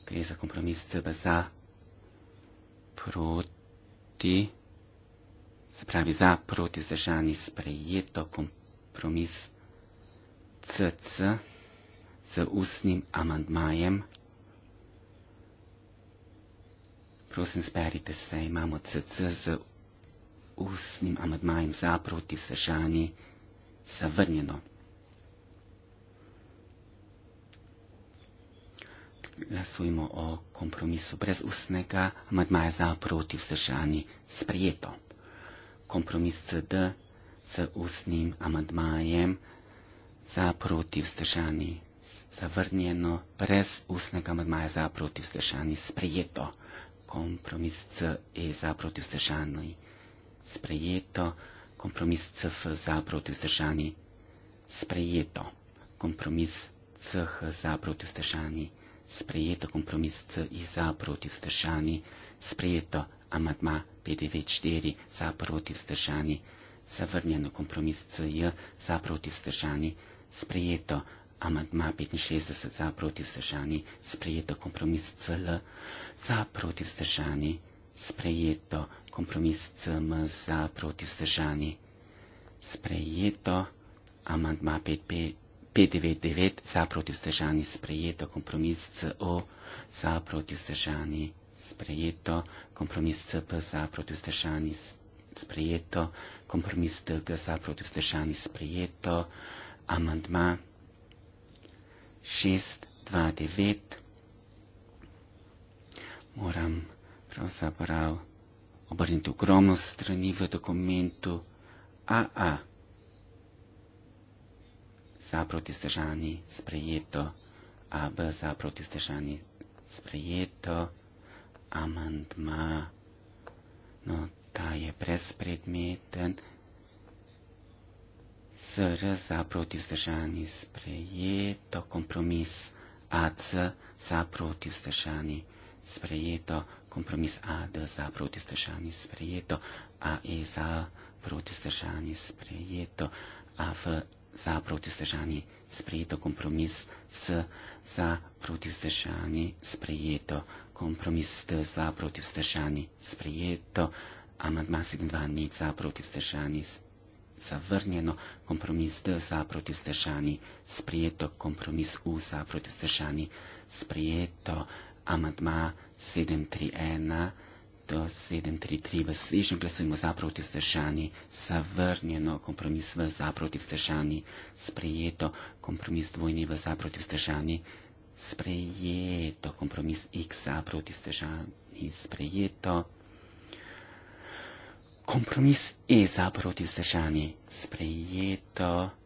Gre za компромис ЦБ за проти, се прави за проти вздържани спрето компромис ЦЦ с устним амандмаем. Prosim, sperite se, imamo CC z ustnim amadmajem za proti vsežani zavrnjeno. Glasujemo o kompromisu brez ustnega amadmaja za proti vsežani sprijeto. Kompromis CD z ustnim amadmajem za proti vzdržani zavrnjeno, brez ustnega amadmaja za proti vzdržani sprijeto. Kompromis CE za proti vzdržani sprejeto, kompromis CF za proti vzdržani, sprejeto, kompromis CH za proti vzdržani, sprejeto, kompromis CI za proti vzdržani, sprejeto, amadma PDV4 za proti vzdržani, zavrnjeno, kompromis CJ za proti vzdržani, sprejeto, amadma 65 za proti vzdržani, sprejeto, kompromis CL za proti vzdržani, sprejeto, amadma 65 za proti vzdržani, kompromis CM za proti vzdržani. Sprejeto. Amandma 599 za proti vzdržani. Sprejeto. Kompromis CO za proti vzdržani. Sprejeto. Kompromis CP za proti vzdržani. Sprejeto. Kompromis DG za proti vzdržani. Sprejeto. Amandma 629. Moram pravzaprav obrnite ogromno strani v dokumentu AA. Za protistežani sprejeto, AB za protistežani sprejeto, amandma, no ta je brezpredmeten, SR za protistežani sprejeto, kompromis AC za protistežani sprejeto, kompromis A, D za proti stržani sprejeto, A, E za proti stržani sprejeto, A, V za proti stržani sprejeto, kompromis C za proti stržani sprejeto, kompromis D za proti stržani sprejeto, amadma 7.2 ni za proti stržani zavrnjeno, kompromis D za proti stržani sprejeto, kompromis U za proti stržani sprejeto, amadma 7.2 ni za proti stržani sprejeto, 731 do 733 v svežnjem glasujemo za proti vzdržani, zavrnjeno kompromis v za proti vzdržani, sprejeto kompromis dvojni v za proti vzdržani, sprejeto kompromis x za proti vzdržani, sprejeto kompromis e za proti vzdržani, sprejeto kompromis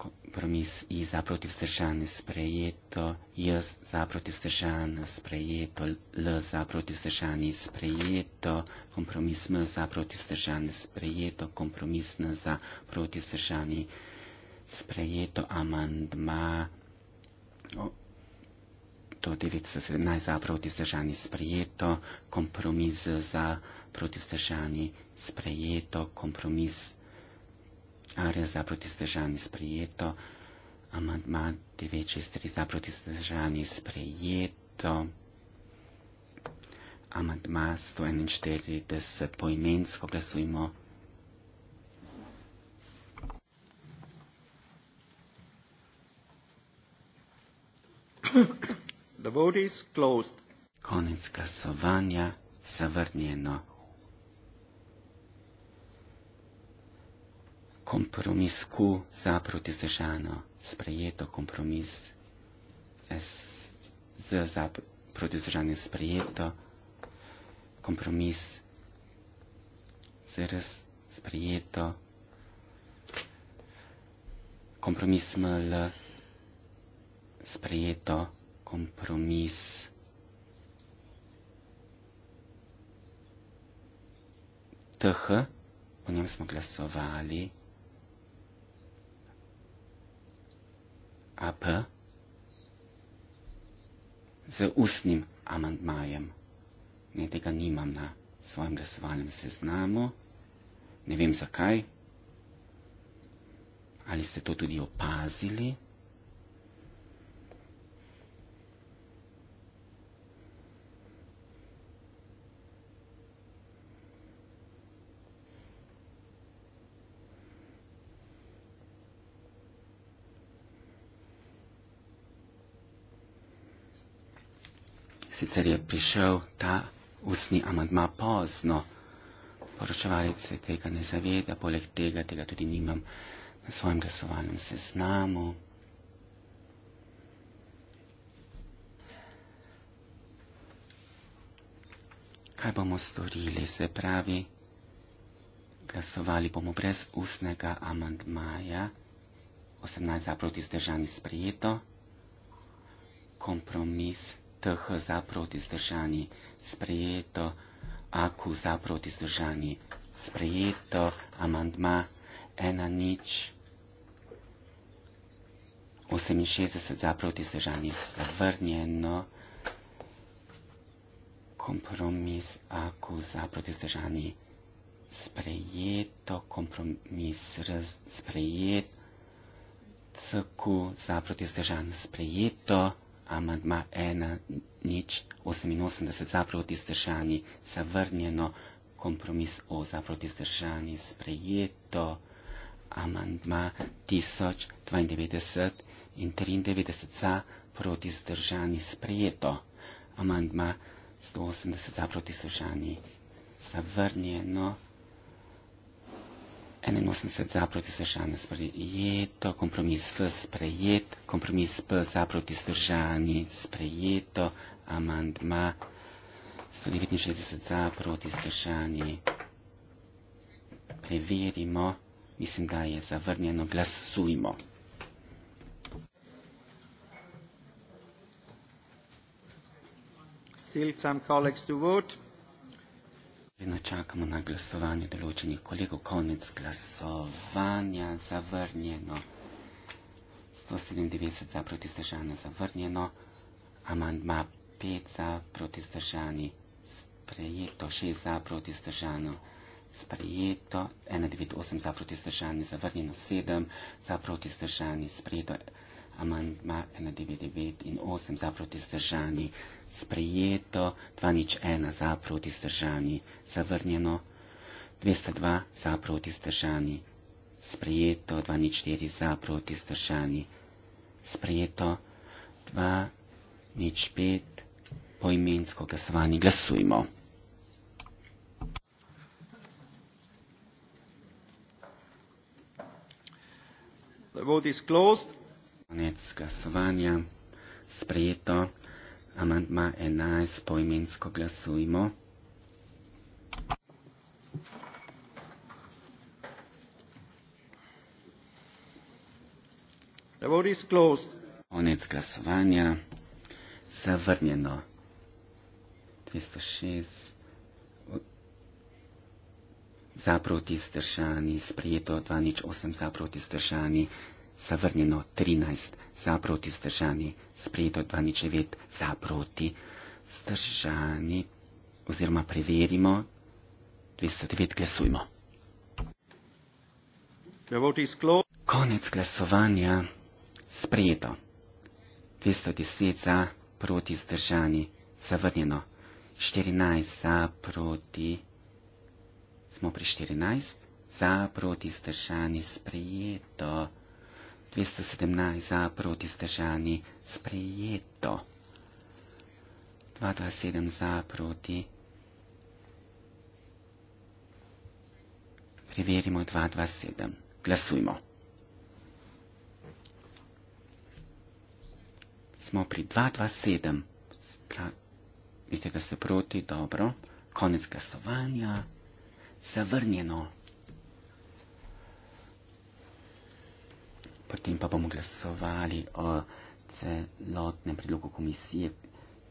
kompromis i za protivzdržane sprejeto, j za protivzdržane sprejeto, l za protivzdržane sprejeto, kompromis m za protivzdržane sprejeto, kompromis n za protivzdržane sprejeto, amandma do 917 za protivzdržane sprejeto, kompromis z za protivzdržane sprejeto, kompromis Arja za protistežani sprejeto, amadma 963 za protistežani sprejeto, amadma 141 poimensko glasujmo. The vote is closed. Konec glasovanja, zavrnjeno. kompromisku za protizdržano, sprejeto kompromis z, z protizdržanjem sprejeto, kompromis z res sprejeto, kompromis ml sprejeto, kompromis th, o njem smo glasovali. AP z ustnim amandmajem. Ne, tega nimam na svojem glasovalnem seznamu. Ne vem zakaj. Ali ste to tudi opazili? sicer je prišel ta ustni amadma pozno, poročevalec se tega ne zaveda, poleg tega tega tudi nimam na svojem glasovalnem seznamu. Kaj bomo storili, se pravi, glasovali bomo brez ustnega amandmaja, 18 za proti zdržani sprejeto, kompromis teh zaproti zdržani sprejeto, aku zaproti zdržani sprejeto, amandma ena nič. 68 za proti zdržani zavrnjeno. Kompromis ako za proti zdržani sprejeto. Kompromis raz sprejet. Cku za proti zdržani sprejeto amandma ena nič oseminosemdeset za proti vzdržani zavrnjeno kompromis o za proti vzdržani sprejeto amandma tisoč dvaindevetdeset in triindevetdeset za proti vzdržani sprejeto amandma sto osemdeset za proti vzdržani zavrnjeno 81 za proti vzdržani, sprejeto, kompromis v sprejet, kompromis p za proti vzdržani, sprejeto, amandma 169 za proti vzdržani. Preverimo, mislim, da je zavrnjeno, glasujmo. Still some colleagues to vote. Vedno čakamo na glasovanje določenih kolegov. Konec glasovanja. Zavrnjeno. 197 za proti zdržane. Zavrnjeno. Amandma 5 za proti zdržani. Sprejeto. 6 za proti zdržano. Sprejeto. 198 za proti zdržani. Zavrnjeno. 7 za proti zdržani. Sprejeto. Amandma 199 in 8 za proti zdržani. Sprejeto sprejeto, 201 za proti zdržani, zavrnjeno, 202 za proti zdržani, sprejeto, 204 za proti zdržani, sprejeto, 205 poimensko glasovanje, glasujmo. Konec glasovanja, sprejeto. Amantma 11 poimensko glasujmo. Konec glasovanja. Zavrnjeno. 206 za proti zdržani, sprejeto 208 za proti zdržani, zavrnjeno 13 za proti zdržani, sprejeto 209 za proti zdržani, oziroma preverimo 209 glasujmo. Konec glasovanja sprejeto. 210 za proti zdržani, zavrnjeno. 14 za proti, smo pri 14, za proti zdržani sprejeto. 217 za, proti zdržani sprejeto. 227 za, proti. Preverimo 227. Glasujmo. Smo pri 227. Vidite, da ste proti, dobro. Konec glasovanja. Zavrnjeno. Potem pa bomo glasovali o celotnem predlogu komisije,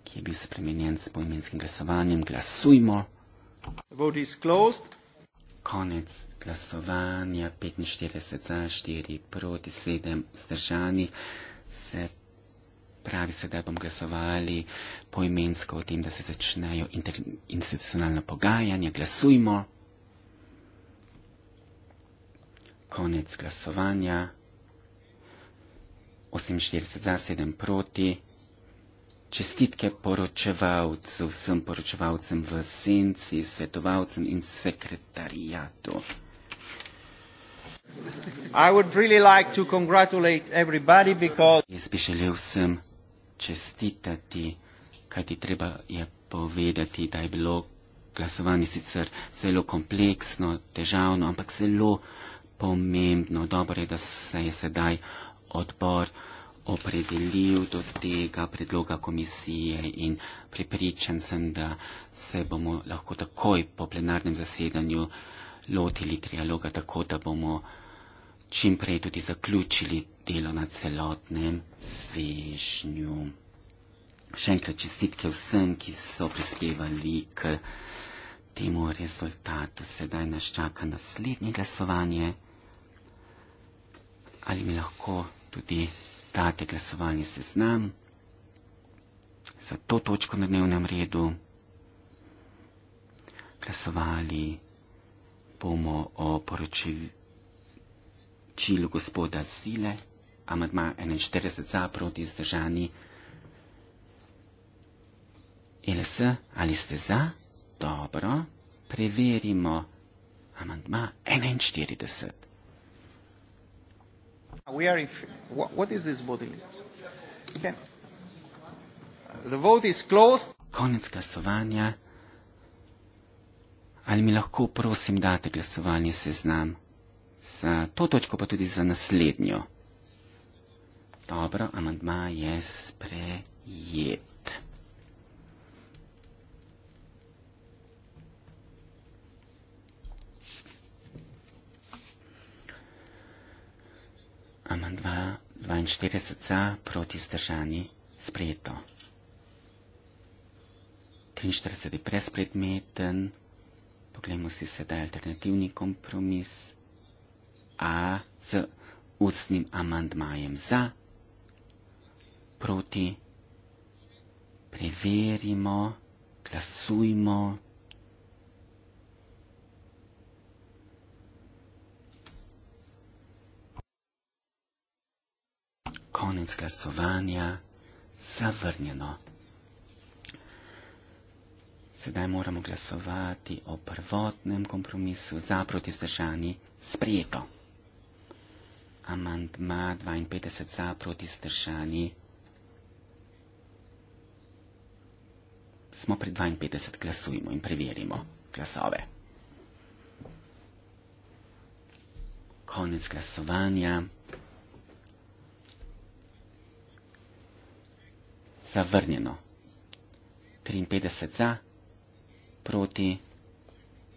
ki je bil spremenjen s poimenskim glasovanjem. Glasujmo. Vote is closed. Konec glasovanja 45 za 4 proti 7 vzdržanih. Se pravi, sedaj bom glasovali poimensko o tem, da se začnejo institucionalna pogajanja. Glasujmo. Konec glasovanja. 48 za 7 proti. Čestitke poročevalcu, vsem poročevalcem v senci, svetovalcem in sekretarijatu. Jaz bi želel vsem čestitati, kaj ti treba je povedati, da je bilo glasovanje sicer zelo kompleksno, težavno, ampak zelo pomembno. Dobro je, da se je sedaj odbor opredelil do tega predloga komisije in pripričan sem, da se bomo lahko takoj po plenarnem zasedanju lotili trialoga, tako da bomo čim prej tudi zaključili delo na celotnem svežnju. Še enkrat čestitke vsem, ki so prispevali k temu rezultatu. Sedaj nas čaka naslednje glasovanje. Ali mi lahko tudi ta teglasovalni seznam za to točko na dnevnem redu. Glasovali bomo o poročilu gospoda Sile, amadma 41 za proti vzdržani. LS, ali ste za? Dobro, preverimo amadma 41. We are in. What, what is this voting? Okay. The vote is closed. Konec glasovanja. Ali mi lahko prosim date glasovanje seznam za to točko, pa tudi za naslednjo? Dobro, amandma je sprejet. Amandma 42 za, proti zdržani, sprejeto. 43 je brezpredmeten. Poglejmo si sedaj alternativni kompromis. A z ustnim amandmajem za, proti. Preverimo, glasujmo. konec glasovanja zavrnjeno. Sedaj moramo glasovati o prvotnem kompromisu za proti zdržani sprijeto. Amandma 52 za proti zdržani. Smo pri 52, glasujmo in preverimo glasove. Konec glasovanja. zavrnjeno. 53 za, proti,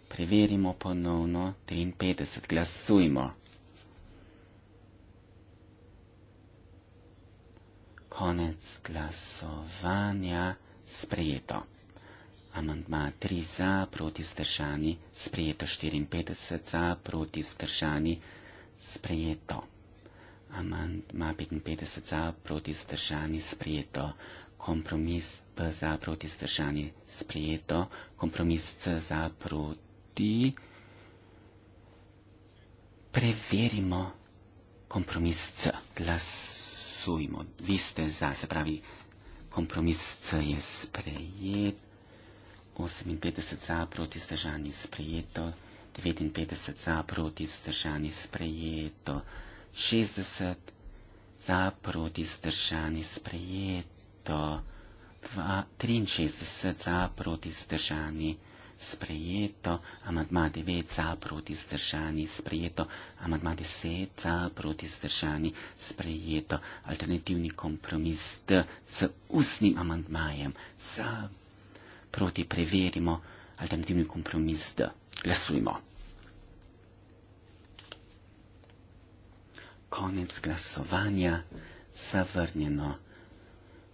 preverimo ponovno, 53 glasujmo. Konec glasovanja, sprejeto. Amandma 3 za, proti vzdržani, sprejeto 54 za, proti vzdržani, sprejeto. Amandma 55 za, proti vzdržani, sprejeto kompromis B za proti zdržanje sprejeto, kompromis C za proti. Preverimo kompromis C. Glasujmo. Vi ste za, se pravi, kompromis C je sprejet. 58 za proti zdržanje sprejeto, 59 za proti zdržanje sprejeto, 60 za proti zdržanje sprejeto leto 63 za proti zdržani sprejeto, amadma 9 za proti zdržani sprejeto, amadma 10 za proti zdržani sprejeto, alternativni kompromis D s usnim amadmajem za proti preverimo, alternativni kompromis D. Glasujmo. Konec glasovanja, zavrnjeno glasovanje.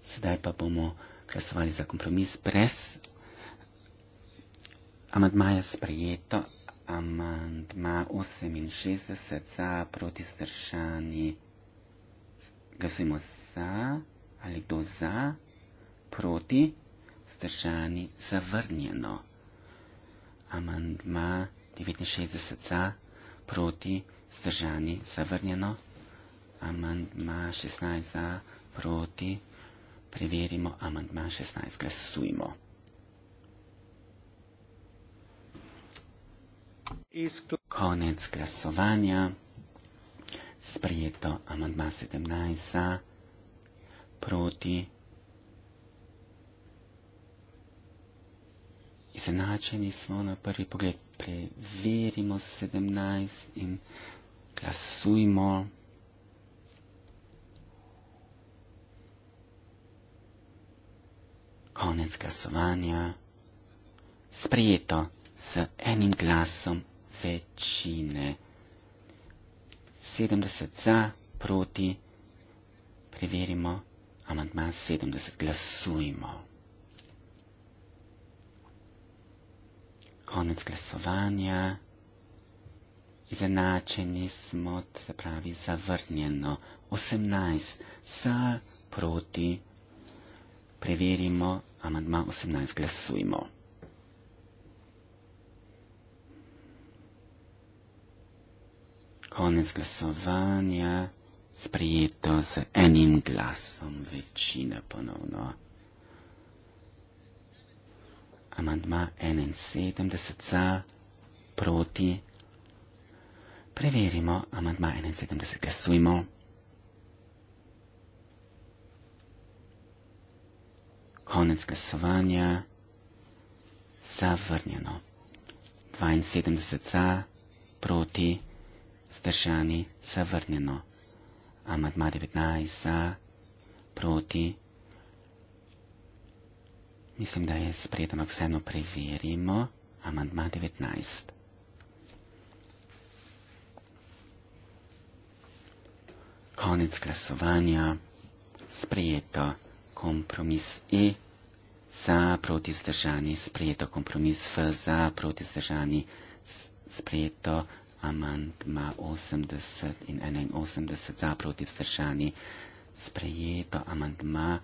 Sedaj pa bomo glasovali za kompromis brez amadmaja sprejeto. Amandma 68 za proti zdržani. Glasujemo za ali kdo za proti zdržani zavrnjeno. Amandma 69 za proti zdržani zavrnjeno. Amandma 16 za proti zdržani. Preverimo amantma 16. Glasujmo. Konec glasovanja. Sprijeto amantma 17. Proti. Izenačeni smo na prvi pogled. Preverimo 17 in glasujmo. Glasujmo. konec glasovanja sprejeto s enim glasom večine. 70 za, proti, preverimo, amantma 70, glasujmo. Konec glasovanja, izenačeni smo, se pravi zavrnjeno, 18 za, proti, preverimo, amandma 18 glasujmo. Konec glasovanja, sprejeto z enim glasom večine ponovno. Amandma 71 za, proti. Preverimo, amandma 71 glasujmo. konec glasovanja, zavrnjeno. 72 za, proti, zdržani, zavrnjeno. Amadma 19 za, proti. Mislim, da je sprejeto, ampak vseeno preverimo. Amadma 19. Konec glasovanja, sprejeto kompromis E, za proti vzdržani sprejeto kompromis F, za proti vzdržani sprejeto amantma 80 in 81, za proti vzdržani sprejeto amantma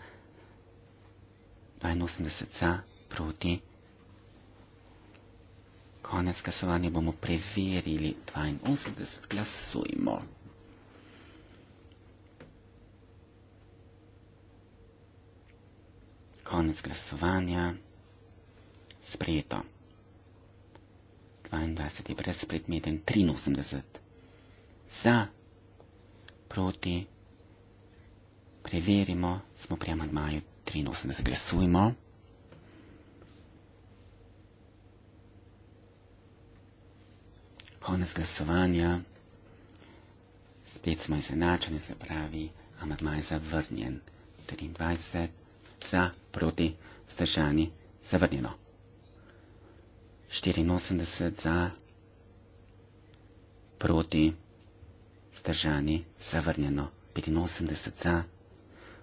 82, za proti. Konec glasovanja bomo preverili 82, glasujmo. konec glasovanja, sprejeto. 22 je brezpredmeten, 83 za, proti, preverimo, smo pri amadmaju 83, glasujmo. Konec glasovanja, spet smo izenačeni, se pravi, amadmaj je zavrnjen, 23 za proti vzdržani zavrnjeno. 84 za proti vzdržani zavrnjeno. 85 za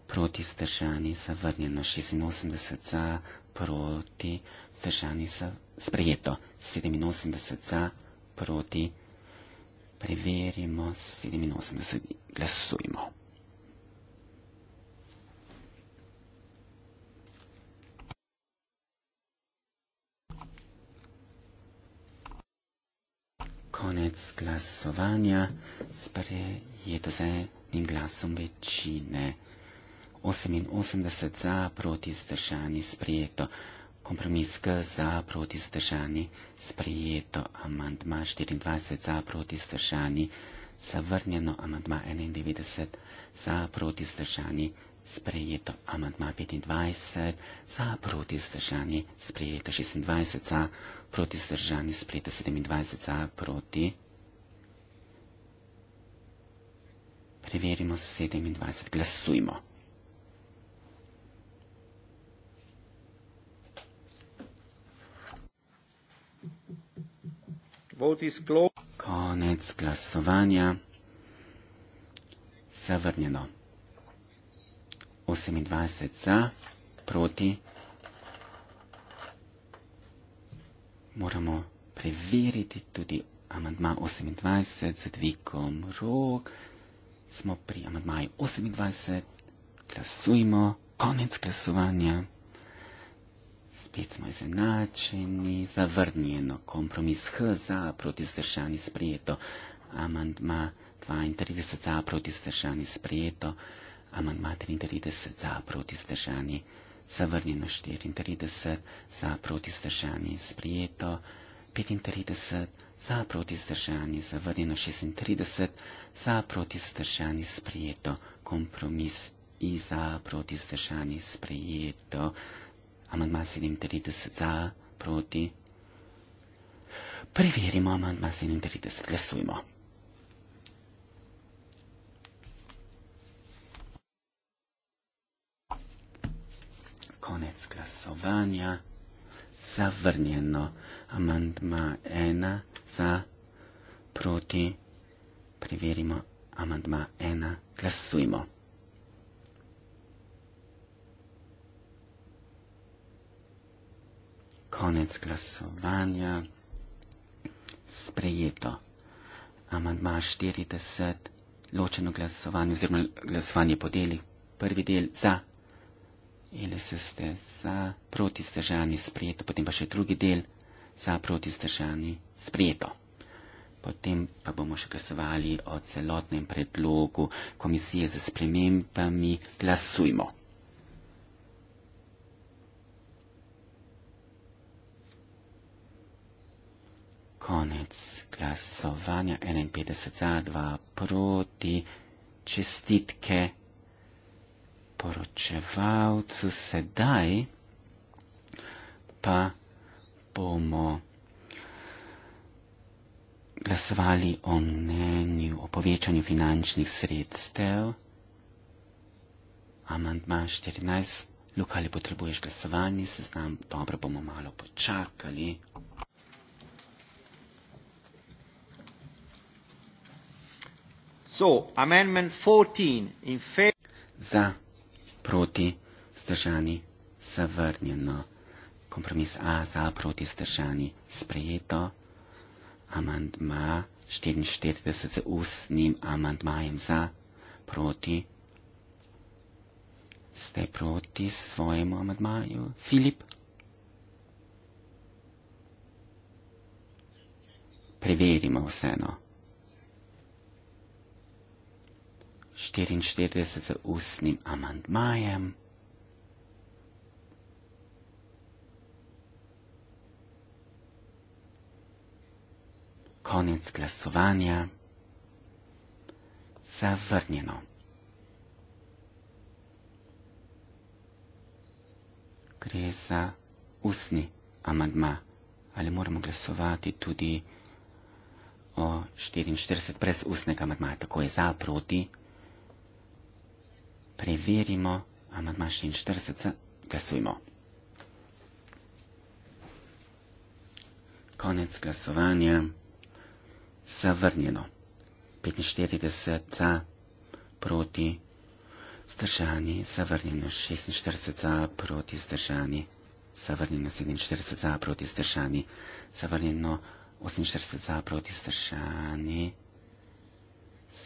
proti vzdržani zavrnjeno. 86 za proti vzdržani zavrnjeno. Sprejeto. 87 za proti. Preverimo 87. Glasujmo. konec glasovanja. Spre je to zdaj njim glasom večine. 88 za proti zdržani sprejeto. Kompromis G za proti zdržani sprejeto. Amandma 24 za proti zdržani zavrnjeno. Amandma 91 za proti zdržani sprejeto. Amandma 25 za proti zdržani sprejeto. 26 za proti zdržani sprejeto proti zdržani spleta 27 za proti. Preverimo 27, glasujmo. Konec glasovanja. Zavrnjeno. 28 za, proti moramo preveriti tudi amantma 28 z dvigom rok. Smo pri amantmaju 28, glasujmo, konec glasovanja. Spet smo izenačeni, zavrnjeno, kompromis H za proti zdržani sprejeto, amantma 32 za proti zdržani sprejeto, amantma 33 za proti zdržani sprejeto zavrnjeno 34, za proti zdržanje sprijeto 35, za proti zdržanje zavrnjeno 36, za proti zdržanje sprijeto kompromis in za proti zdržanje sprijeto amandma 37 za proti. Preverimo amandma 37, glasujmo. konec glasovanja. Zavrnjeno amandma ena za proti. Preverimo amandma ena. Glasujmo. Konec glasovanja. Sprejeto. Amandma 40. Ločeno glasovanje oziroma glasovanje po delih. Prvi del za ali se ste za proti vzdržani sprejeto, potem pa še drugi del za proti vzdržani sprejeto. Potem pa bomo še glasovali o celotnem predlogu komisije za spremembami. Glasujmo. Konec glasovanja 51 za 2 proti čestitke poročevalcu, sedaj pa bomo glasovali o mnenju o povečanju finančnih sredstev. Amandma 14. Luka, ali potrebuješ glasovanje, se znam, dobro bomo malo počakali. So, amendment 14 in fe... Za proti, vzdržani, zavrnjeno. Kompromis A za proti vzdržani sprejeto. Amandma 44 z usnim amandmajem za proti. Ste proti svojemu amandmaju, Filip? Preverimo vseeno. 44 z ustnim amandmajem. Konec glasovanja. Zavrnjeno. Gre za ustni amandma. Ali moramo glasovati tudi o 44 brez ustnega amandmaja? Tako je za, proti preverimo amandma 46, glasujmo. Konec glasovanja, zavrnjeno. 45 za proti zdržani, zavrnjeno 46 za proti zdržani, zavrnjeno 47 za proti zdržani, zavrnjeno 48 za proti zdržani,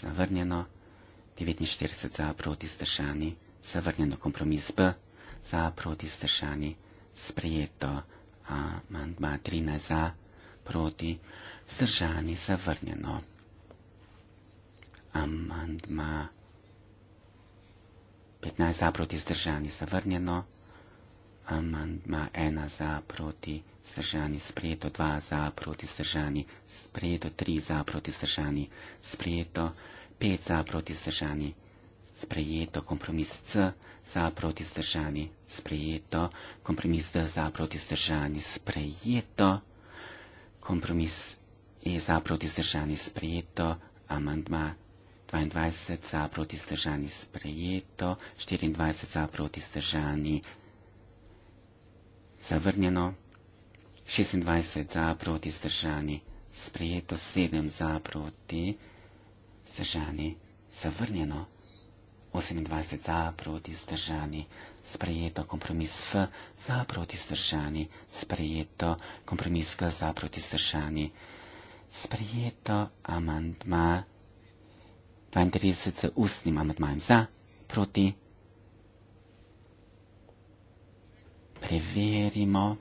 zavrnjeno 48. 49 za proti zdržani, zavrnjeno kompromis B, za proti zdržani, sprejeto amandma 13 za proti zdržani, zavrnjeno amandma 15 za proti zdržani, zavrnjeno amandma 1 za proti zdržani, sprejeto 2 za proti zdržani, sprejeto 3 za proti zdržani, sprejeto 4. 5 za proti zdržani, sprejeto kompromis C za proti zdržani, sprejeto kompromis D za proti zdržani, sprejeto kompromis E za proti zdržani, sprejeto amandma 22 za proti zdržani, sprejeto 24 za proti zdržani, zavrnjeno 26 za proti zdržani, sprejeto 7 za proti zdržani, zdržani, zavrnjeno. 28 za proti zdržani, sprejeto kompromis F za proti zdržani, sprejeto kompromis G za proti zdržani, sprejeto amantma 32 z ustnim amantmajem za proti. Preverimo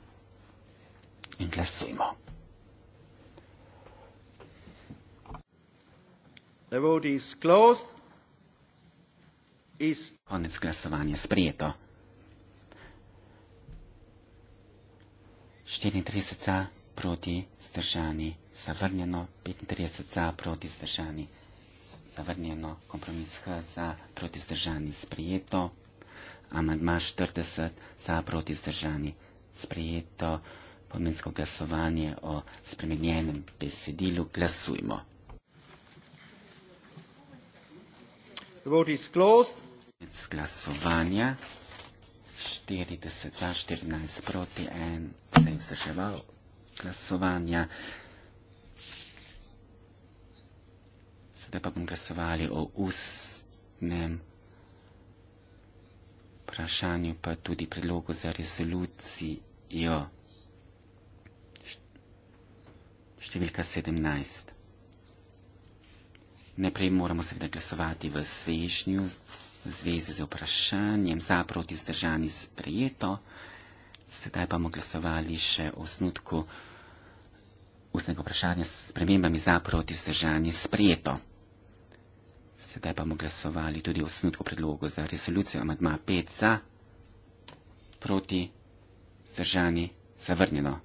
in glasujmo. The vote is closed. Is... Konec glasovanja sprejeto. 34 za proti zdržani zavrnjeno, 35 za proti zdržani zavrnjeno, kompromis H za proti zdržani sprejeto, amadma 40 za proti zdržani sprejeto, pomensko glasovanje o spremenjenem besedilu, glasujmo. vote is closed. Konec glasovanja. 40 za, 14 proti, en se je vzdrževal glasovanja. Sedaj pa bomo glasovali o ustnem vprašanju, pa tudi predlogu za rezolucijo številka 17. Najprej moramo seveda glasovati v svežnju v zvezi z vprašanjem za proti zdržani sprejeto. Sedaj bomo glasovali še o snutku ustnega vprašanja s spremembami za proti vzdržani sprejeto. Sedaj bomo glasovali tudi o snutku predlogu za resolucijo amadma 5 za proti vzdržani zavrnjeno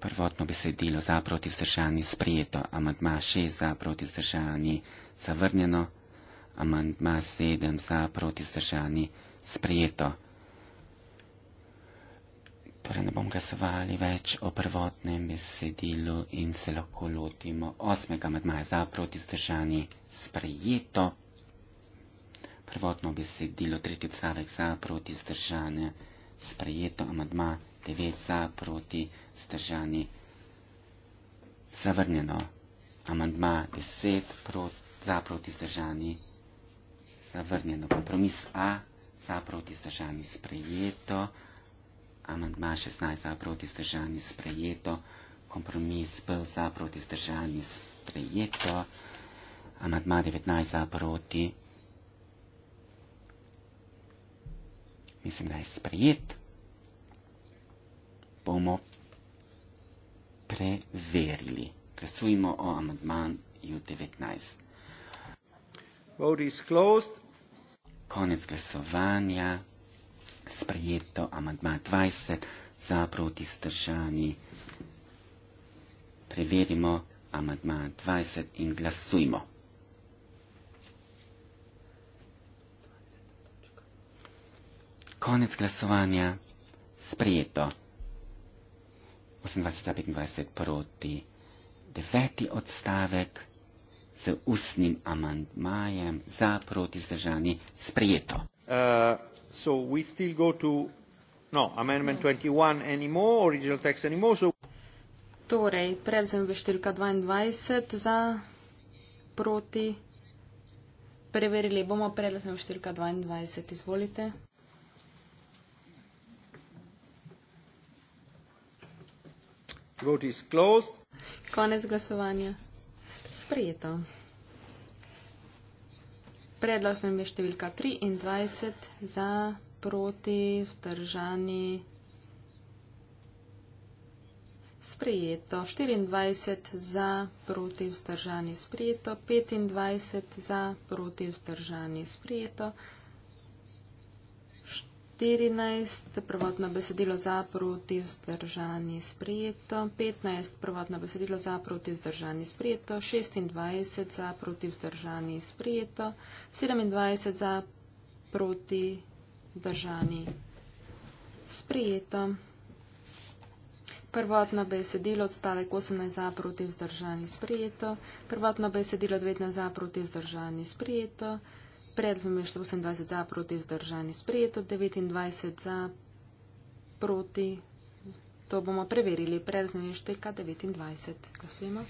prvotno besedilo za proti vzdržani sprejeto, amantma 6 za proti vzdržani zavrnjeno, amantma 7 za proti vzdržani sprejeto. Torej ne bom glasovali več o prvotnem besedilu in se lahko lotimo osmega amantmaja za proti vzdržani sprejeto. Prvotno besedilo, tretji odstavek za proti vzdržane sprejeto, amantma 9 za proti vzdržani sprejeto vzdržani. Zavrnjeno. Amandma 10 za proti vzdržani. Zavrnjeno. Kompromis A za proti vzdržani sprejeto. Amandma 16 za proti vzdržani sprejeto. Kompromis B za proti vzdržani sprejeto. Amandma 19 za proti. Mislim, da je sprejet. Bomo preverili. Glasujemo o amadmanju 19. Vote is closed. Konec glasovanja. Sprejeto amadma 20. Za proti stržani. Preverimo amadma 20 in glasujmo. Konec glasovanja. Sprejeto. 28.25, proti 9. odstavek z ustnim amantmajem za proti zdržani sprejeto. Uh, no, torej, prevzem v številka 22 za proti. Preverili bomo prevzem v številka 22. Izvolite. Konec glasovanja. Sprejeto. Predlog sem je številka 23 za proti vzdržani. Sprejeto. 24 za proti vzdržani. Sprejeto. 25 za proti vzdržani. Sprejeto. 14, prvotno besedilo za proti vzdržani sprejeto, 15, prvotno besedilo za proti vzdržani sprejeto, 26 za proti vzdržani sprejeto, 27 za proti vzdržani sprejeto. Prvotno besedilo odstavek 18 za proti vzdržani sprejeto, prvotno besedilo 19 za proti vzdržani sprejeto, predlog je 28 za, proti vzdržani sprejeto, 29 za, proti. To bomo preverili. Predlog je številka 29. Glasujemo.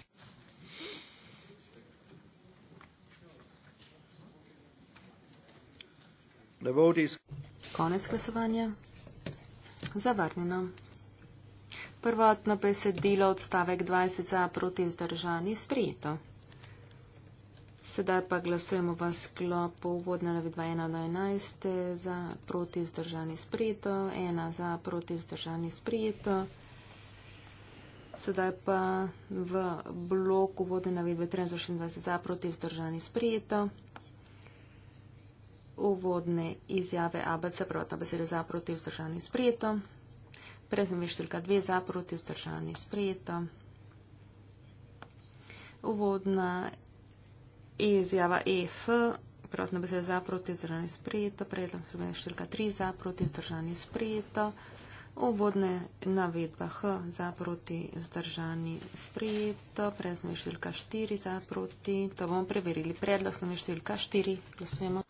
Is... Konec glasovanja. Zavrnjeno. Prvotno besedilo odstavek 20 za proti vzdržani sprejeto. Sedaj pa glasujemo v sklopu uvodne navedba 1 do 11 za proti vzdržani sprejeto, 1 za proti vzdržani sprejeto. Sedaj pa v bloku uvodne navedbe 23 za proti vzdržani sprejeto. Uvodne izjave ABC pravota beseda za proti vzdržani sprejeto. Prezimeš številka 2 za proti vzdržani sprejeto. Uvodna E izjava EF, prvotna beseda za proti zdržanje sprejeto, predlog spremenja številka 3 za proti zdržanje sprejeto, uvodne navedba H za proti zdržanje sprejeto, predlog spremenja številka 4 za proti, to bomo preverili, predlog spremenja številka 4, glasujemo.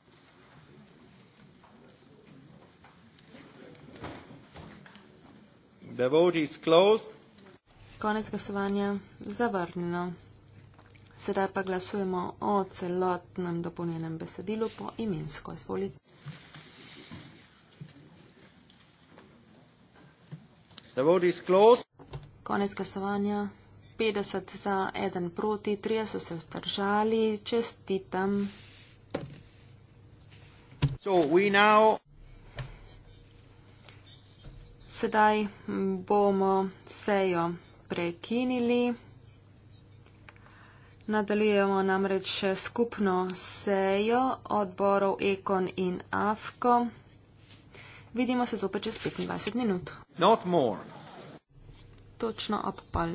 The vote is closed. Konec glasovanja. Zavrnjeno. Sedaj pa glasujemo o celotnem dopolnjenem besedilu po imensko. Izvolite. Konec glasovanja. 50 za, 1 proti, 3 so se vzdržali. Čestitam. So now... Sedaj bomo sejo prekinili. Nadaljujemo namreč skupno sejo odborov Ekon in Afko. Vidimo se zopet čez 25 minut. Not more. Točno ob pol.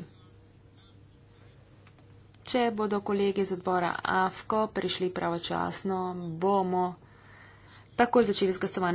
Če bodo kolegi z odbora Afko prišli pravočasno, bomo takoj začeli z glasovanjem.